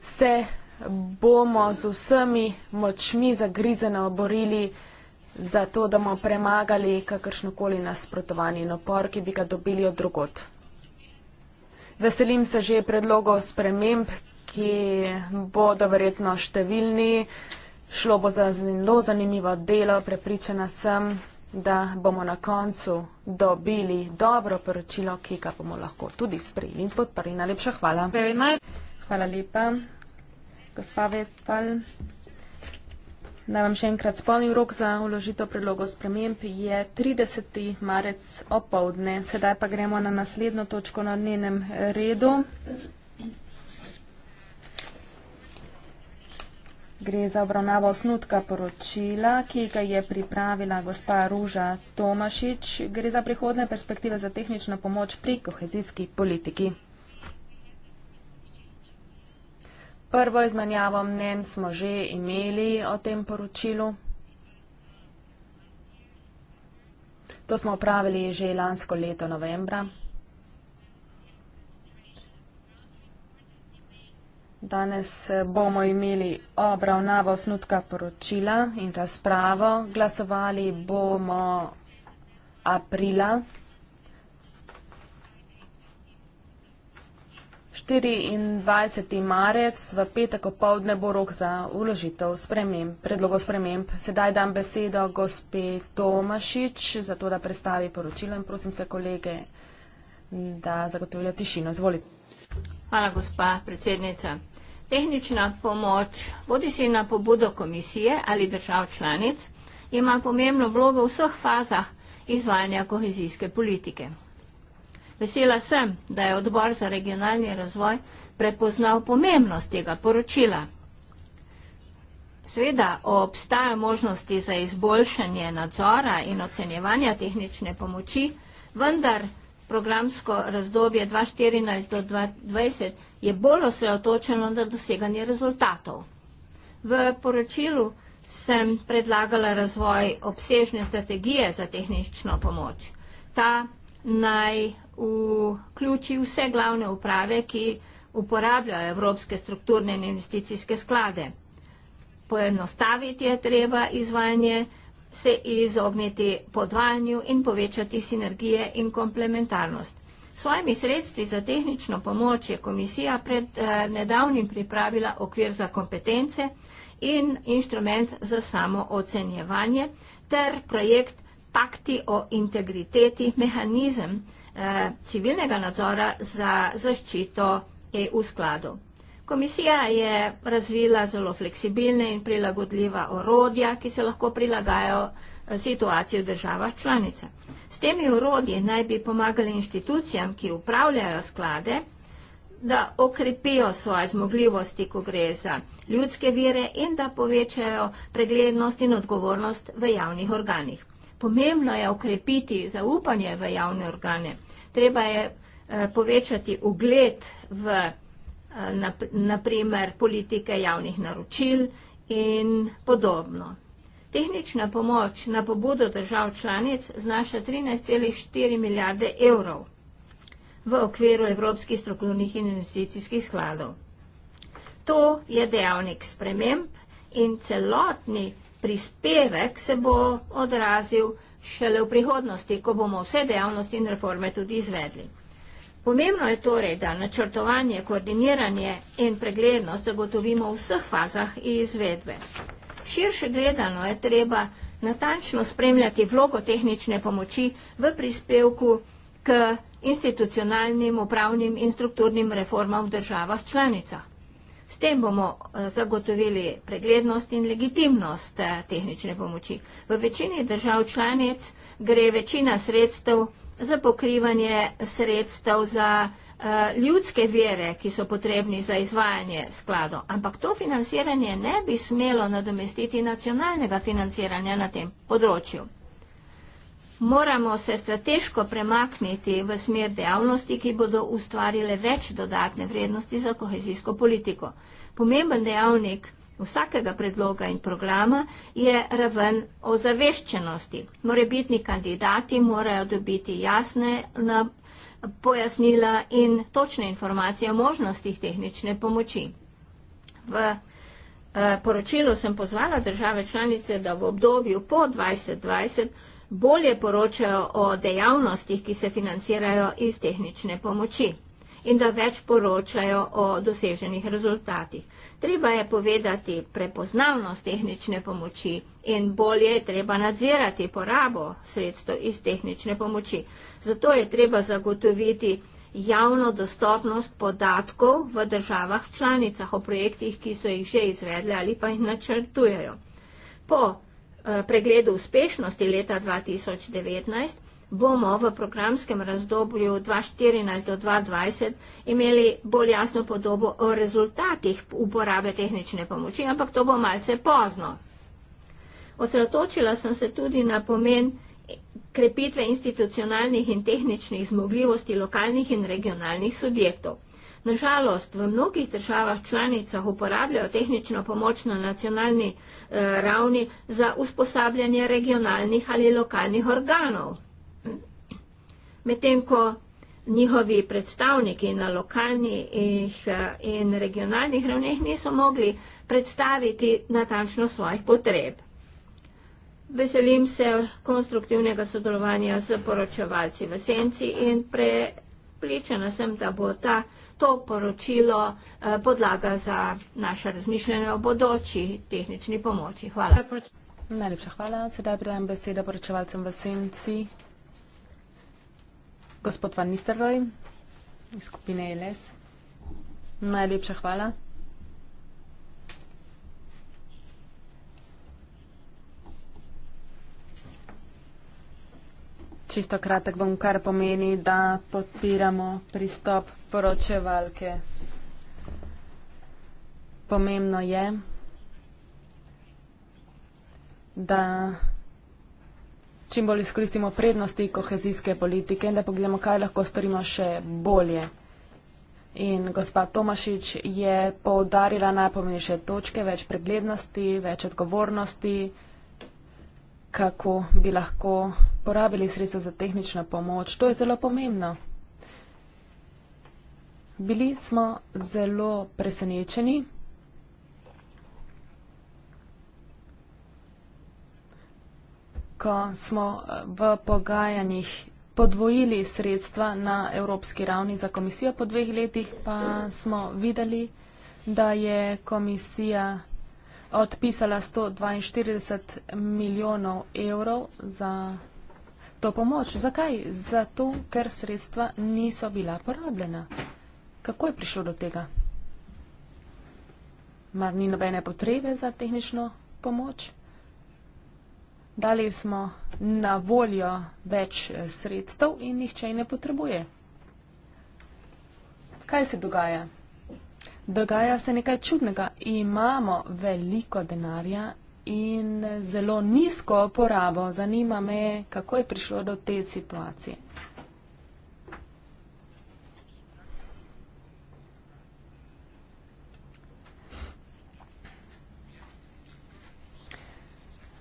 se bomo z vsemi močmi zagrizeno borili za to, da bomo premagali kakršnokoli nasprotovanje in opor, ki bi ga dobili od drugot. Veselim se že predlogov sprememb, ki bodo verjetno številni. Šlo bo za zelo zanimivo delo, prepričana sem, da bomo na koncu dobili dobro poročilo, ki ga bomo lahko tudi sprejeli in podprli. Najlepša hvala. Hvala lepa, gospa Vestpal. Naj vam še enkrat spomnim, rok za uložitev predlogov sprememb je 30. marec opovdne. Sedaj pa gremo na naslednjo točko na njenem redu. Gre za obravnavo osnutka poročila, ki ga je pripravila gospa Ruža Tomašič. Gre za prihodne perspektive za tehnično pomoč pri kohezijski politiki. Prvo izmenjavo mnen smo že imeli o tem poročilu. To smo upravili že lansko leto novembra. Danes bomo imeli obravnavo snutka poročila in razpravo. Glasovali bomo aprila. 24. marec v petek opoldne bo rok za uložitev sprememb, predlogov sprememb. Sedaj dam besedo gospe Tomašič, zato da predstavi poročilo in prosim se kolege, da zagotovijo tišino. Zvoli. Hvala, gospa predsednica. Tehnična pomoč, bodi si na pobudo komisije ali držav članic, ima pomembno vlogo v vseh fazah izvajanja kohezijske politike. Vesela sem, da je odbor za regionalni razvoj prepoznal pomembnost tega poročila. Sveda obstaja možnosti za izboljšanje nadzora in ocenjevanja tehnične pomoči, vendar programsko razdobje 2014 do 2020 je bolj osredotočeno na doseganje rezultatov. V poročilu sem predlagala razvoj obsežne strategije za tehnično pomoč. Ta naj vključi vse glavne uprave, ki uporabljajo Evropske strukturne in investicijske sklade. Poenostaviti je treba izvajanje strategije, se izogniti podvajanju in povečati sinergije in komplementarnost. Svojimi sredstvi za tehnično pomoč je komisija pred eh, nedavnim pripravila okvir za kompetence in instrument za samo ocenjevanje ter projekt Pakti o integriteti, mehanizem eh, civilnega nadzora za zaščito EU skladov. Komisija je razvila zelo fleksibilne in prilagodljiva orodja, ki se lahko prilagajajo eh, situaciji v državah članice. S temi orodji naj bi pomagali inštitucijam, ki upravljajo sklade, da okrepijo svoje zmogljivosti, ko gre za ljudske vire in da povečajo preglednost in odgovornost v javnih organih. Pomembno je okrepiti zaupanje v javne organe. Treba je eh, povečati ugled v. Eh, naprimer politike javnih naročil in podobno. Tehnična pomoč na pobudo držav članic znaša 13,4 milijarde evrov v okviru evropskih strokovnih in investicijskih skladov. To je dejavnik sprememb in celotni prispevek se bo odrazil šele v prihodnosti, ko bomo vse dejavnosti in reforme tudi izvedli. Pomembno je torej, da načrtovanje, koordiniranje in preglednost zagotovimo v vseh fazah izvedbe. Širše gledano je treba natančno spremljati vlogo tehnične pomoči v prispevku k institucionalnim, upravnim in strukturnim reformam v državah članicah. S tem bomo eh, zagotovili preglednost in legitimnost eh, tehnične pomoči. V večini držav članic gre večina sredstev vsega, za pokrivanje sredstev za eh, ljudske vere, ki so potrebni za izvajanje skladov. Ampak to financiranje ne bi smelo nadomestiti nacionalnega financiranja na tem področju. Moramo se strateško premakniti v smer dejavnosti, ki bodo ustvarile več dodatne vrednosti za kohezijsko politiko. Pomemben dejavnik vsakega predloga in programa je raven ozaveščenosti. Morebitni kandidati morajo dobiti jasne pojasnila in točne informacije o možnostih tehnične pomoči. V eh, poročilu sem pozvala države članice, da v obdobju po 2020 bolje poročajo o dejavnostih, ki se financirajo iz tehnične pomoči in da več poročajo o doseženih rezultatih. Treba je povedati prepoznavnost tehnične pomoči in bolje je treba nadzirati porabo sredstev iz tehnične pomoči. Zato je treba zagotoviti javno dostopnost podatkov v državah članicah o projektih, ki so jih že izvedli ali pa jih načrtujejo. Po eh, pregledu uspešnosti leta 2019 bomo v programskem razdoblju 2014 do 2020 imeli bolj jasno podobo o rezultatih uporabe tehnične pomoči, ampak to bo malce pozno. Osredotočila sem se tudi na pomen krepitve institucionalnih in tehničnih zmogljivosti lokalnih in regionalnih subjektov. Nažalost, v mnogih državah članicah uporabljajo tehnično pomoč na nacionalni eh, ravni za usposabljanje regionalnih ali lokalnih organov medtem ko njihovi predstavniki na lokalnih eh, in regionalnih ravneh niso mogli predstaviti natančno svojih potreb. Veselim se konstruktivnega sodelovanja z poročevalci v Senci in prepričana sem, da bo ta, to poročilo eh, podlaga za naše razmišljanje o bodoči tehnični pomoči. Hvala. Najlepša hvala. Sedaj predajam besedo poročevalcem v Senci. Gospod Van Nisterroj iz skupine LS, najlepša hvala. Čisto kratek bom, kar pomeni, da podpiramo pristop poročevalke. Pomembno je, da čim bolj izkoristimo prednosti kohezijske politike in da pogledamo, kaj lahko storimo še bolje. In gospa Tomašič je poudarila najpomembnejše točke, več preglednosti, več odgovornosti, kako bi lahko porabili sredstva za tehnično pomoč. To je zelo pomembno. Bili smo zelo presenečeni. ko smo eh, v pogajanjih podvojili sredstva na evropski ravni za komisijo po dveh letih, pa smo videli, da je komisija odpisala 142 milijonov evrov za to pomoč. Zakaj? Zato, ker sredstva niso bila porabljena. Kako je prišlo do tega? Mar ni nobene potrebe za tehnično pomoč? Dali smo na voljo več eh, sredstev in nihče ne potrebuje. Kaj se dogaja? Dogaja se nekaj čudnega. Imamo veliko denarja in eh, zelo nizko porabo. Zanima me, kako je prišlo do te situacije.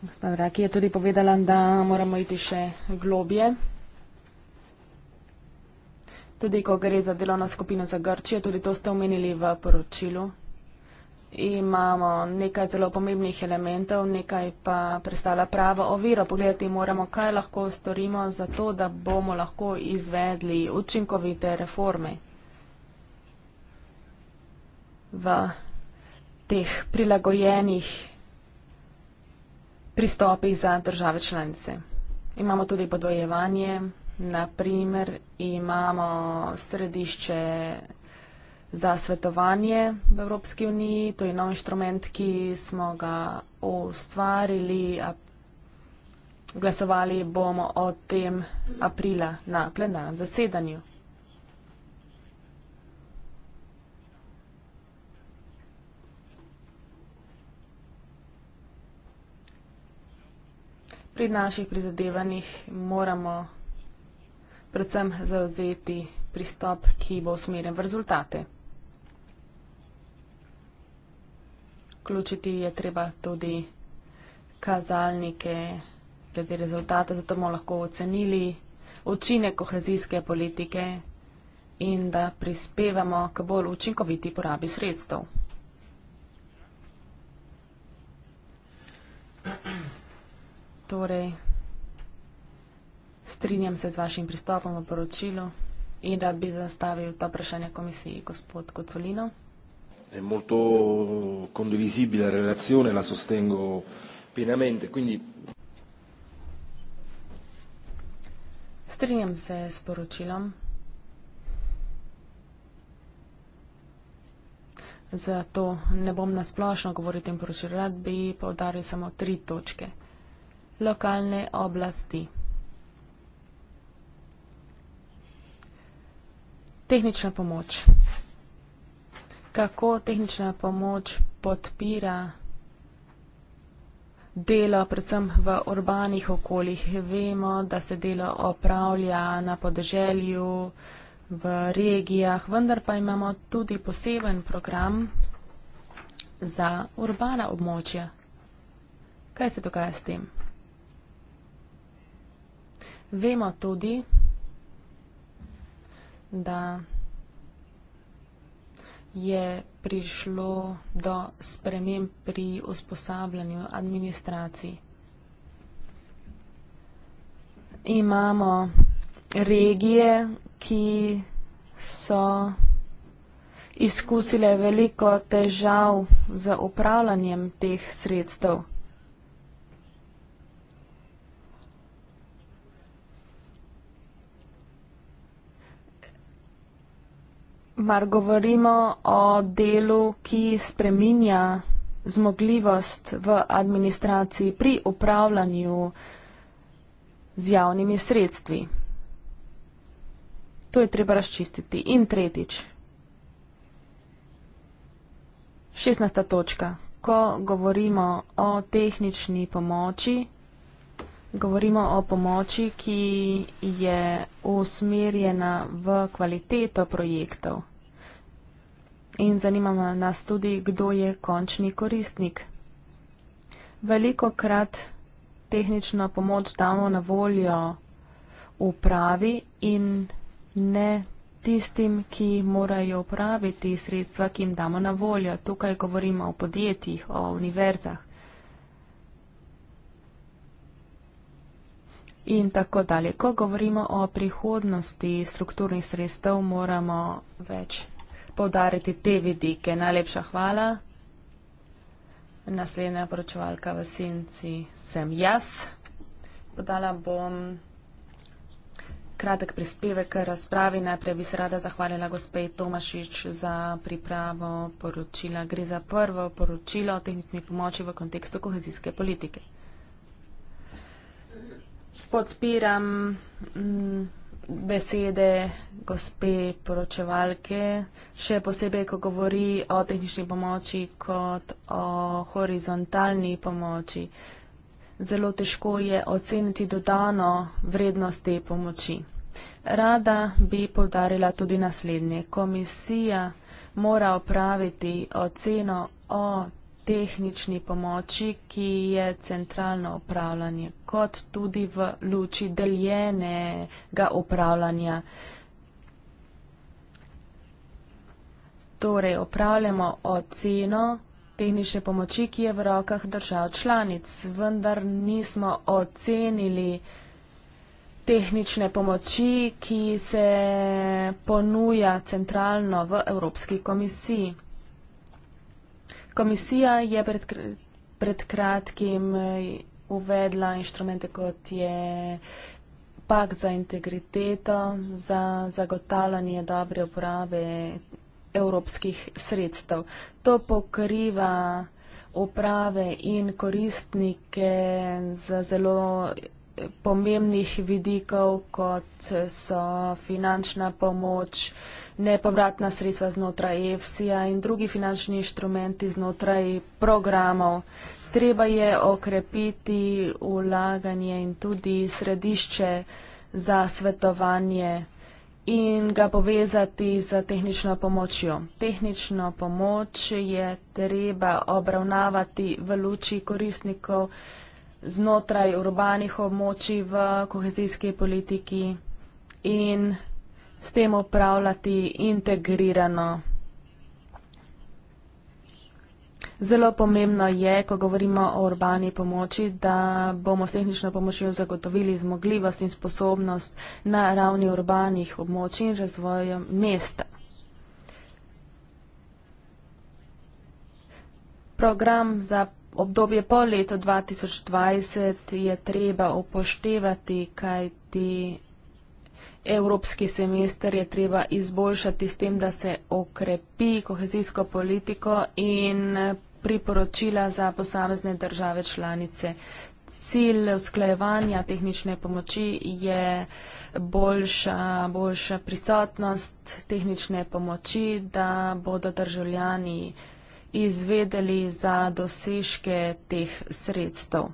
Gospa Vraki je tudi povedala, da moramo iti še globje. Tudi, ko gre za delovno skupino za Grčijo, tudi to ste omenili v poročilu. Imamo nekaj zelo pomembnih elementov, nekaj pa predstavlja pravo oviro. Pogledati moramo, kaj lahko storimo za to, da bomo lahko izvedli učinkovite reforme v teh prilagojenih pristopi za države članice. Imamo tudi podvojevanje, naprimer imamo središče za svetovanje v Evropski uniji, to je nov inštrument, ki smo ga ustvarili, glasovali bomo o tem aprila na plenarnem zasedanju. pri naših prizadevanjih moramo predvsem zauzeti pristop, ki bo usmeren v rezultate. Vključiti je treba tudi kazalnike glede rezultate, zato bomo lahko ocenili učine kohezijske politike in da prispevamo k bolj učinkoviti porabi sredstev. Torej, strinjam se z vašim pristopom v poročilu in rad bi zastavil to vprašanje komisiji gospod Kocolino. È molto condivisibile la relazione, la sostengo pienamente. Quindi... Strinjam se s poročilom. Zato ne bom nasplošno govoril o tem poročilu. Rad bi poudaril samo tri točke lokalne oblasti. Tehnična pomoč. Kako tehnična pomoč podpira delo predvsem v urbanih okoljih? Vemo, da se delo opravlja na podeželju, v regijah, vendar pa imamo tudi poseben program za urbana območja. Kaj se dogaja s tem? Vemo tudi, da je prišlo do sprememb pri usposabljanju administracij. Imamo regije, ki so izkusile veliko težav z upravljanjem teh sredstev. mar govorimo o delu, ki spreminja zmogljivost v administraciji pri upravljanju z javnimi sredstvi. To je treba razčistiti. In tretjič. 16. točka. Ko govorimo o tehnični pomoči, Govorimo o pomoči, ki je usmerjena v kvaliteto projektov. In zanima nas tudi, kdo je končni koristnik. Veliko krat tehnično pomoč damo na voljo upravi in ne tistim, ki morajo upraviti sredstva, ki jim damo na voljo. Tukaj govorimo o podjetjih, o univerzah. In tako dalje. Ko govorimo o prihodnosti strukturnih sredstev, moramo več povdariti te vidike. Najlepša hvala. Naslednja poročevalka v Sinci sem jaz. Podala bom kratek prispevek razpravi. Najprej bi se rada zahvalila gospej Tomašič za pripravo poročila. Gre za prvo poročilo o tehnični pomoči v kontekstu kohezijske politike podpiram m, mm, besede gospe poročevalke, še posebej, ko govori o tehnični pomoči kot o horizontalni pomoči. Zelo težko je oceniti dodano vrednost te pomoči. Rada bi povdarila tudi naslednje. Komisija mora opraviti oceno o tehnični pomoči, ki je centralno upravljanje, kot tudi v luči deljenega upravljanja. Torej, upravljamo oceno tehnične pomoči, ki je v rokah držav članic, vendar nismo ocenili tehnične pomoči, ki se ponuja centralno v Evropski komisiji. Komisija je pred, pred kratkim eh, uvedla inštrumente, kot je pakt za integriteto, za zagotavljanje dobre uporabe evropskih sredstev. To pokriva uprave in koristnike z zelo pomembnih vidikov, kot so finančna pomoč, nepovratna sredstva znotraj EFSI-ja in drugi finančni inštrumenti znotraj programov. Treba je okrepiti ulaganje in tudi središče za svetovanje in ga povezati z tehnično pomočjo. Tehnično pomoč je treba obravnavati v luči koristnikov znotraj urbanih območij v kohezijski politiki in s tem upravljati integrirano. Zelo pomembno je, ko govorimo o urbani pomoči, da bomo s tehnično pomočjo zagotovili zmogljivost in sposobnost na ravni urbanih območij in razvoja mesta. Program za obdobje po letu 2020 je treba upoštevati, kaj ti evropski semester je treba izboljšati s tem, da se okrepi kohezijsko politiko in priporočila za posamezne države članice. Cilj usklajevanja tehnične pomoči je boljša, boljša prisotnost tehnične pomoči, da bodo državljani izvedeli za dosežke teh sredstev.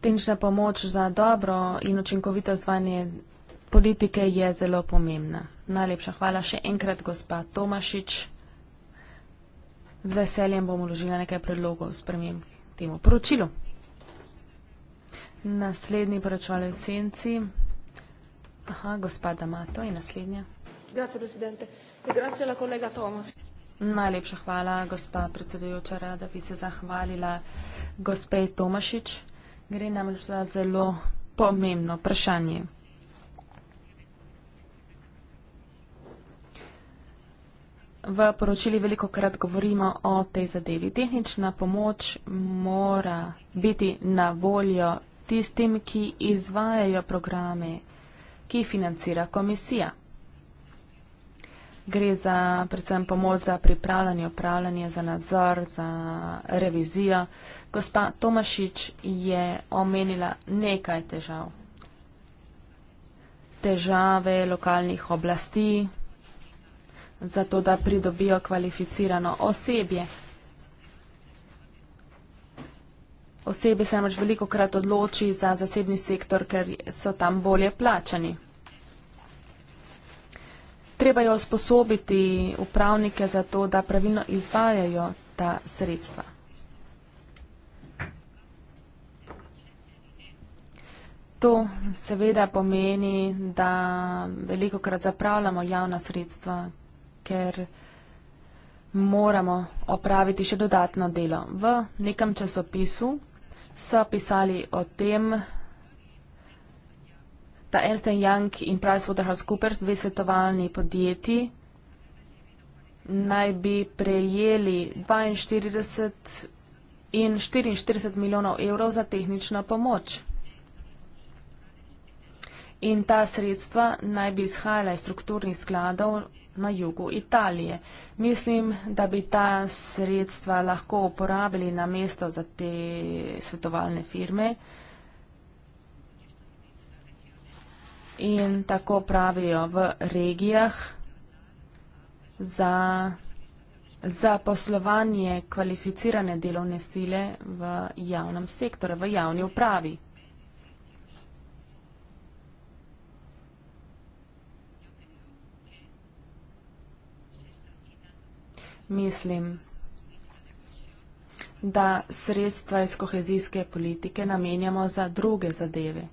Tenčna pomoč za dobro in učinkovito zvanje politike je zelo pomembna. Najlepša hvala še enkrat, gospa Tomašič. Z veseljem bom uložila nekaj predlogov s premijem temu poročilu. Naslednji poročval v senci. Aha, gospa Damato je naslednja. Grazie, presidente. Grazie alla collega Thomas. Najlepša hvala, gospa predsedujoča, rada bi se zahvalila gospe Tomašič. Gre namreč za zelo pomembno vprašanje. V poročili veliko krat govorimo o tej zadevi. Tehnična pomoč mora biti na voljo tistim, ki izvajajo programe, ki financira komisija. Gre za predvsem pomoč za pripravljanje, upravljanje, za nadzor, za revizijo. Gospa Tomašič je omenila nekaj težav. Težave lokalnih oblasti, zato da pridobijo kvalificirano osebje. Osebi se namreč veliko krat odloči za zasebni sektor, ker so tam bolje plačani treba jo sposobiti upravnike za to, da pravilno izvajajo ta sredstva. To seveda pomeni, da veliko krat zapravljamo javna sredstva, ker moramo opraviti še dodatno delo. V nekem časopisu so pisali o tem, ta Ernst Young in PricewaterhouseCoopers, dve svetovalni podjetji, naj bi prejeli 42 in 44 milijonov evrov za tehnično pomoč. In ta sredstva naj bi izhajala iz strukturnih skladov na jugu Italije. Mislim, da bi ta sredstva lahko uporabili na mesto za te svetovalne firme. in tako pravijo v regijah za za poslovanje kvalificirane delovne sile v javnem sektorju, v javni upravi. Mislim, da sredstva iz kohezijske politike namenjamo za druge zadeve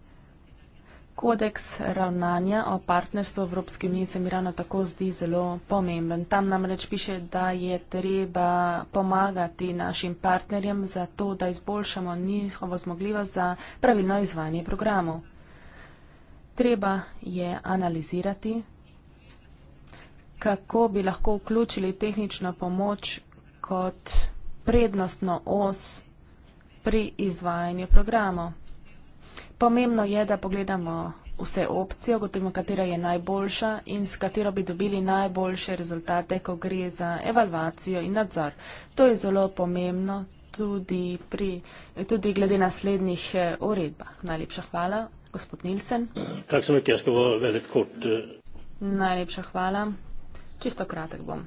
kodeks ravnanja o partnerstvu v Evropski uniji se mi ravno tako zdi zelo pomemben. Tam namreč piše, da je treba pomagati našim partnerjem za to, da izboljšamo njihovo zmogljivost za pravilno izvajanje programov. Treba je analizirati, kako bi lahko vključili tehnično pomoč kot prednostno os pri izvajanju programov. Pomembno je, da pogledamo vse opcije, ugotovimo, katera je najboljša in s katero bi dobili najboljše rezultate, ko gre za evalvacijo in nadzor. To je zelo pomembno tudi, pri, tudi glede naslednjih eh, uredb. Najlepša hvala, gospod Nilsen. Eh, Najlepša hvala. Čisto kratek bom.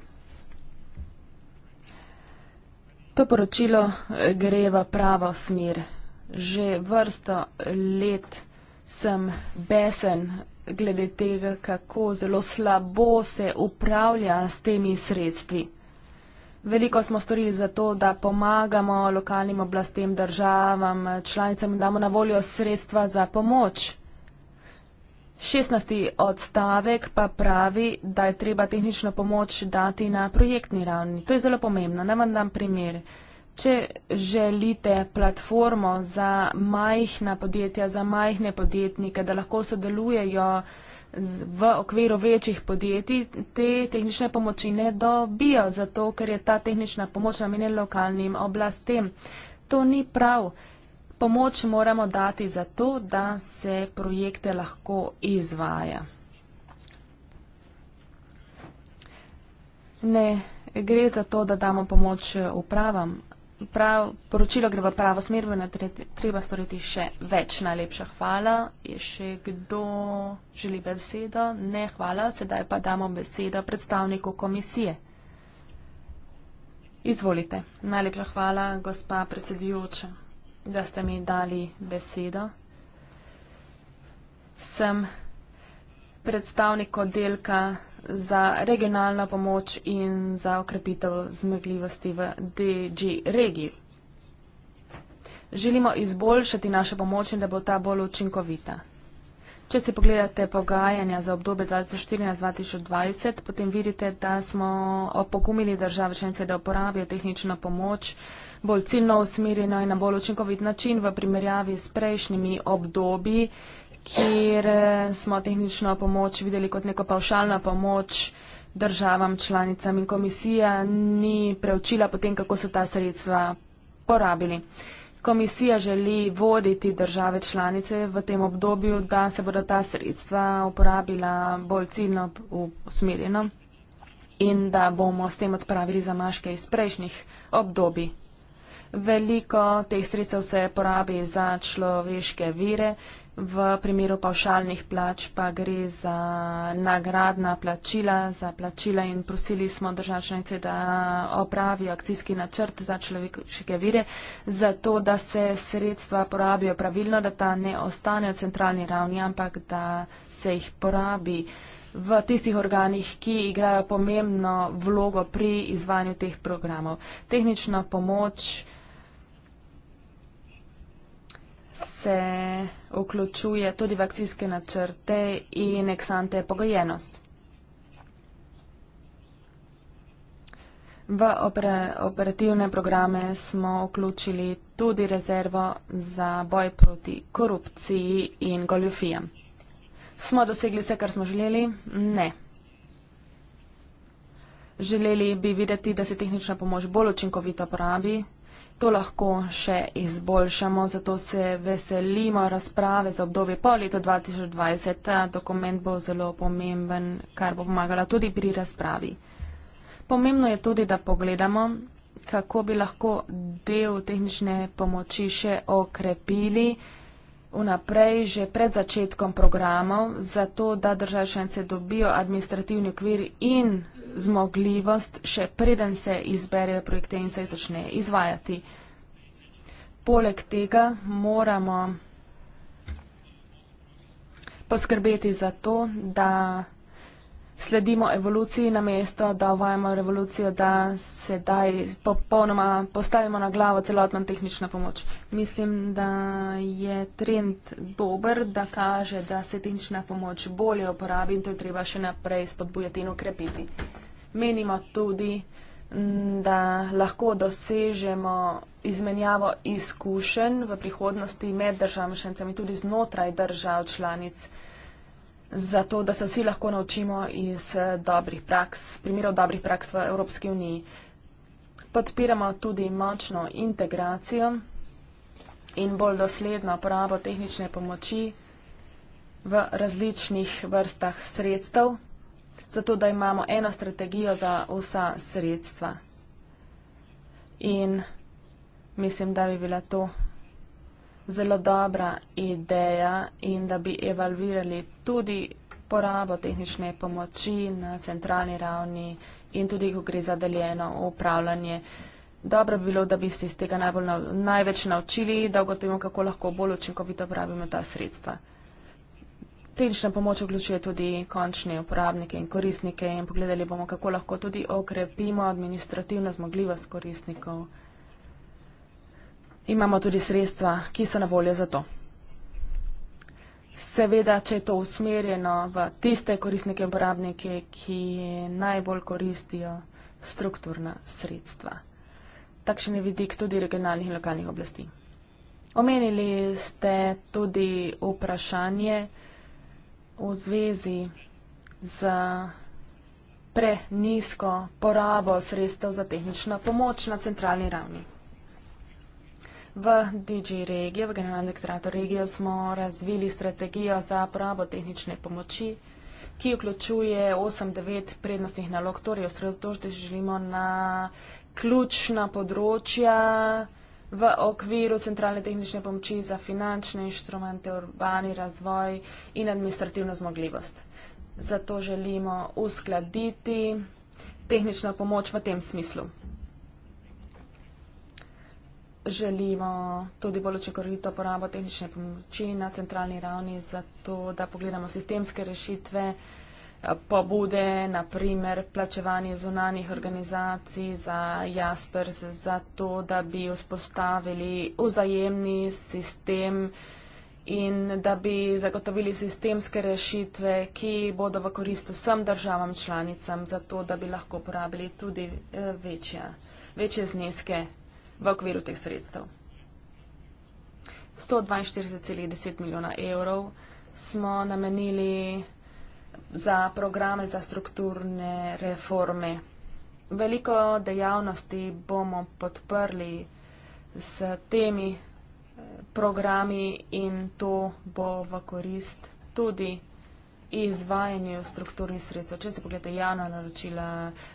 To poročilo eh, gre v pravo smer že vrsto let sem besen glede tega, kako zelo slabo se upravlja s temi sredstvi. Veliko smo storili za to, da pomagamo lokalnim oblastem, državam, članicam in damo na voljo sredstva za pomoč. 16. odstavek pa pravi, da je treba tehnično pomoč dati na projektni ravni. To je zelo pomembno. Ne vam dam primere. Če želite platformo za majhna podjetja, za majhne podjetnike, da lahko sodelujejo v okviru večjih podjetij, te tehnične pomoči ne dobijo, zato ker je ta tehnična pomoč namenjena lokalnim oblastem. To ni prav. Pomoč moramo dati zato, da se projekte lahko izvaja. Ne gre za to, da damo pomoč upravam, prav, poročilo gre v pravo smer, vendar treba storiti še več. Najlepša hvala. Je še kdo želi besedo? Ne, hvala. Sedaj pa damo besedo predstavniku komisije. Izvolite. Najlepša hvala, gospa predsedujoča, da ste mi dali besedo. Sem predstavnik oddelka za regionalno pomoč in za okrepitev zmegljivosti v DG regiji. Želimo izboljšati našo pomoč in da bo ta bolj učinkovita. Če si pogledate pogajanja za obdobje 2014-2020, potem vidite, da smo opogumili države članice, da uporabijo tehnično pomoč bolj ciljno usmerjeno in na bolj učinkovit način v primerjavi s prejšnjimi obdobji, kjer eh, smo tehnično pomoč videli kot neko pavšalno pomoč državam, članicam in komisija ni preučila potem, kako so ta sredstva porabili. Komisija želi voditi države članice v tem obdobju, da se bodo ta sredstva uporabila bolj ciljno usmerjeno in da bomo s tem odpravili zamaške iz prejšnjih obdobij. Veliko teh sredstev se porabi za človeške vire, v primeru pavšalnih plač pa gre za nagradna plačila, za plačila in prosili smo državčanice, da opravijo akcijski načrt za človeške vire, zato da se sredstva porabijo pravilno, da ta ne ostane v centralni ravni, ampak da se jih porabi v tistih organih, ki igrajo pomembno vlogo pri izvanju teh programov. Tehnična pomoč se vključuje tudi v akcijske načrte in eksante pogojenost. V operativne programe smo vključili tudi rezervo za boj proti korupciji in goljofijam. Smo dosegli vse, kar smo želeli? Ne. Želeli bi videti, da se tehnična pomoč bolj učinkovito porabi, to lahko še izboljšamo. Zato se veselimo razprave za obdobje po letu 2020. Ta dokument bo zelo pomemben, kar bo pomagala tudi pri razpravi. Pomembno je tudi, da pogledamo, kako bi lahko del tehnične pomoči še okrepili vnaprej, že pred začetkom programov, zato da države članice dobijo administrativni okvir in zmogljivost, še preden se izberejo projekte in se začne izvajati. Poleg tega moramo poskrbeti za to, da sledimo evoluciji na mesto, da uvajamo revolucijo, da se daj popolnoma postavimo na glavo celotna tehnična pomoč. Mislim, da je trend dober, da kaže, da se tehnična pomoč bolje uporabi in to je treba še naprej spodbujati in ukrepiti. Menimo tudi, mm, da lahko dosežemo izmenjavo izkušenj v prihodnosti med državami članicami, tudi znotraj držav članic zato da se vsi lahko naučimo iz eh, dobrih praks, primerov dobrih praks v Evropski uniji. Podpiramo tudi močno integracijo in bolj dosledno porabo tehnične pomoči v različnih vrstah sredstev, zato da imamo eno strategijo za vsa sredstva. In mislim, da bi bila to zelo dobra ideja in da bi evalvirali tudi porabo tehnične pomoči na centralni ravni in tudi, ko gre za deljeno upravljanje. Dobro bi bilo, da bi se iz tega najbolj, največ naučili, da ugotovimo, kako lahko bolj učinkovito uporabimo ta sredstva. Tehnična pomoč vključuje tudi končne uporabnike in koristnike in pogledali bomo, kako lahko tudi okrepimo administrativno zmogljivost koristnikov imamo tudi sredstva, ki so na voljo za to. Seveda, če je to usmerjeno v tiste koristnike in uporabnike, ki najbolj koristijo strukturna sredstva. Takšen je vidik tudi regionalnih in lokalnih oblasti. Omenili ste tudi vprašanje v zvezi z prenisko porabo sredstev za tehnično pomoč na centralni ravni. V DG regiji, v generalnem dektoratu regije, smo razvili strategijo za pravo tehnične pomoči, ki vključuje 8-9 prednostnih nalog, torej osredotočiti želimo na ključna področja v okviru centralne tehnične pomoči za finančne inštrumente, urbani razvoj in administrativno zmogljivost. Zato želimo uskladiti tehnično pomoč v tem smislu želimo tudi bolj očekorito porabo tehnične pomoči na centralni ravni, zato da pogledamo sistemske rešitve, eh, pobude, naprimer plačevanje zunanih organizacij za Jaspers, zato da bi vzpostavili vzajemni sistem in da bi zagotovili sistemske rešitve, ki bodo v korist vsem državam članicam, zato da bi lahko uporabili tudi eh, večje, večje zneske v okviru teh sredstev. 142,10 milijona evrov smo namenili za programe za strukturne reforme. Veliko dejavnosti bomo podprli s temi eh, programi in to bo v korist tudi izvajanju strukturnih sredstev. Če se pogledate javna naročila,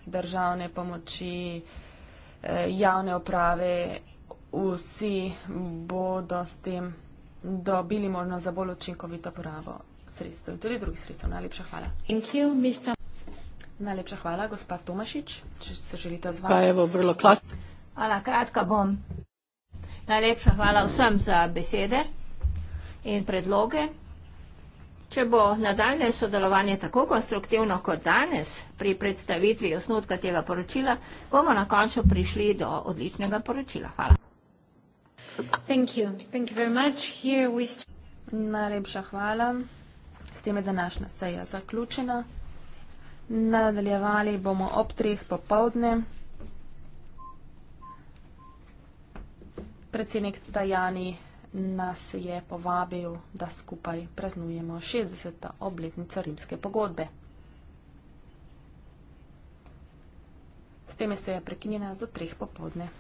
državne pomoči, eh, Eh, javne uprave, vsi bodo s tem dobili možnost za bolj učinkovito porabo sredstev in tudi drugih sredstev. Najlepša hvala. You, Mr... Najlepša hvala, gospa Tomašič, če se želite odzvati. Hvala, kratka bom. Najlepša hvala vsem za besede in predloge. Če bo nadaljne sodelovanje tako konstruktivno kot danes pri predstavitvi osnutka tega poročila, bomo na koncu prišli do odličnega poročila. Hvala. Thank you. Thank you very much. Here we... Najlepša hvala. S tem je današnja seja zaključena. Nadaljevali bomo ob treh popovdne. Predsednik Tajani Hrvatski nas je povabil, da skupaj praznujemo 60. obletnico rimske pogodbe. S tem se je prekinjena do treh popodne.